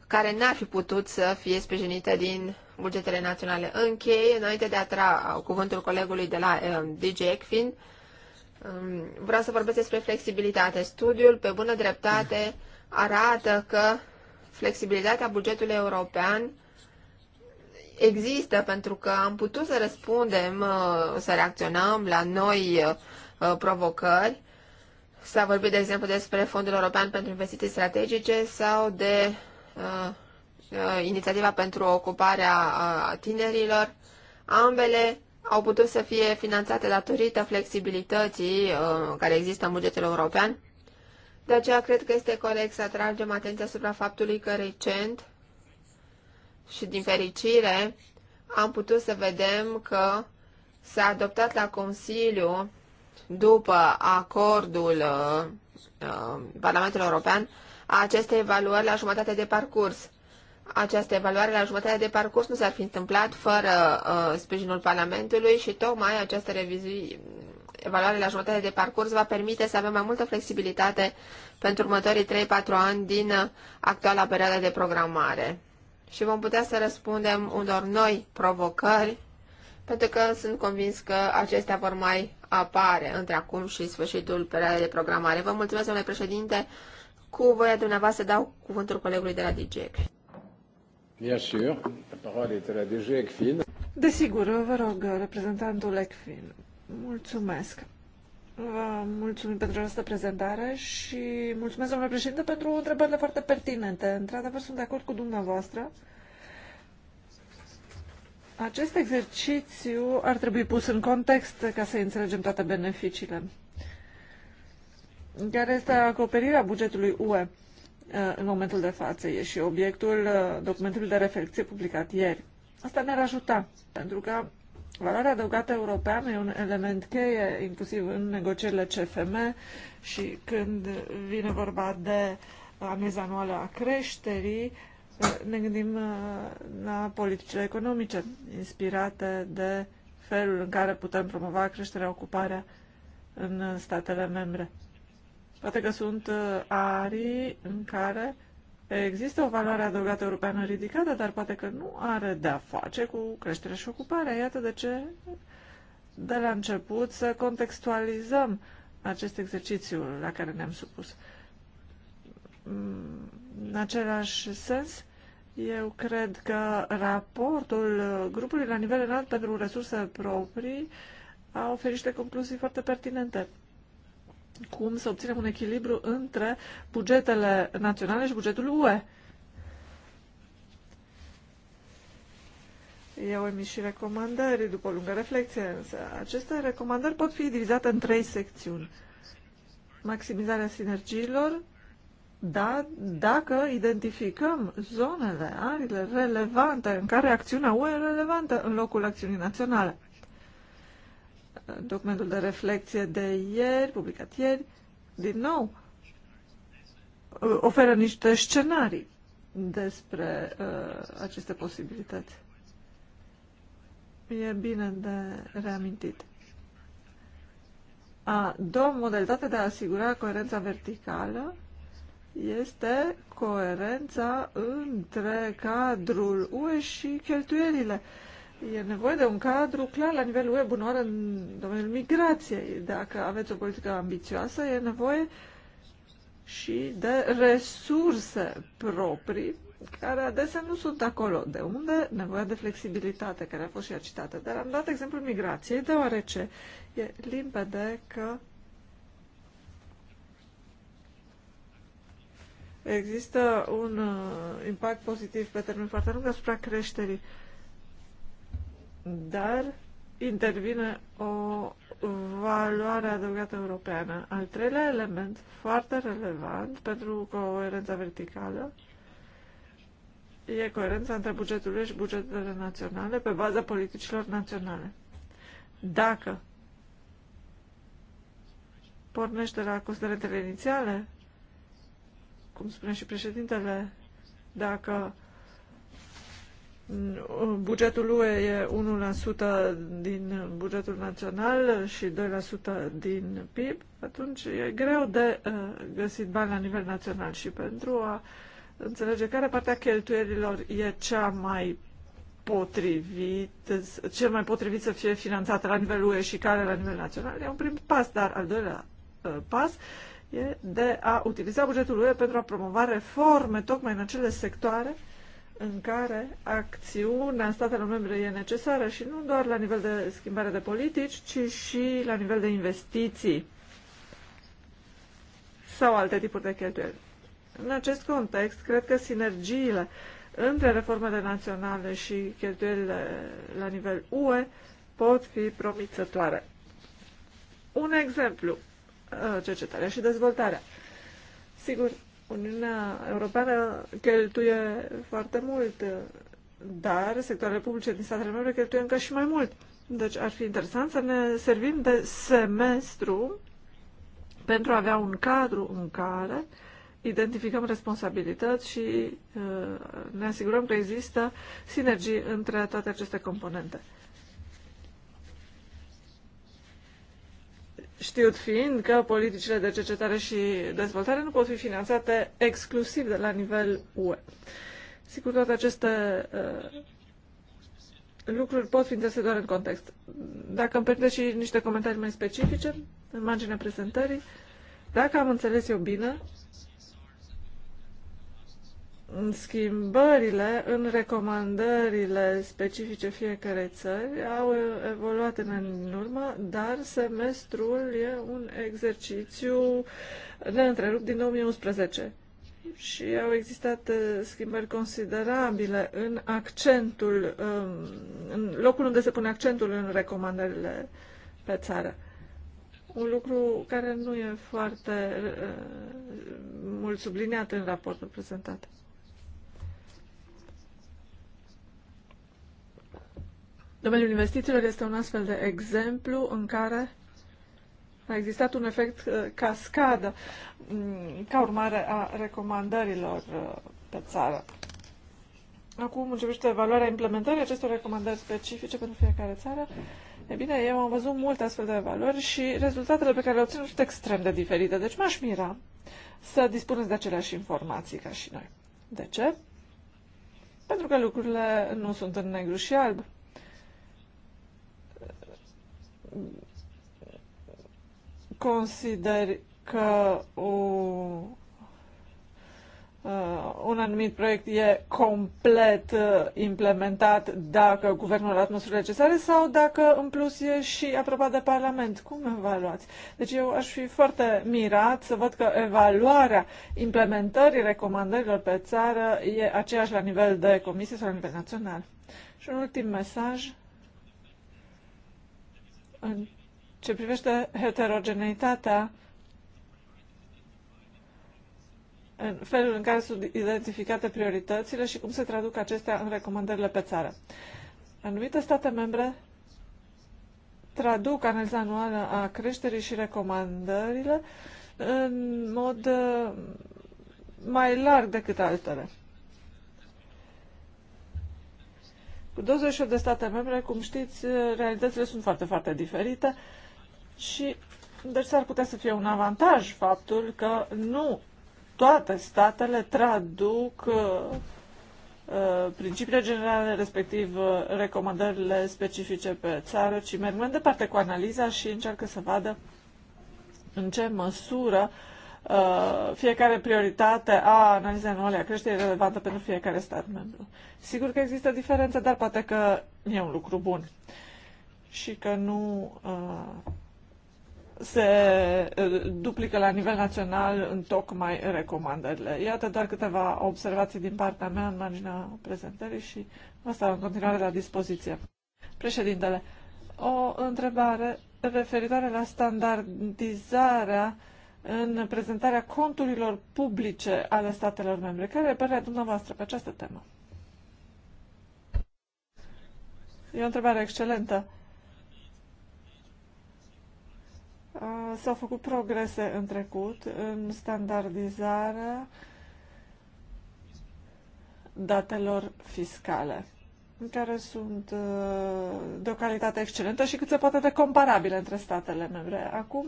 care n-ar fi putut să fie sprijinite din bugetele naționale. Închei, înainte de a tra cuvântul colegului de la DJ ECFIN, Um, vreau să vorbesc despre flexibilitate. Studiul, pe bună dreptate, arată că flexibilitatea bugetului european există pentru că am putut să răspundem, uh, să reacționăm la noi uh, provocări. S-a vorbit, de exemplu, despre Fondul European pentru Investiții Strategice sau de uh, uh, inițiativa pentru ocuparea uh, tinerilor. Ambele au putut să fie finanțate datorită flexibilității uh, care există în bugetul european. De aceea cred că este corect să atragem atenția asupra faptului că recent și din fericire am putut să vedem că s-a adoptat la Consiliu, după acordul uh, uh Parlamentului European, aceste evaluări la jumătate de parcurs. Această evaluare la jumătate de parcurs nu s-ar fi întâmplat fără uh, sprijinul Parlamentului și tocmai această revizui, evaluare la jumătate de parcurs va permite să avem mai multă flexibilitate pentru următorii 3-4 ani din uh, actuala perioadă de programare. Și vom putea să răspundem unor noi provocări, pentru că sunt convins că acestea vor mai apare între acum și sfârșitul perioadei de programare. Vă mulțumesc, domnule președinte. Cu voia dumneavoastră dau cuvântul colegului de la DGEC. Desigur, vă rog, reprezentantul ECFIN. Mulțumesc. Vă mulțumim pentru această prezentare și mulțumesc, domnule președinte, pentru întrebările foarte pertinente. Într-adevăr, sunt de acord cu dumneavoastră. Acest exercițiu ar trebui pus în context ca să înțelegem toate beneficiile. Care este acoperirea bugetului UE? Uh, în momentul de față. E și obiectul uh, documentului de reflecție publicat ieri. Asta ne-ar ajuta, pentru că valoarea adăugată europeană e un element cheie, inclusiv în negocierile CFM și când vine vorba de analiza anuală a creșterii, uh, ne gândim la politicile economice inspirate de felul în care putem promova creșterea, ocuparea în statele membre. Poate că sunt uh, arii în care există o valoare adăugată europeană ridicată, dar poate că nu are de-a face cu creșterea și ocuparea. Iată de ce de la început să contextualizăm acest exercițiu la care ne-am supus. Mm, în același sens, eu cred că raportul grupului la nivel înalt pentru resurse proprii a oferit niște concluzii foarte pertinente cum să obținem un echilibru între bugetele naționale și bugetul UE. Eu emit și recomandări după o lungă reflexie, însă aceste recomandări pot fi divizate în trei secțiuni. Maximizarea sinergiilor, da, dacă identificăm zonele, arile relevante în care acțiunea UE e relevantă în locul acțiunii naționale documentul de reflexie de ieri, publicat ieri, din nou, oferă niște scenarii despre uh, aceste posibilități. E bine de reamintit. A doua modalitate de a asigura coerența verticală este coerența între cadrul UE și cheltuielile. Uh, E nevoie de un cadru clar la nivel UE, bunoară în domeniul migrației. Dacă aveți o politică ambițioasă, e nevoie și de resurse proprii, care adesea nu sunt acolo. De unde nevoia de flexibilitate, care a fost și ea citată. Dar am dat exemplul migrației, deoarece e limpede că există un uh, impact pozitiv pe termen foarte lung asupra creșterii uh, dar intervine o valoare adăugată europeană. Al treilea element foarte relevant pentru coerența verticală e coerența între bugetul și bugetele naționale pe baza politicilor naționale. Dacă pornește la considerentele inițiale, cum spune și președintele, dacă Bugetul UE e 1% din bugetul național și 2% din PIB, atunci e greu de uh, găsit bani la nivel național și pentru a înțelege care partea cheltuielilor e cea mai potrivit, cel mai potrivit să fie finanțată la nivel UE și care la nivel național. E un prim pas, dar al doilea uh, pas e de a utiliza bugetul UE pentru a promova reforme tocmai în acele sectoare în care acțiunea statelor membre e necesară și nu doar la nivel de schimbare de politici, ci și la nivel de investiții sau alte tipuri de cheltuieli. În acest context, cred că sinergiile între reformele naționale și cheltuielile la nivel UE pot fi promițătoare. Un exemplu, uh, cercetarea și dezvoltarea. Sigur, Uniunea Europeană cheltuie foarte mult, dar sectoarele publice din statele membre cheltuie încă și mai mult. Deci ar fi interesant să ne servim de semestru pentru a avea un cadru în care identificăm responsabilități și uh, ne asigurăm că există sinergii între toate aceste componente. știut fiind că politicile de cercetare și dezvoltare nu pot fi finanțate exclusiv de la nivel UE. Sigur, toate aceste uh, lucruri pot fi înțelese doar în context. Dacă îmi permiteți și niște comentarii mai specifice în marginea prezentării, dacă am înțeles eu bine, schimbările în recomandările specifice fiecarei țări au evoluat în în urmă, dar semestrul e un exercițiu neîntrerupt din 2011 și au existat uh, schimbări considerabile în accentul, um, în locul unde se pune accentul în recomandările pe țară un lucru care nu e foarte uh, mult subliniat în raportul prezentat. Domeniul investițiilor este un astfel de exemplu în care a existat un efect uh, cascadă mm, ca urmare a recomandărilor uh, pe țară. Acum începește evaluarea implementării acestor recomandări specifice pentru fiecare țară. E bine, eu am văzut multe astfel de evaluări și rezultatele pe care le obțin sunt extrem de diferite. Deci m-aș mira să dispuneți de aceleași informații ca și noi. De ce? Pentru că lucrurile nu sunt în negru și alb consideri că o, uh, un anumit proiect e complet uh, implementat dacă guvernul a luat măsurile necesare sau dacă în plus e și aprobat de Parlament. Cum evaluați? Deci eu aș fi foarte mirat să văd că evaluarea implementării recomandărilor pe țară e aceeași la nivel de comisie sau la nivel național. Și un ultim mesaj în ce privește heterogeneitatea, în felul în care sunt identificate prioritățile și cum se traduc acestea în recomandările pe țară. Anumite state membre traduc analiza anuală a creșterii și recomandările în mod uh, mai larg decât altele. Cu 28 de state membre, cum știți, eh, realitățile sunt foarte, foarte diferite și deci s-ar putea să fie un avantaj faptul că nu toate statele traduc uh, principiile generale, respectiv recomandările specifice pe țară, ci merg mai departe cu analiza și încearcă să vadă în ce măsură uh, Uh, fiecare prioritate a analizei anuale a creșterii relevantă pentru fiecare stat membru. Sigur că există diferențe, dar poate că e un lucru bun și că nu uh, se uh, duplică la nivel național în tocmai recomandările. Iată doar câteva observații din partea mea în marginea prezentării și vă stau în continuare la dispoziție. Președintele, o întrebare referitoare la standardizarea uh, în prezentarea conturilor publice ale statelor membre. Care e părerea dumneavoastră pe această temă? E o întrebare excelentă. S-au făcut progrese în trecut în standardizarea datelor fiscale care sunt uh, de o calitate excelentă și cât se poate de comparabile între statele membre. Acum,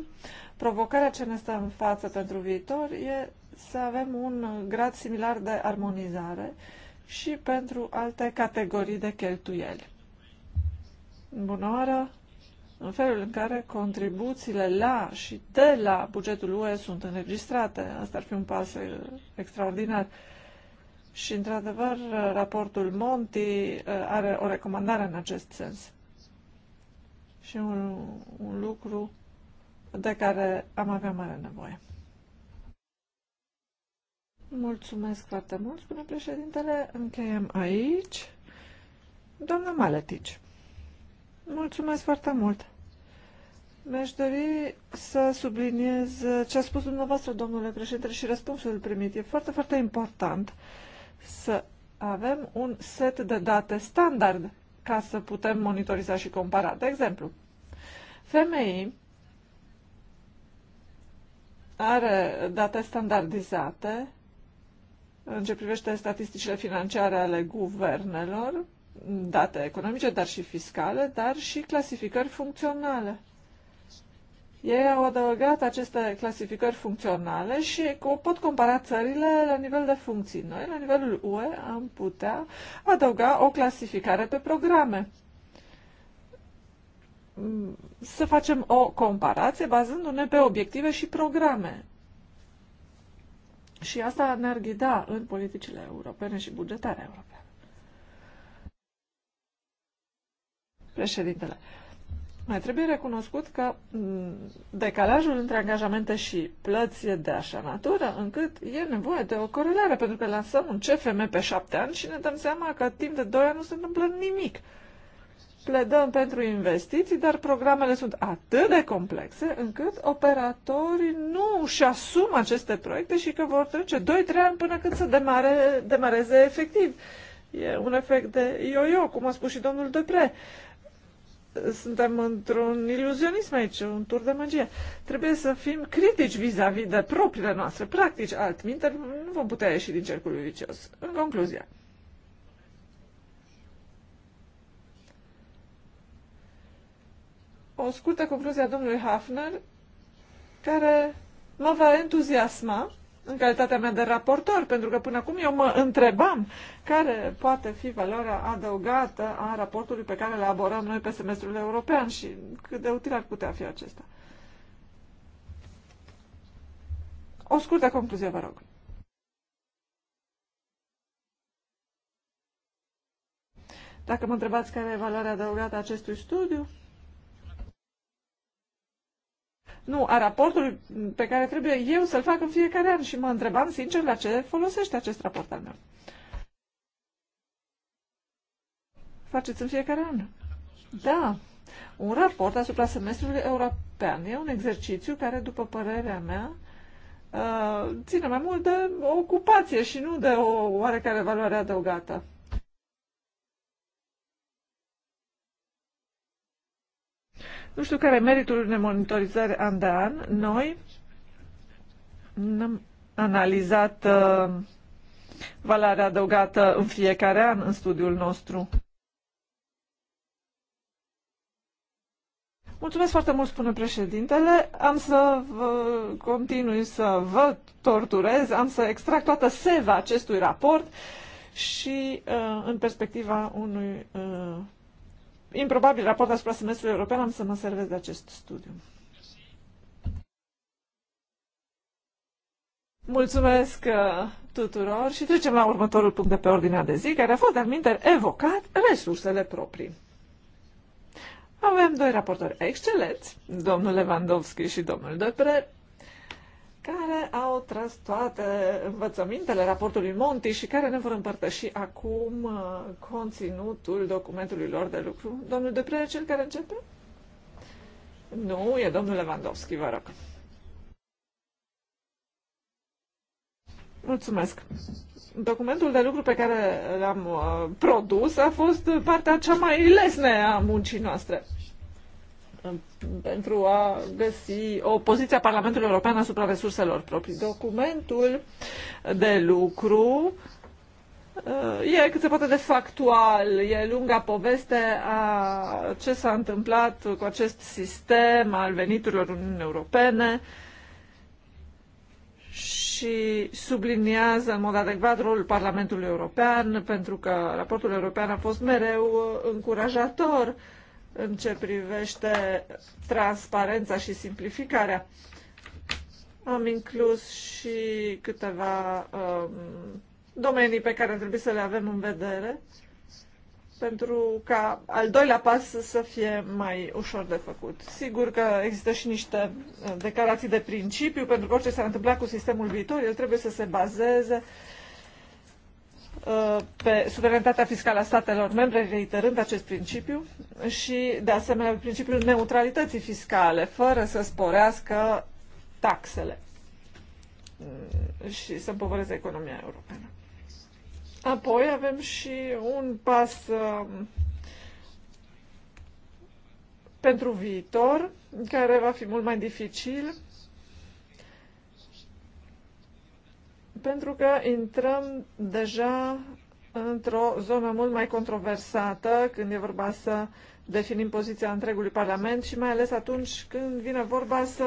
provocarea ce ne stă în față pentru viitor e să avem un grad similar de armonizare și pentru alte categorii de cheltuieli. Bună oară! În felul în care contribuțiile la și de la bugetul UE sunt înregistrate, asta ar fi un pas uh, extraordinar. Și, într-adevăr, raportul Monti uh, are o recomandare în acest sens. Și un, un lucru de care am avea mare nevoie. Mulțumesc foarte mult, spune președintele. Încheiem aici. Doamna Maletici, mulțumesc foarte mult. Mi-aș dori să subliniez ce a spus dumneavoastră, domnule președinte, și răspunsul primit. E foarte, foarte important. Uh, să avem un set de date standard ca să putem monitoriza și compara. De exemplu, femeii are date standardizate în ce privește statisticile financiare ale guvernelor, date economice, dar și fiscale, dar și clasificări funcționale. Ei au adăugat aceste clasificări funcționale și pot compara țările la nivel de funcții. Noi, la nivelul UE, am putea adăuga o clasificare pe programe mm, să facem o comparație bazându-ne pe obiective și programe. Și asta ne-ar ghida în politicile europene și bugetarea europeană. Președintele, mai trebuie recunoscut că mm, decalajul între angajamente și plăți e de așa natură încât e nevoie de o corelare, pentru că lansăm un CFM pe șapte ani și ne dăm seama că timp de doi ani nu se întâmplă nimic. Pledăm pentru investiții, dar programele sunt atât de complexe încât operatorii nu își asumă aceste proiecte și că vor trece 2-3 ani până când să demare, demareze efectiv. E un efect de yo-yo, cum a spus și domnul Depre. Uh, suntem într-un iluzionism aici, un tur de magie. Trebuie să fim critici vis-a-vis -vis de propriile noastre practici, altminteri nu vom putea ieși din cercul vicios. În concluzie, o scurtă concluzie a domnului Hafner, care mă va entuziasma în calitatea mea de raportor, pentru că până acum eu mă întrebam care poate fi valoarea adăugată a raportului pe care îl elaborăm noi pe semestrul european și cât de util ar putea fi acesta. O scurtă concluzie, vă rog. Dacă mă întrebați care e valoarea adăugată a acestui studiu, nu, a raportului pe care trebuie eu să-l fac în fiecare an și mă întrebam sincer la ce folosește acest raport al meu. Faceți în fiecare an. Da, un raport asupra semestrului european e un exercițiu care, după părerea mea, uh, ține mai mult de o ocupație și nu de o oarecare valoare adăugată. Nu știu care e meritul unei monitorizări an de an. Noi am analizat uh, valoarea adăugată în fiecare an în studiul nostru. Mulțumesc foarte mult, spune președintele. Am să vă continui să vă torturez, am să extrag toată seva acestui raport și uh, în perspectiva unui uh, improbabil raport asupra semestrului european, am să mă servez de acest studiu. Mulțumesc uh, tuturor și trecem la următorul punct de pe ordinea de zi, care a fost, de evocat resursele proprii. Avem doi raportori excelenți, domnul Lewandowski și domnul Depre, care au tras toate învățămintele raportului Monti și care ne vor împărtăși acum uh, conținutul documentului lor de lucru. Domnul Deprea cel care începe? Nu, e domnul Lewandowski, vă rog. Mulțumesc. Documentul de lucru pe care l-am uh, produs a fost partea cea mai lesne a muncii noastre pentru a găsi o poziție a Parlamentului European asupra resurselor proprii. Documentul de lucru uh, e cât se poate de factual, e lunga poveste a ce s-a întâmplat cu acest sistem al veniturilor Uniunii Europene și subliniază în mod adecvat rolul Parlamentului European, pentru că raportul european a fost mereu uh, încurajator în ce privește transparența și simplificarea. Am inclus și câteva um, domenii pe care trebuie să le avem în vedere pentru ca al doilea pas să fie mai ușor de făcut. Sigur că există și niște uh, declarații de principiu, pentru că orice s-ar întâmpla cu sistemul viitor, el trebuie să se bazeze uh, Uh, pe suveranitatea fiscală a statelor membre, reiterând acest principiu și, de asemenea, principiul neutralității fiscale, fără să sporească taxele uh, și să împovăreze economia europeană. Apoi avem și un pas um, pentru viitor, care va fi mult mai dificil pentru că intrăm deja într-o zonă mult mai controversată când e vorba să definim poziția întregului Parlament și mai ales atunci când vine vorba să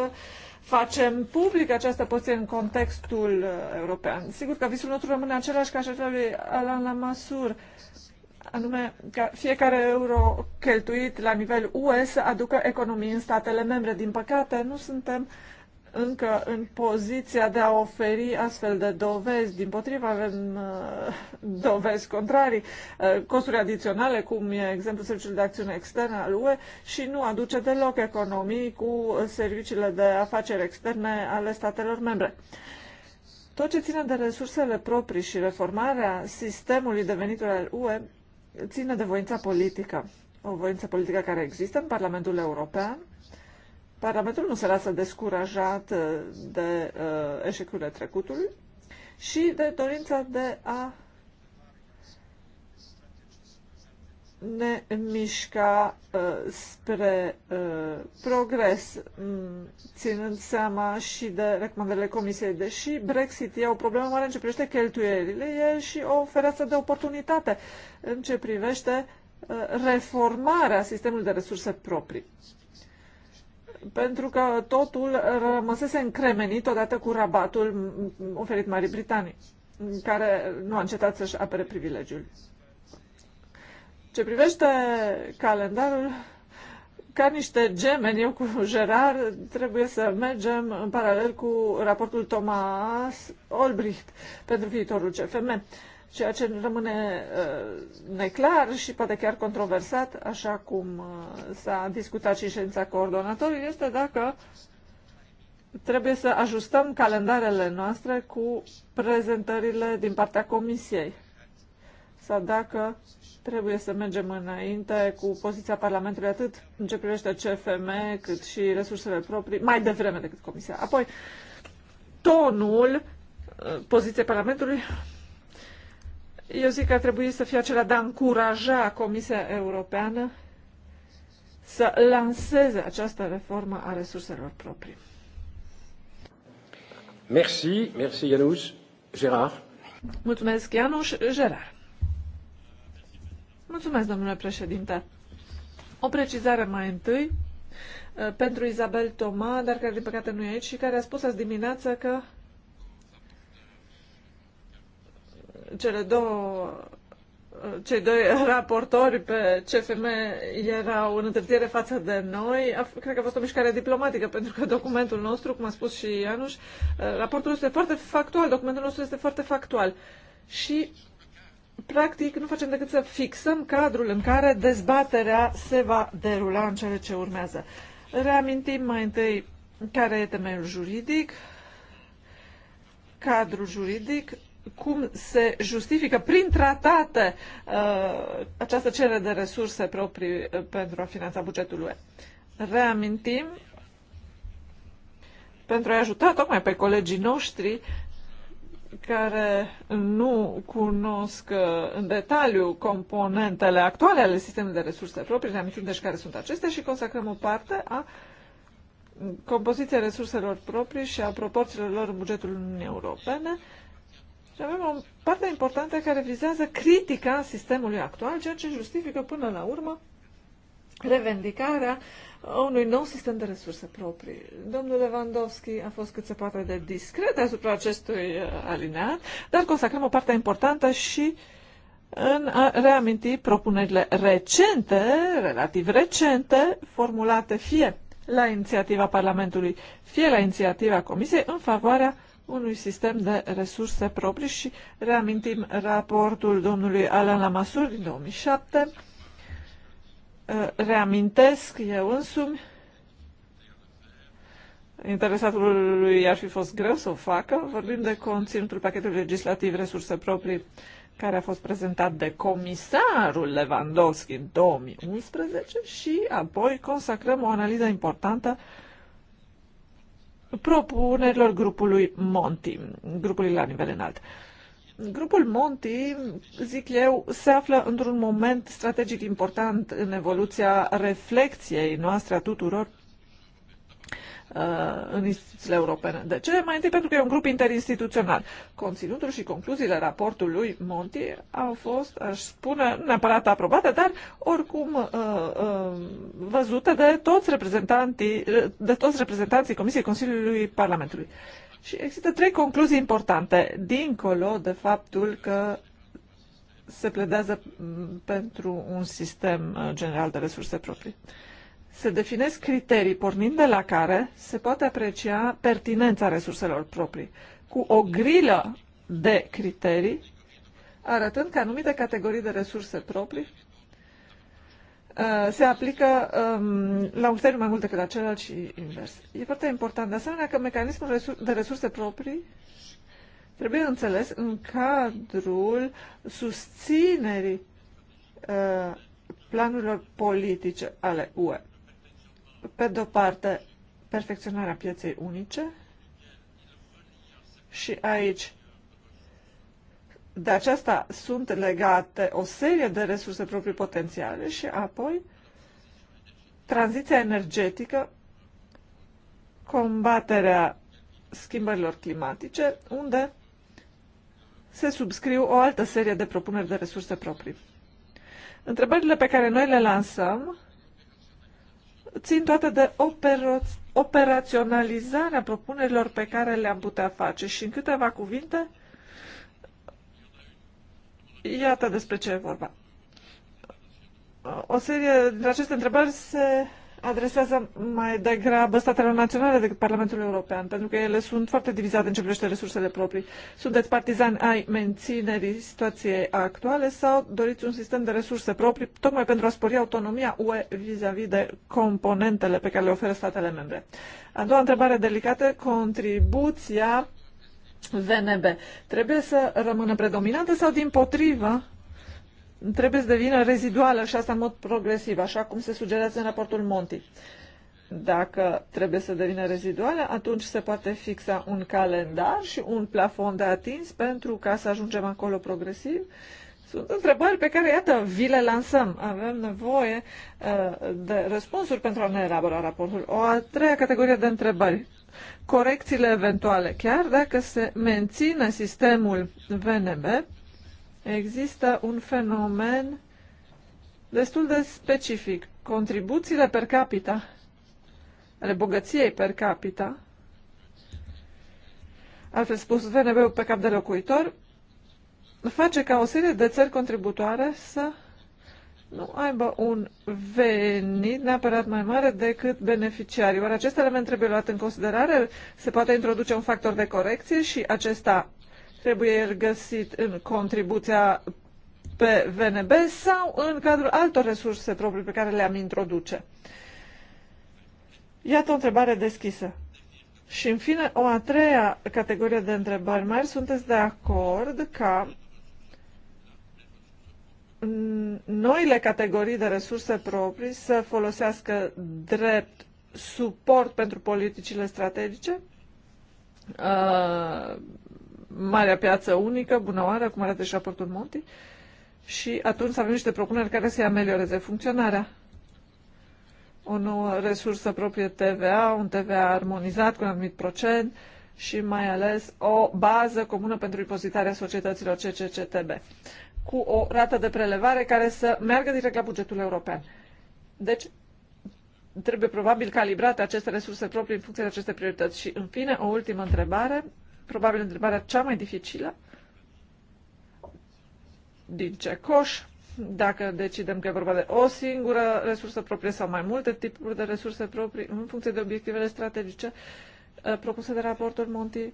facem public această poziție în contextul uh, european. Sigur că visul nostru rămâne același ca și al lui Alan Lamassur, anume că fiecare euro cheltuit la nivel UE să aducă economii în statele membre. Din păcate, nu suntem uh, încă în poziția de a oferi astfel de dovezi. Din potrivă, avem uh, dovezi contrarii, uh, costuri adiționale, cum e exemplu, serviciul de Acțiune Externă al UE, și nu aduce deloc economii cu serviciile de afaceri externe ale statelor membre. Tot ce ține de resursele proprii și reformarea sistemului de venituri al UE ține de voința politică. O voință politică care există în Parlamentul European, Parlamentul nu se lasă descurajat uh, de uh, eșecurile trecutului și de dorința de a ne mișca uh, spre uh, progres, mm, ținând seama și de recomandările Comisiei. Deși Brexit e o problemă mare în ce privește cheltuielile, e și o fereastră de oportunitate în ce privește uh, reformarea sistemului de resurse proprii pentru că totul rămăsese încremenit odată cu rabatul oferit Marii Britanii, care nu a încetat să-și apere privilegiul. Ce privește calendarul, ca niște gemeni, eu cu Gerard, trebuie să mergem în paralel cu raportul Thomas Olbricht pentru viitorul CFM ceea ce rămâne uh, neclar și poate chiar controversat, așa cum uh, s-a discutat și ședința coordonatorului, este dacă trebuie să ajustăm calendarele noastre cu prezentările din partea Comisiei sau dacă trebuie să mergem înainte cu poziția Parlamentului atât în ce privește CFM cât și resursele proprii, mai devreme decât Comisia. Apoi, tonul uh, poziției Parlamentului eu zic că ar trebui să fie acela de a încuraja Comisia Europeană să lanseze această reformă a resurselor proprii. Merci, merci Ianus. Gerard. Mulțumesc, Ianus. Gerard. Mulțumesc, domnule președinte. O precizare mai întâi eh, pentru Isabel Toma, dar care din păcate nu e aici și care a spus azi dimineață că cele două cei doi raportori pe CFM erau în întârziere față de noi. cred că a fost o mișcare diplomatică, pentru că documentul nostru, cum a spus și Ianuș, eh, raportul este foarte factual, documentul nostru este foarte factual. Și, practic, nu facem decât să fixăm cadrul în care dezbaterea se va derula în cele ce urmează. Reamintim mai întâi care e temeiul juridic, cadrul juridic, cum se justifică prin tratate uh, această cerere de resurse proprii uh, pentru a finanța bugetul UE. Reamintim, pentru a ajuta tocmai pe colegii noștri care nu cunosc uh, în detaliu componentele actuale ale sistemului de resurse proprii, reamintim deci care sunt acestea și consacrăm o parte a compoziției resurselor proprii și a proporțiilor lor în bugetul Uniunii Europene, și avem o parte importantă care vizează critica sistemului actual, ceea ce justifică până la urmă revendicarea unui nou sistem de resurse proprii. Domnul Lewandowski a fost cât se poate de discret asupra acestui uh, alineat, dar consacrăm o parte importantă și în a reaminti propunerile recente, relativ recente, formulate fie la inițiativa Parlamentului, fie la inițiativa Comisiei, în favoarea unui sistem de resurse proprii și reamintim raportul domnului Alan Lamassur din 2007. Uh, reamintesc eu însumi, interesatului ar fi fost greu să o facă, vorbim de conținutul pachetului legislativ resurse proprii care a fost prezentat de comisarul Lewandowski în 2011 și apoi consacrăm o analiză importantă propunerilor grupului Monti, grupului la nivel înalt. Grupul Monti, zic eu, se află într-un moment strategic important în evoluția reflexiei noastre a tuturor Uh, în instituțiile europene. De ce? Mai întâi pentru că e un grup interinstituțional. Conținutul și concluziile raportului Monti au fost, aș spune, neapărat aprobate, dar oricum uh, uh, văzute de toți reprezentanții, de toți reprezentanții Comisiei Consiliului Parlamentului. Și există trei concluzii importante, dincolo de faptul că se pledează mm, pentru un sistem general de resurse proprii. Uh, se definesc criterii pornind de la care se poate aprecia pertinența resurselor proprii, cu o grilă de criterii, arătând că anumite categorii de resurse proprii uh, se aplică um, la un criteriu mai mult decât la celălalt și invers. E foarte important, de asemenea, că mecanismul de resurse proprii trebuie înțeles în cadrul susținerii uh, planurilor politice ale UE pe de-o parte, perfecționarea pieței unice și aici de aceasta sunt legate o serie de resurse proprii potențiale și apoi tranziția energetică, combaterea schimbărilor climatice, unde se subscriu o altă serie de propuneri de resurse proprii. Întrebările pe care noi le lansăm țin toate de opero- operaționalizarea propunerilor pe care le-am putea face și în câteva cuvinte, iată despre ce e vorba. O serie dintre aceste întrebări se adresează mai degrabă statelor naționale decât Parlamentul European, pentru că ele sunt foarte divizate în ce privește resursele proprii. Sunteți partizani ai menținerii situației actuale sau doriți un sistem de resurse proprii tocmai pentru a spori autonomia UE vis-a-vis de componentele pe care le oferă statele membre? A doua întrebare delicată, contribuția VNB. Trebuie să rămână predominantă sau din potrivă trebuie să devină reziduală și asta în mod progresiv, așa cum se sugerează în raportul Monti. Dacă trebuie să devină reziduală, atunci se poate fixa un calendar și un plafon de atins pentru ca să ajungem acolo progresiv. Sunt întrebări pe care, iată, vi le lansăm. Avem nevoie uh, de răspunsuri pentru a ne elabora raportul. O a treia categorie de întrebări. Corecțiile eventuale. Chiar dacă se menține sistemul VNB, există un fenomen destul de specific. Contribuțiile per capita, ale bogăției per capita, altfel spus VNB-ul pe cap de locuitor, face ca o serie de țări contributoare să nu aibă un venit neapărat mai mare decât beneficiarii. Oare acest element trebuie luat în considerare? Se poate introduce un factor de corecție și acesta trebuie găsit în contribuția pe VNB sau în cadrul altor resurse proprii pe care le-am introduce. Iată o întrebare deschisă. Și, în fine, o a treia categorie de întrebări Mai Sunteți de acord ca noile categorii de resurse proprii să folosească drept suport pentru politicile strategice? Uh, Marea Piață Unică, bună oară, cum arată și raportul Monti, și atunci avem niște propuneri care să-i amelioreze funcționarea. O nouă resursă proprie TVA, un TVA armonizat cu un anumit procent și mai ales o bază comună pentru impozitarea societăților CCCTB cu o rată de prelevare care să meargă direct la bugetul european. Deci, trebuie probabil calibrate aceste resurse proprii în funcție de aceste priorități. Și, în fine, o ultimă întrebare probabil întrebarea cea mai dificilă. Din ce coș? Dacă decidem că e vorba de o singură resursă proprie sau mai multe tipuri de resurse proprii, în funcție de obiectivele strategice uh, propuse de raportul Monti,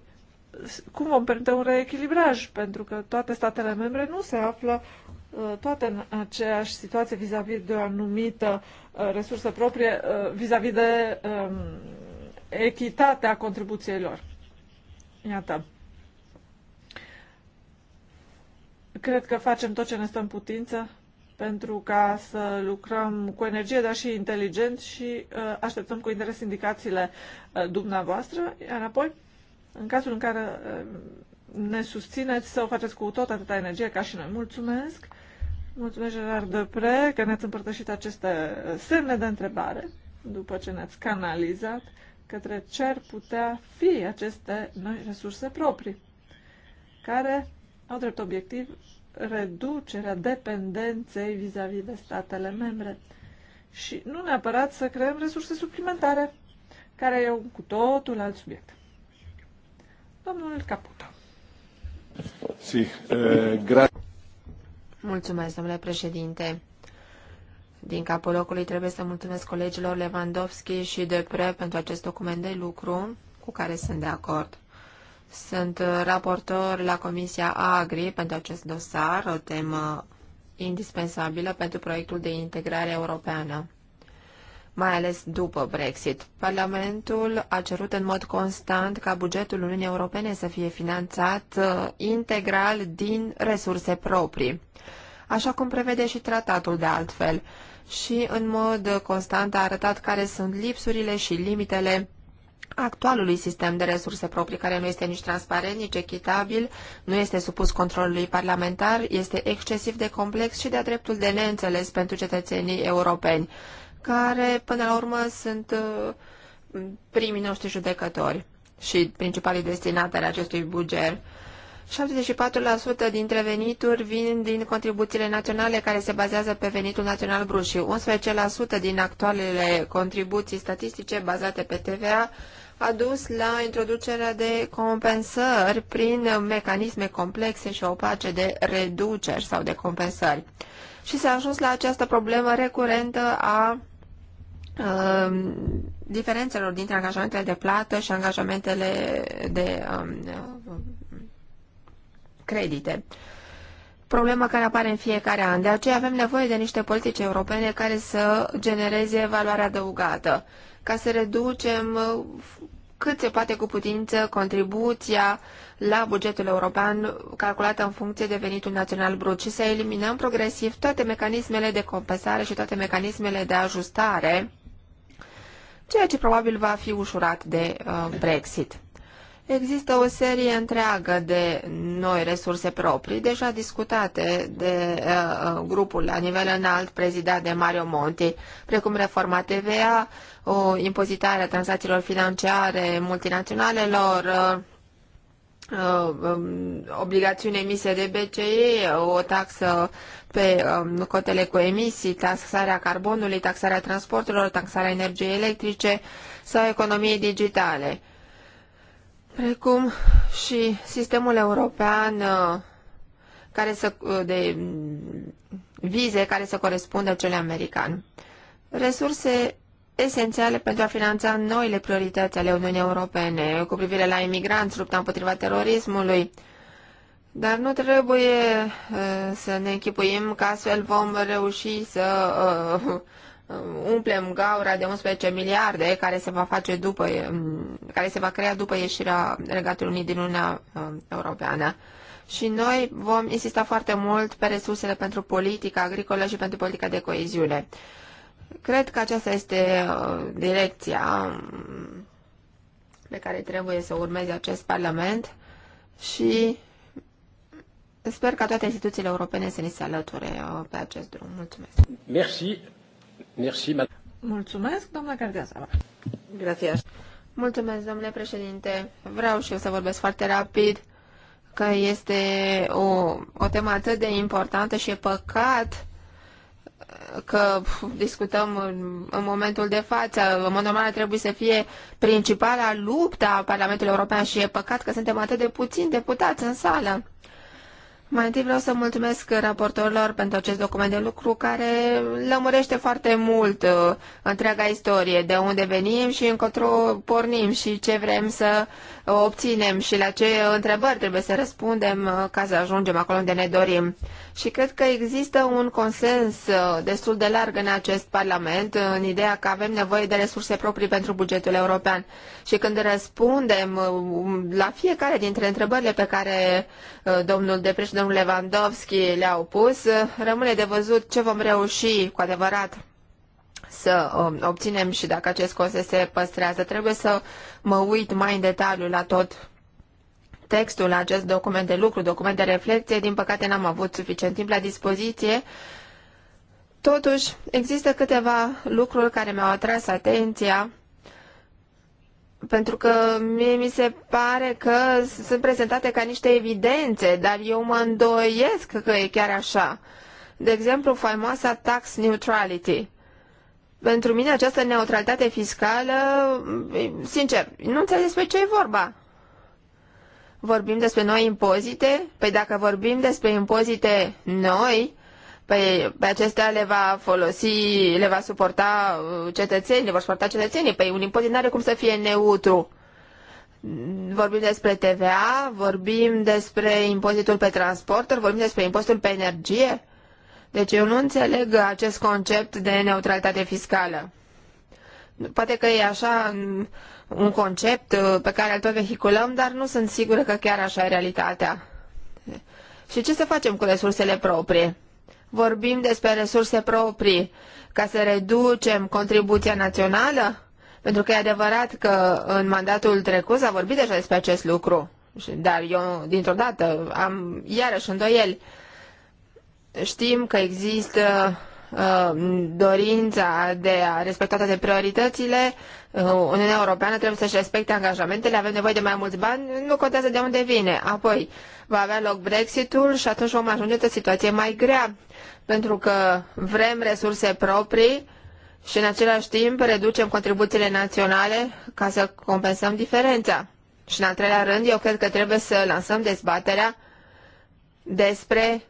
cum vom permite un reechilibraj? Pentru că toate statele membre nu se află uh, toate în aceeași situație vis-a-vis -vis de o anumită uh, resursă proprie, vis-a-vis -vis de um, echitatea contribuției lor. Iată. Cred că facem tot ce ne stă în putință pentru ca să lucrăm cu energie, dar și inteligent și uh, așteptăm cu interes indicațiile uh, dumneavoastră, iar apoi, în cazul în care uh, ne susțineți să o faceți cu tot atâta energie ca și noi. Mulțumesc! Mulțumesc, Gerard Depre, că ne-ați împărtășit aceste semne de întrebare după ce ne-ați canalizat către ce ar putea fi aceste noi resurse proprii, care au drept obiectiv reducerea dependenței vis-a-vis -vis de statele membre și nu neapărat să creăm resurse suplimentare, care e un cu totul alt subiect. Domnul Caputo. Si, uh, Mulțumesc, domnule președinte din capul locului. Trebuie să mulțumesc colegilor Lewandowski și Depre pentru acest document de lucru cu care sunt de acord. Sunt uh, raportor la Comisia Agri pentru acest dosar, o temă indispensabilă pentru proiectul de integrare europeană, mai ales după Brexit. Parlamentul a cerut în mod constant ca bugetul Uniunii Europene să fie finanțat uh, integral din resurse proprii, așa cum prevede și tratatul de altfel și în mod constant a arătat care sunt lipsurile și limitele actualului sistem de resurse proprii, care nu este nici transparent, nici echitabil, nu este supus controlului parlamentar, este excesiv de complex și de-a dreptul de neînțeles pentru cetățenii europeni, care, până la urmă, sunt uh, primii noștri judecători și principalii destinatari acestui buget. 74% dintre venituri vin din contribuțiile naționale care se bazează pe venitul național brut și 11% din actualele contribuții statistice bazate pe TVA a dus la introducerea de compensări prin mecanisme complexe și opace de reduceri sau de compensări. Și s-a ajuns la această problemă recurentă a um, diferențelor dintre angajamentele de plată și angajamentele de um, credite. Problema care apare în fiecare an. De aceea avem nevoie de niște politici europene care să genereze valoare adăugată, ca să reducem uh, cât se poate cu putință contribuția la bugetul european calculată în funcție de venitul național brut și să eliminăm progresiv toate mecanismele de compensare și toate mecanismele de ajustare, ceea ce probabil va fi ușurat de uh, Brexit. Există o serie întreagă de noi resurse proprii, deja discutate de uh, uh grupul la nivel înalt prezidat de Mario Monti, precum reforma TVA, o impozitare a tranzacțiilor financiare multinaționalelor, uh, uh um, obligațiune emise de BCE, o taxă pe um, cotele cu emisii, taxarea carbonului, taxarea transporturilor, taxarea energiei electrice sau economiei digitale precum și sistemul european uh, care să, uh, de vize care să corespundă cele american. Resurse esențiale pentru a finanța noile priorități ale Uniunii Europene cu privire la imigranți, lupta împotriva terorismului, dar nu trebuie uh, să ne închipuim că astfel vom reuși să uh, Um, umplem gaura de 11 miliarde care se va face după, um, care se va crea după ieșirea Regatului Unit din Uniunea um, Europeană. Și noi vom insista foarte mult pe resursele pentru politica agricolă și pentru politica de coeziune. Cred că aceasta este uh, direcția pe care trebuie să urmeze acest Parlament și sper ca toate instituțiile europene să ni se alăture uh, pe acest drum. Mulțumesc! Merci. Merci, Mulțumesc, doamna Cardeasava. Gracias. Mulțumesc, domnule președinte. Vreau și eu să vorbesc foarte rapid că este o, o temă atât de importantă și e păcat că discutăm în, în momentul de față. În mod normal trebuie să fie principala luptă a Parlamentului European și e păcat că suntem atât de puțini deputați în sală. Mai întâi vreau să mulțumesc raportorilor pentru acest document de lucru care lămurește foarte mult uh, întreaga istorie, de unde venim și încotro pornim și ce vrem să uh, obținem și la ce întrebări trebuie să răspundem uh, ca să ajungem acolo unde ne dorim. Și cred că există un consens uh, destul de larg în acest Parlament uh, în ideea că avem nevoie de resurse proprii pentru bugetul european. Și când răspundem uh, um, la fiecare dintre întrebările pe care domnul Depre și domnul Lewandowski le-au pus, rămâne de văzut ce vom reuși cu adevărat să um, obținem și dacă acest consens se păstrează. Trebuie să mă uit mai în detaliu la tot textul la acest document de lucru, document de reflecție, din păcate n-am avut suficient timp la dispoziție. Totuși, există câteva lucruri care mi-au atras atenția pentru că mie mi se pare că sunt prezentate ca niște evidențe, dar eu mă îndoiesc că e chiar așa. De exemplu, faimoasa tax neutrality. Pentru mine această neutralitate fiscală, sincer, nu înțeleg despre ce e vorba vorbim despre noi impozite? Păi dacă vorbim despre impozite noi, Păi pe acestea le va folosi, le va suporta uh, cetățenii, le vor suporta cetățenii. Păi un impozit nu are cum să fie neutru. Vorbim despre TVA, vorbim despre impozitul pe transporturi, vorbim despre impozitul pe energie. Deci eu nu înțeleg acest concept de neutralitate fiscală. Poate că e așa un concept uh, pe care îl tot vehiculăm, dar nu sunt sigură că chiar așa e realitatea. Și ce să facem cu resursele proprii? Vorbim despre resurse proprii ca să reducem contribuția națională? Pentru că e adevărat că în mandatul trecut s-a vorbit deja despre acest lucru, dar eu dintr-o dată am iarăși îndoieli. Știm că există Uh, dorința de a respecta toate prioritățile, uh, Uniunea Europeană trebuie să-și respecte angajamentele, avem nevoie de mai mulți bani, nu contează de unde vine. Apoi va avea loc Brexitul și atunci vom ajunge într-o situație mai grea, pentru că vrem resurse proprii și în același timp reducem contribuțiile naționale ca să compensăm diferența. Și în al treilea rând, eu cred că trebuie să lansăm dezbaterea despre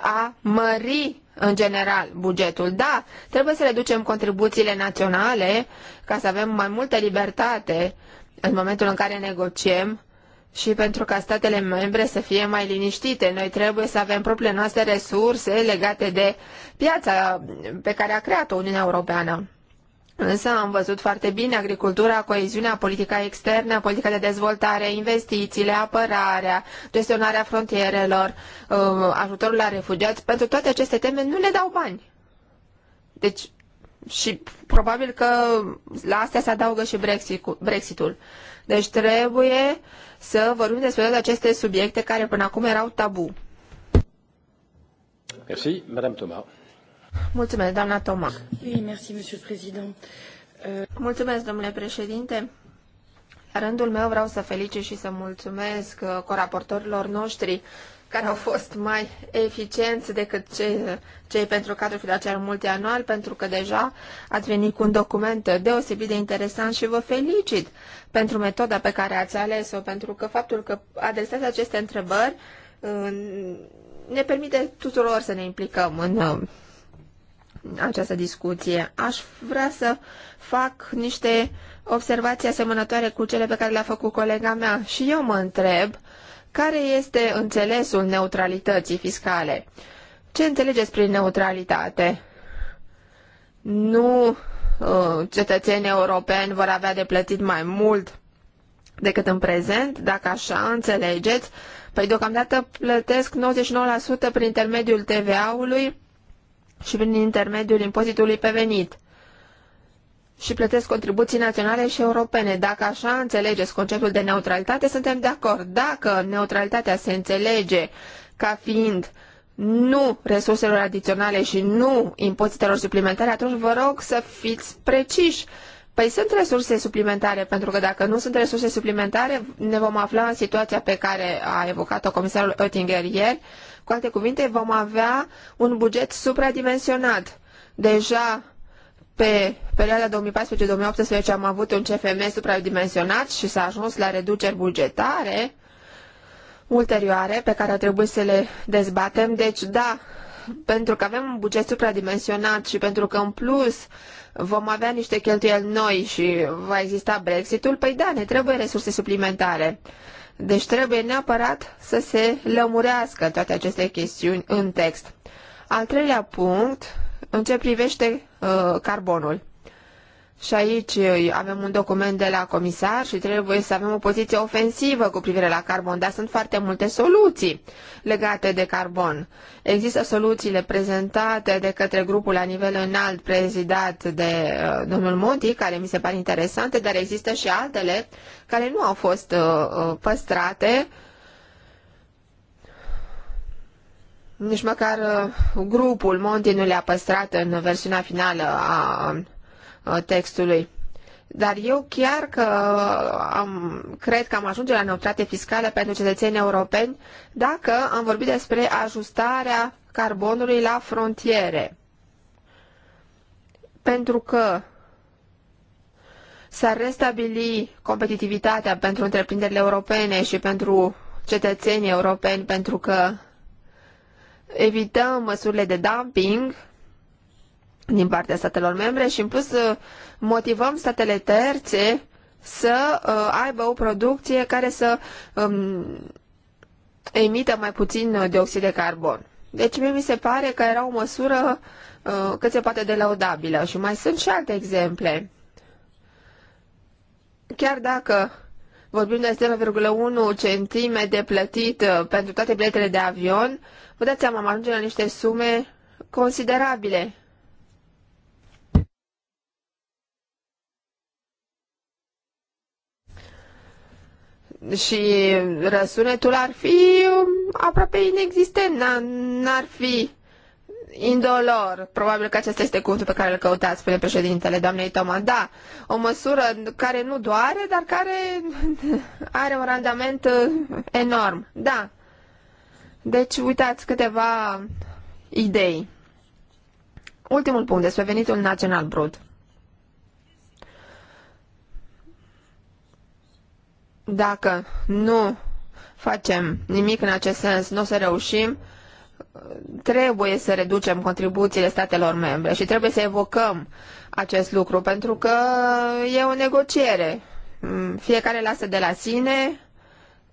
a mări în general bugetul. Da, trebuie să reducem contribuțiile naționale ca să avem mai multă libertate în momentul în care negociem și pentru ca statele membre să fie mai liniștite. Noi trebuie să avem propriile noastre resurse legate de piața pe care a creat-o Uniunea Europeană. Însă am văzut foarte bine agricultura, coeziunea, politica externă, politica de dezvoltare, investițiile, apărarea, gestionarea frontierelor, uh, ajutorul la refugiați. Pentru toate aceste teme nu le dau bani. Deci, și probabil că la astea se adaugă și Brexitul. Deci trebuie să vorbim despre toate aceste subiecte care până acum erau tabu. Merci, Madame Thomas. Mulțumesc, doamna Toma. Euh, mulțumesc, domnule președinte. La rândul meu vreau să felicit și să mulțumesc uh, coraportorilor noștri care au fost mai eficienți decât cei, cei pentru cadrul financiar multianual, pentru că deja ați venit cu un document deosebit de interesant și vă felicit pentru metoda pe care ați ales-o, pentru că faptul că adresați aceste întrebări uh, ne permite tuturor să ne implicăm în uh, această discuție. Aș vrea să fac niște observații asemănătoare cu cele pe care le-a făcut colega mea și eu mă întreb care este înțelesul neutralității fiscale. Ce înțelegeți prin neutralitate? Nu uh, cetățenii europeni vor avea de plătit mai mult decât în prezent, dacă așa înțelegeți, Păi deocamdată plătesc 99% prin intermediul TVA-ului și prin intermediul impozitului pe venit și plătesc contribuții naționale și europene. Dacă așa înțelegeți conceptul de neutralitate, suntem de acord. Dacă neutralitatea se înțelege ca fiind nu resurselor adiționale și nu impozitelor suplimentare, atunci vă rog să fiți preciși Păi sunt resurse suplimentare, pentru că dacă nu sunt resurse suplimentare, ne vom afla în situația pe care a evocat-o comisarul Oettinger ieri. Cu alte cuvinte, vom avea un buget supradimensionat. Deja pe perioada 2014-2018 am avut un CFM supradimensionat și s-a ajuns la reduceri bugetare ulterioare pe care a trebuit să le dezbatem. Deci, da, pentru că avem un buget supradimensionat și pentru că în plus vom avea niște cheltuieli noi și va exista Brexitul, păi da, ne trebuie resurse suplimentare. Deci trebuie neapărat să se lămurească toate aceste chestiuni în text. Al treilea punct, în ce privește uh, carbonul. Și aici eh, avem un document de la comisar și trebuie să avem o poziție ofensivă cu privire la carbon, dar sunt foarte multe soluții legate de carbon. Există soluțiile prezentate de către grupul la nivel înalt prezidat de uh, domnul Monti, care mi se par interesante, dar există și altele care nu au fost uh, păstrate nici măcar uh, grupul Monti nu le-a păstrat în versiunea finală a Uh, textului. Dar eu chiar că uh, am, cred că am ajunge la neutrate fiscală pentru cetățenii europeni dacă am vorbit despre ajustarea carbonului la frontiere. Pentru că s-ar restabili competitivitatea pentru întreprinderile europene și pentru cetățenii europeni, pentru că evităm măsurile de dumping din partea statelor membre și în plus motivăm statele terțe să uh, aibă o producție care să um, emită mai puțin dioxid de carbon. Deci mie mi se pare că era o măsură uh, cât se poate de laudabilă și mai sunt și alte exemple. Chiar dacă vorbim de 0,1 cm de plătit uh, pentru toate biletele de avion, vă dați seama, am ajunge la niște sume considerabile și răsunetul ar fi um, aproape inexistent, n-ar fi indolor. Probabil că acesta este cuvântul pe care îl căutați, spune președintele doamnei Toma. Da, o măsură care nu doare, dar care are un randament uh, enorm. Da. Deci, uitați câteva idei. Ultimul punct despre venitul național brut. Dacă nu facem nimic în acest sens, nu o să reușim, trebuie să reducem contribuțiile statelor membre și trebuie să evocăm acest lucru, pentru că e o negociere. Mm, fiecare lasă de la sine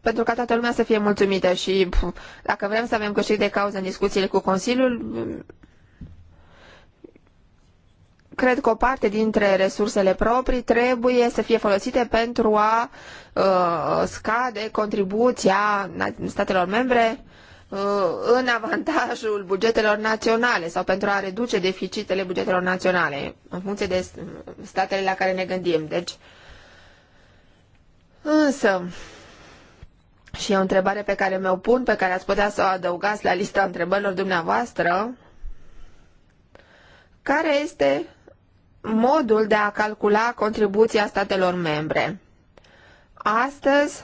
pentru ca toată lumea să fie mulțumită și pf, dacă vrem să avem câștig de cauză în discuțiile cu Consiliul, mm, cred că o parte dintre resursele proprii trebuie să fie folosite pentru a uh, scade contribuția statelor membre uh, în avantajul bugetelor naționale sau pentru a reduce deficitele bugetelor naționale, în funcție de statele la care ne gândim. Deci, însă, și e o întrebare pe care mi-o pun, pe care ați putea să o adăugați la lista întrebărilor dumneavoastră, care este modul de a calcula contribuția statelor membre. Astăzi,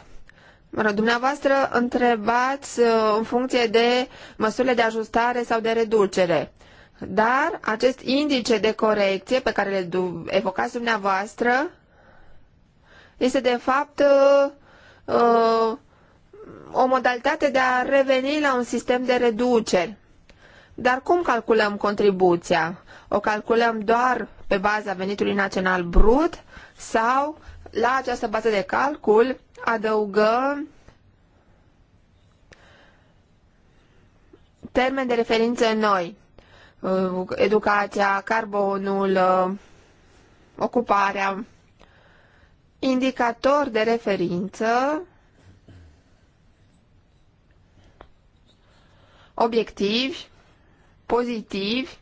mă rog, dumneavoastră întrebați uh, în funcție de măsurile de ajustare sau de reducere. Dar acest indice de corecție pe care le evocați dumneavoastră este de fapt uh, uh, o modalitate de a reveni la un sistem de reduceri. Dar cum calculăm contribuția? O calculăm doar pe baza venitului național brut sau la această bază de calcul adăugăm termeni de referință noi, uh, educația, carbonul, uh, ocuparea, indicator de referință, obiectivi, pozitivi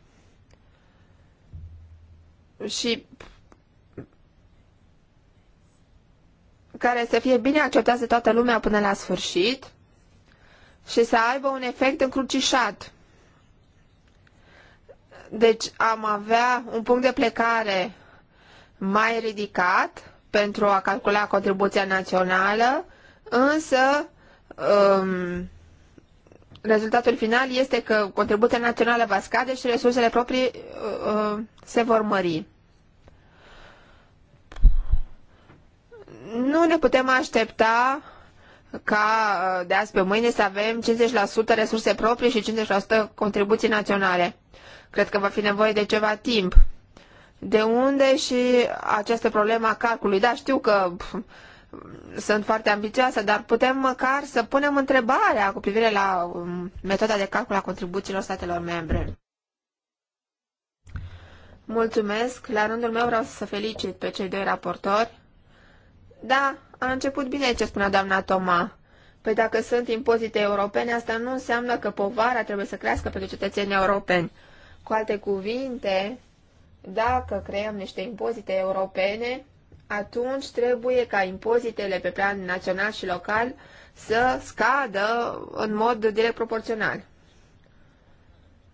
și care să fie bine acceptați de toată lumea până la sfârșit și să aibă un efect încrucișat. Deci am avea un punct de plecare mai ridicat pentru a calcula contribuția națională, însă um, rezultatul final este că contribuția națională va scade și resursele proprii uh, uh se vor mări. Nu ne putem aștepta ca uh, de azi pe mâine să avem 50% resurse proprii și 50% contribuții naționale. Cred că va fi nevoie de ceva timp. De unde și această problemă a calculului? Da, știu că sunt foarte ambițioasă, dar putem măcar să punem întrebarea cu privire la um, metoda de calcul a contribuțiilor statelor membre. Mulțumesc. La rândul meu vreau să felicit pe cei doi raportori. Da, a început bine ce spunea doamna Toma. Păi dacă sunt impozite europene, asta nu înseamnă că povara trebuie să crească pentru cetățenii europeni. Cu alte cuvinte, dacă creăm niște impozite europene, atunci trebuie ca impozitele pe plan național și local să scadă în mod direct proporțional.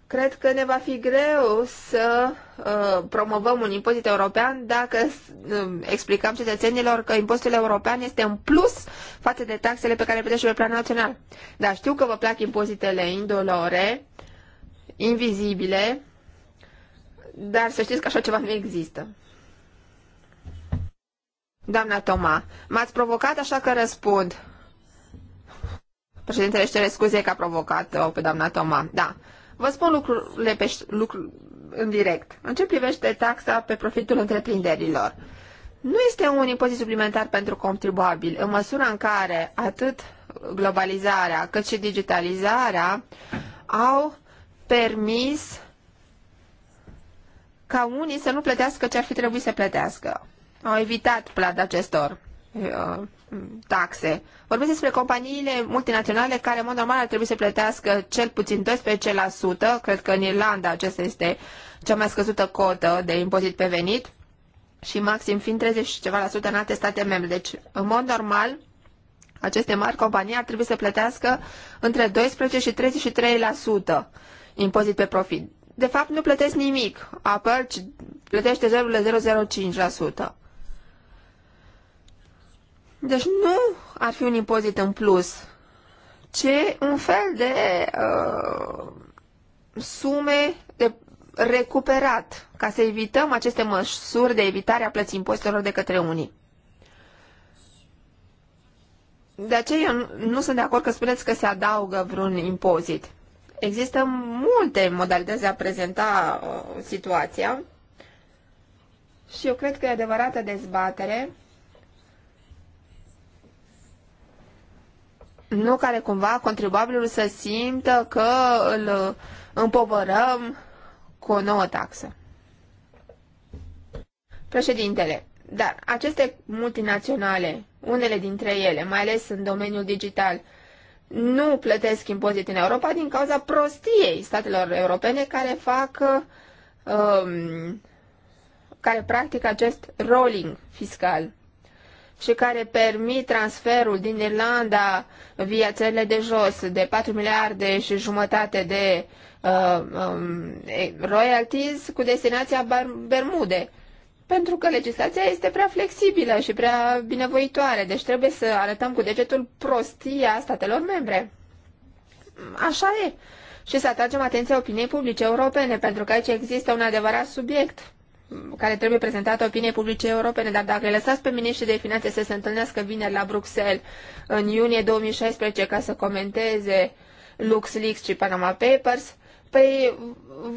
Cred că ne va fi greu să uh, promovăm un impozit european dacă uh, explicăm cetățenilor că impozitul european este în plus față de taxele pe care le și pe plan național. Dar știu că vă plac impozitele indolore, invizibile, dar să știți că așa ceva nu există. Doamna Toma, m-ați provocat, așa că răspund. Președintele își cere scuze că a provocat-o pe doamna Toma. Da. Vă spun lucrurile pe, lucru, în direct. În ce privește taxa pe profitul întreprinderilor? Nu este un impozit suplimentar pentru contribuabil, în măsura în care atât globalizarea cât și digitalizarea au permis ca unii să nu plătească ce ar fi trebuit să plătească au evitat plata acestor uh, taxe. Vorbim despre companiile multinaționale care, în mod normal, ar trebui să plătească cel puțin 12%. Cred că în Irlanda acesta este cea mai scăzută cotă de impozit pe venit și maxim fiind 30 și ceva la sută în alte state membre. Deci, în mod normal, aceste mari companii ar trebui să plătească între 12 și 33% impozit pe profit. De fapt, nu plătesc nimic. Apple plătește 0,005%. Deci nu ar fi un impozit în plus, ci un fel de uh, sume de recuperat ca să evităm aceste măsuri de evitare a plății impozitelor de către unii. De aceea eu nu sunt de acord că spuneți că se adaugă vreun impozit. Există multe modalități de a prezenta uh, situația și eu cred că e adevărată dezbatere nu care cumva contribuabilul să simtă că îl împovărăm cu o nouă taxă. Președintele, dar aceste multinaționale, unele dintre ele, mai ales în domeniul digital, nu plătesc impozit în Europa din cauza prostiei statelor europene care fac, um, care practică acest rolling fiscal și care permit transferul din Irlanda via țările de jos de 4 miliarde și jumătate de uh, um, royalties cu destinația Bermude. Pentru că legislația este prea flexibilă și prea binevoitoare, deci trebuie să arătăm cu degetul prostia statelor membre. Așa e. Și să atragem atenția opiniei publice europene, pentru că aici există un adevărat subiect care trebuie prezentată opiniei publice europene, dar dacă lăsați pe miniștrii de finanțe să se întâlnească vineri la Bruxelles în iunie 2016 ca să comenteze LuxLeaks și Panama Papers, păi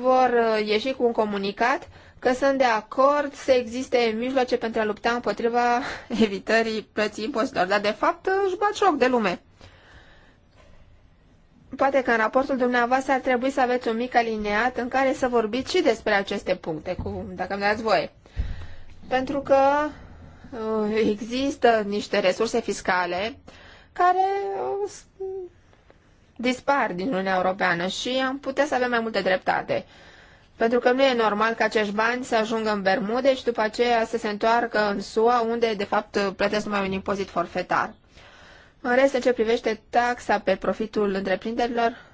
vor uh, ieși cu un comunicat că sunt de acord să existe mijloace pentru a lupta împotriva evitării plății impozitor. dar de fapt își bat joc de lume. Poate că în raportul dumneavoastră ar trebui să aveți un mic alineat în care să vorbiți și despre aceste puncte, cu, dacă îmi dați voie. Pentru că uh, există niște resurse fiscale care uh, dispar din Uniunea Europeană și am putea să avem mai multe dreptate. Pentru că nu e normal ca acești bani să ajungă în Bermude și după aceea să se întoarcă în SUA, unde de fapt plătesc numai un impozit forfetar. În rest, în ce privește taxa pe profitul întreprinderilor,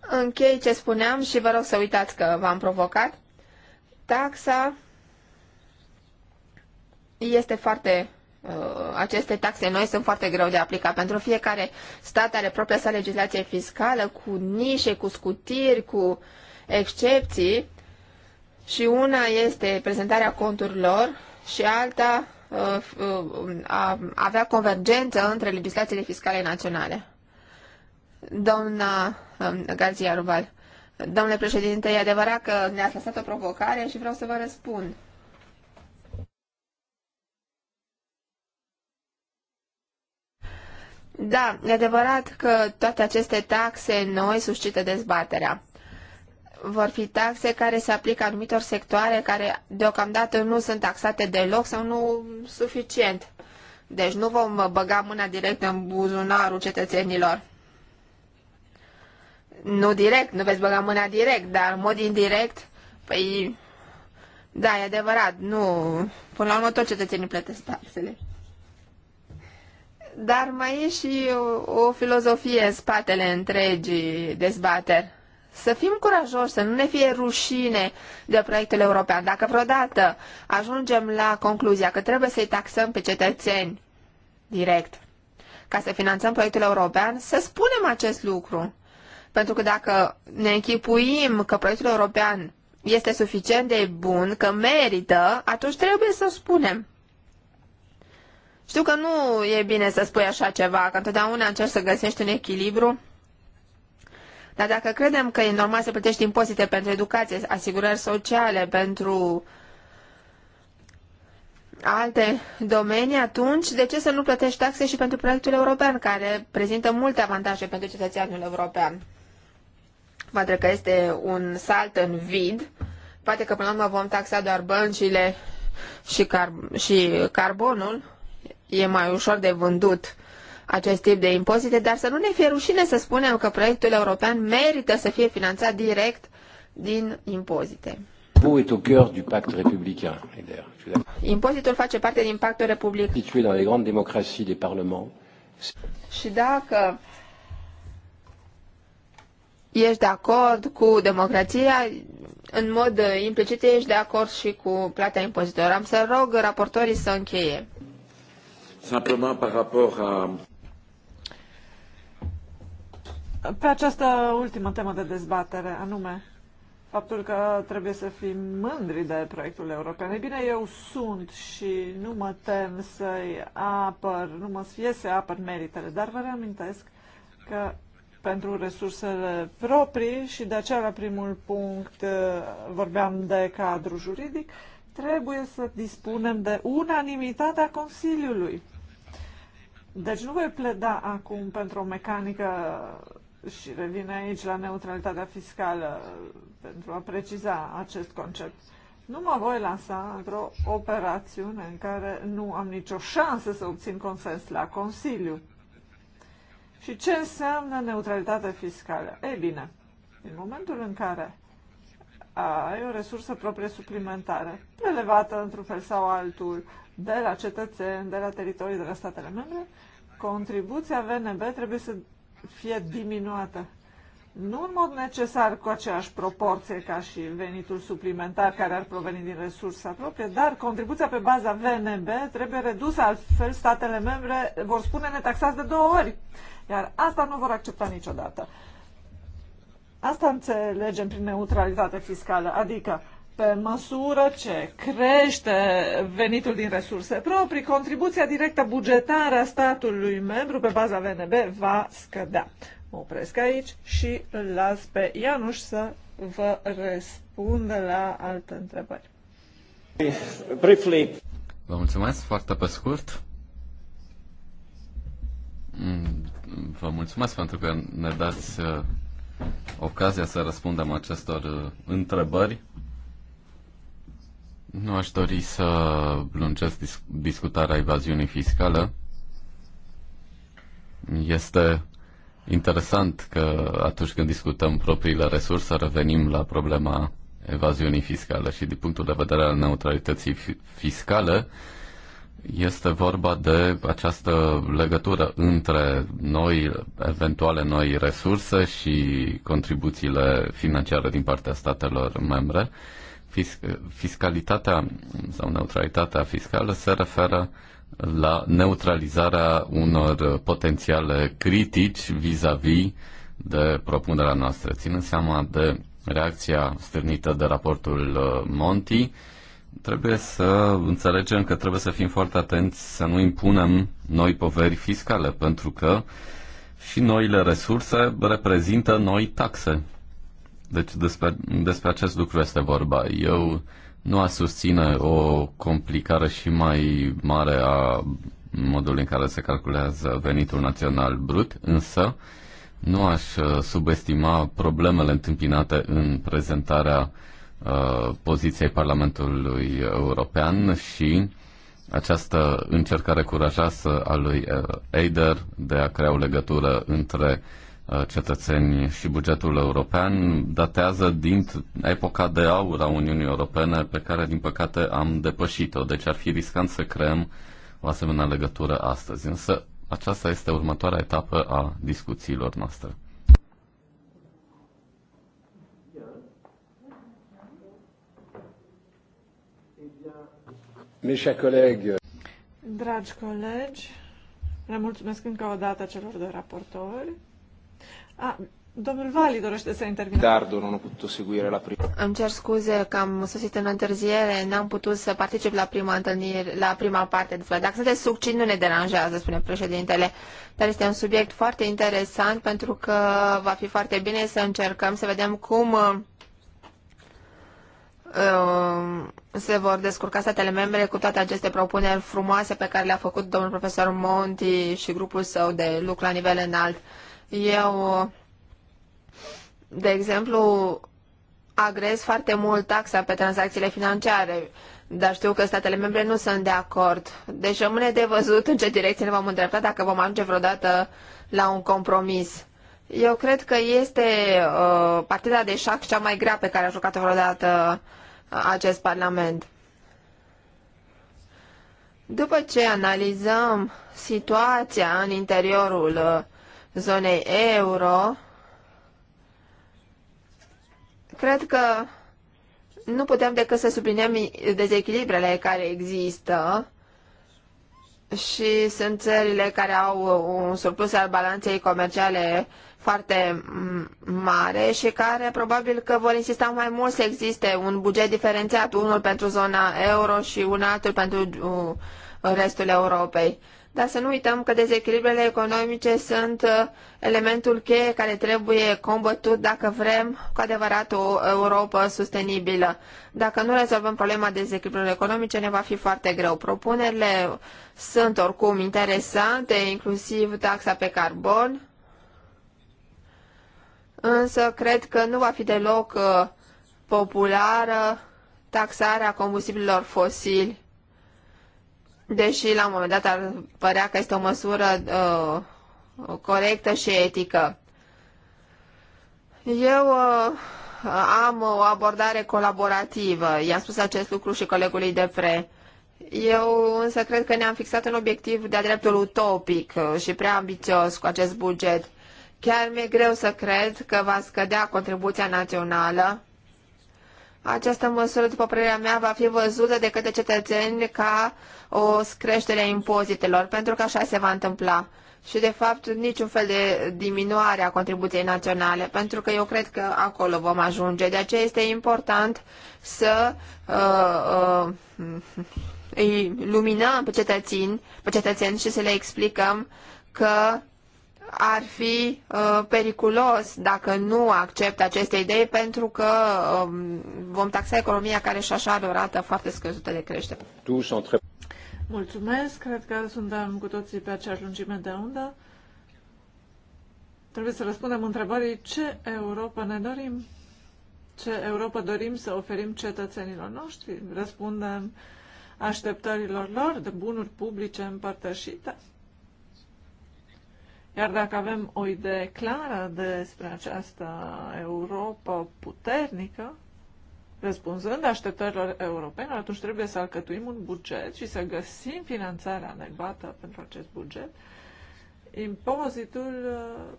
închei ce spuneam și vă rog să uitați că v-am provocat. Taxa este foarte uh, aceste taxe noi sunt foarte greu de aplicat. Pentru fiecare stat are propria sa legislație fiscală cu nișe, cu scutiri, cu excepții și una este prezentarea conturilor și alta Uh, uh, um, a avea convergență între legislațiile fiscale naționale. Doamna um, Garzia Rubal, domnule președinte, e adevărat că ne a lăsat o provocare și vreau să vă răspund. Da, e adevărat că toate aceste taxe noi suscită dezbaterea vor fi taxe care se aplică anumitor sectoare care deocamdată nu sunt taxate deloc sau nu suficient. Deci nu vom băga mâna direct în buzunarul cetățenilor. Nu direct, nu veți băga mâna direct, dar în mod indirect, păi, da, e adevărat, nu, până la urmă tot cetățenii plătesc taxele. Dar mai e și o, o filozofie în spatele întregii dezbateri să fim curajoși, să nu ne fie rușine de proiectul european. Dacă vreodată ajungem la concluzia că trebuie să-i taxăm pe cetățeni direct ca să finanțăm proiectul european, să spunem acest lucru. Pentru că dacă ne închipuim că proiectul european este suficient de bun, că merită, atunci trebuie să spunem. Știu că nu e bine să spui așa ceva, că întotdeauna încerci să găsești un echilibru dar dacă credem că e normal să plătești impozite pentru educație, asigurări sociale, pentru alte domenii, atunci de ce să nu plătești taxe și pentru proiectul european, care prezintă multe avantaje pentru cetățeanul european? Poate că este un salt în vid, poate că până la urmă vom taxa doar băncile și, car- și carbonul, e mai ușor de vândut acest tip de impozite, dar să nu ne fie rușine să spunem că proiectul european merită să fie finanțat direct din impozite. Impozitul face parte din pactul republic. Situé dans les grandes démocraties des parlements. Și dacă ești de acord cu democrația, în mod implicit ești de acord și cu plata impozitelor. Am să rog raportorii să încheie. Simplement par rapport à... Pe această ultimă temă de dezbatere, anume faptul că trebuie să fim mândri de proiectul european. Ei bine, eu sunt și nu mă tem să-i apăr, nu mă fie să apăr meritele, dar vă reamintesc că pentru resursele proprii și de aceea la primul punct vorbeam de cadru juridic, trebuie să dispunem de unanimitatea Consiliului. Deci nu voi pleda acum pentru o mecanică și revin aici la neutralitatea fiscală pentru a preciza acest concept. Nu mă voi lansa într-o operațiune în care nu am nicio șansă să obțin consens la Consiliu. Și ce înseamnă neutralitate fiscală? Ei bine, în momentul în care ai o resursă proprie suplimentară, prelevată într-un fel sau altul de la cetățeni, de la teritorii, de la statele membre, contribuția VNB trebuie să fie diminuată. Nu în mod necesar cu aceeași proporție ca și venitul suplimentar care ar proveni din resursa proprie, dar contribuția pe baza VNB trebuie redusă, altfel statele membre vor spune ne taxați de două ori. Iar asta nu vor accepta niciodată. Asta înțelegem prin neutralitate fiscală, adică pe măsură ce crește venitul din resurse proprii, contribuția directă bugetară a statului membru pe baza VNB va scădea. Mă opresc aici și îl las pe Ianuș să vă răspundă la alte întrebări. Briefly. Vă mulțumesc foarte pe scurt. Mm, vă mulțumesc pentru că ne dați uh, ocazia să răspundem acestor uh, întrebări nu aș dori să lungesc dis- discutarea evaziunii fiscale. Este interesant că atunci când discutăm propriile resurse, revenim la problema evaziunii fiscale și din punctul de vedere al neutralității fiscale, este vorba de această legătură între noi, eventuale noi resurse și contribuțiile financiare din partea statelor membre. Uh, fiscalitatea sau neutralitatea fiscală se referă la neutralizarea unor potențiale critici vis-a-vis -vis de propunerea noastră, ținând seama de reacția stârnită de raportul uh, Monti, trebuie să înțelegem că trebuie să fim foarte atenți să nu impunem noi poveri fiscale, pentru că și noile resurse reprezintă noi taxe deci despre, despre acest lucru este vorba. Eu nu a susține o complicare și mai mare a modului în care se calculează venitul național brut, însă nu aș uh, subestima problemele întâmpinate în prezentarea uh, poziției Parlamentului European și această încercare curajoasă a lui uh, Eider de a crea o legătură între Uh, cetățeni și bugetul european datează din epoca de aur a Uniunii Europene pe care, din păcate, am depășit-o. Deci ar fi riscant să creăm o asemenea legătură astăzi. Însă aceasta este următoarea etapă a discuțiilor noastre. Dragi colegi, le mulțumesc încă o dată celor doi raportori domnul Vali dorește să intervină. Dardo, nu am putut seguire la prima. Îmi cer scuze că am sosit în întârziere, n-am putut să particip la prima întâlnire, la prima parte. Dacă sunteți succint, nu ne deranjează, spune președintele. Dar este un subiect foarte interesant pentru că va fi foarte bine să încercăm să vedem cum um, se vor descurca statele membre cu toate aceste propuneri frumoase pe care le-a făcut domnul profesor Monti și grupul său de lucru la nivel înalt. Eu, de exemplu, agrez foarte mult taxa pe tranzacțiile financiare, dar știu că statele membre nu sunt de acord. Deci rămâne de văzut în ce direcție ne vom îndrepta dacă vom ajunge vreodată la un compromis. Eu cred că este uh, partida de șac cea mai grea pe care a jucat-o vreodată uh, acest Parlament. După ce analizăm situația în interiorul uh, zonei euro, cred că nu putem decât să subliniem dezechilibrele care există și sunt țările care au un surplus al balanței comerciale foarte mare și care probabil că vor insista mai mult să existe un buget diferențiat, unul pentru zona euro și un altul pentru uh, restul Europei dar să nu uităm că dezechilibrele economice sunt uh, elementul cheie care trebuie combătut dacă vrem cu adevărat o Europa sustenibilă. Dacă nu rezolvăm problema dezechilibrelor economice, ne va fi foarte greu. Propunerile sunt oricum interesante, inclusiv taxa pe carbon, însă cred că nu va fi deloc uh, populară taxarea combustibililor fosili deși la un moment dat ar părea că este o măsură uh, corectă și etică. Eu uh, am o abordare colaborativă, i-am spus acest lucru și colegului de pre. Eu însă cred că ne-am fixat un obiectiv de-a dreptul utopic uh, și prea ambițios cu acest buget. Chiar mi-e greu să cred că va scădea contribuția națională această măsură, după părerea mea, va fi văzută de către cetățeni ca o creștere a impozitelor, pentru că așa se va întâmpla. Și, de fapt, niciun fel de diminuare a contribuției naționale, pentru că eu cred că acolo vom ajunge. De aceea este important să uh, uh, îi luminăm pe cetățeni, pe cetățeni și să le explicăm că ar fi uh, periculos dacă nu accept aceste idei pentru că um, vom taxa economia care și așa are o rată foarte scăzută de creștere. Mulțumesc, cred că suntem cu toții pe aceeași lungime de undă. Trebuie să răspundem întrebării ce Europa ne dorim, ce Europa dorim să oferim cetățenilor noștri, răspundem așteptărilor lor de bunuri publice împărtășite. Iar dacă avem o idee clară despre această Europa puternică, răspunzând așteptărilor europene, atunci trebuie să alcătuim un buget și să găsim finanțarea adecvată pentru acest buget. Impozitul,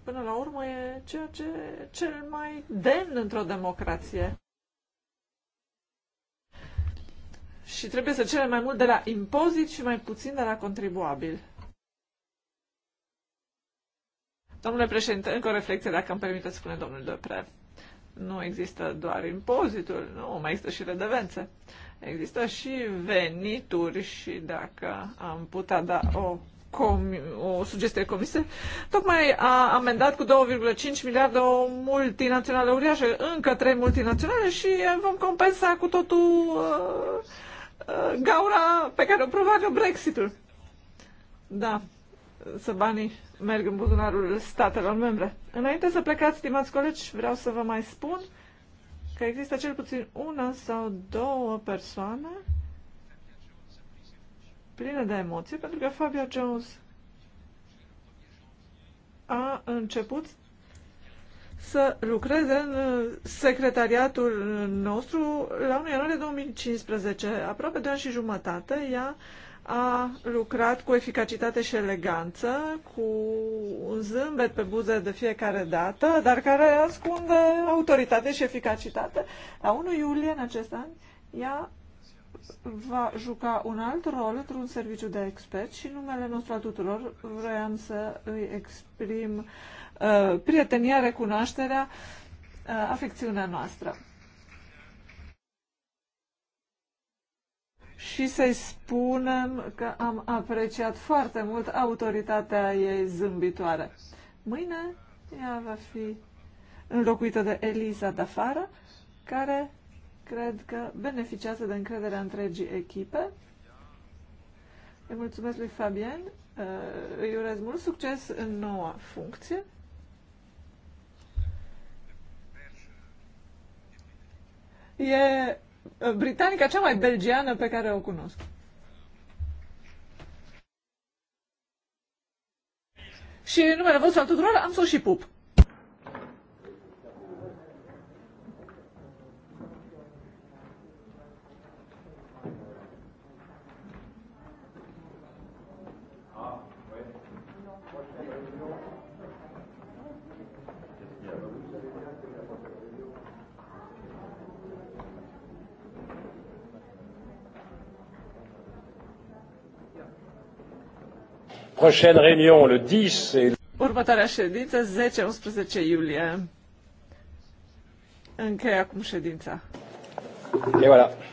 până la urmă, e ceea ce cel mai demn într-o democrație. Și trebuie să cerem mai mult de la impozit și mai puțin de la contribuabil. Domnule președinte, încă o reflecție, dacă îmi permiteți, spune domnul Dupre. Nu există doar impozitul, nu, mai există și redevențe. Există și venituri și dacă am putea da o, o sugestie comisie tocmai a amendat cu 2,5 miliarde o multinațională uriașă, încă trei multinaționale și vom compensa cu totul uh, uh, gaura pe care o provoacă Brexitul. Da, să banii merg în buzunarul statelor membre. Înainte să plecați, stimați colegi, vreau să vă mai spun că există cel puțin una sau două persoane pline de emoții, pentru că Fabia Jones a început să lucreze în uh, secretariatul nostru la 1 ianuarie 2015, aproape de ani și jumătate. Ea a lucrat cu eficacitate și eleganță, cu un zâmbet pe buze de fiecare dată, dar care ascunde autoritate și eficacitate. La 1 iulie în acest an, ea va juca un alt rol într-un serviciu de expert și numele nostru a tuturor vreau să îi exprim uh, prietenia, recunoașterea, uh, afecțiunea noastră. și să-i spunem că am apreciat foarte mult autoritatea ei zâmbitoare. Mâine ea va fi înlocuită de Eliza Dafara, care cred că beneficiază de încrederea întregii echipe. Îi mulțumesc lui Fabien, uh, îi urez mult succes în noua funcție. E britanica cea mai belgiană pe care o cunosc. Și numele vostru al tuturor am să o și pup. prochaine réunion, le 10 et... Următoarea ședință, 10-11 iulie. Încheie acum ședința. Et voilà.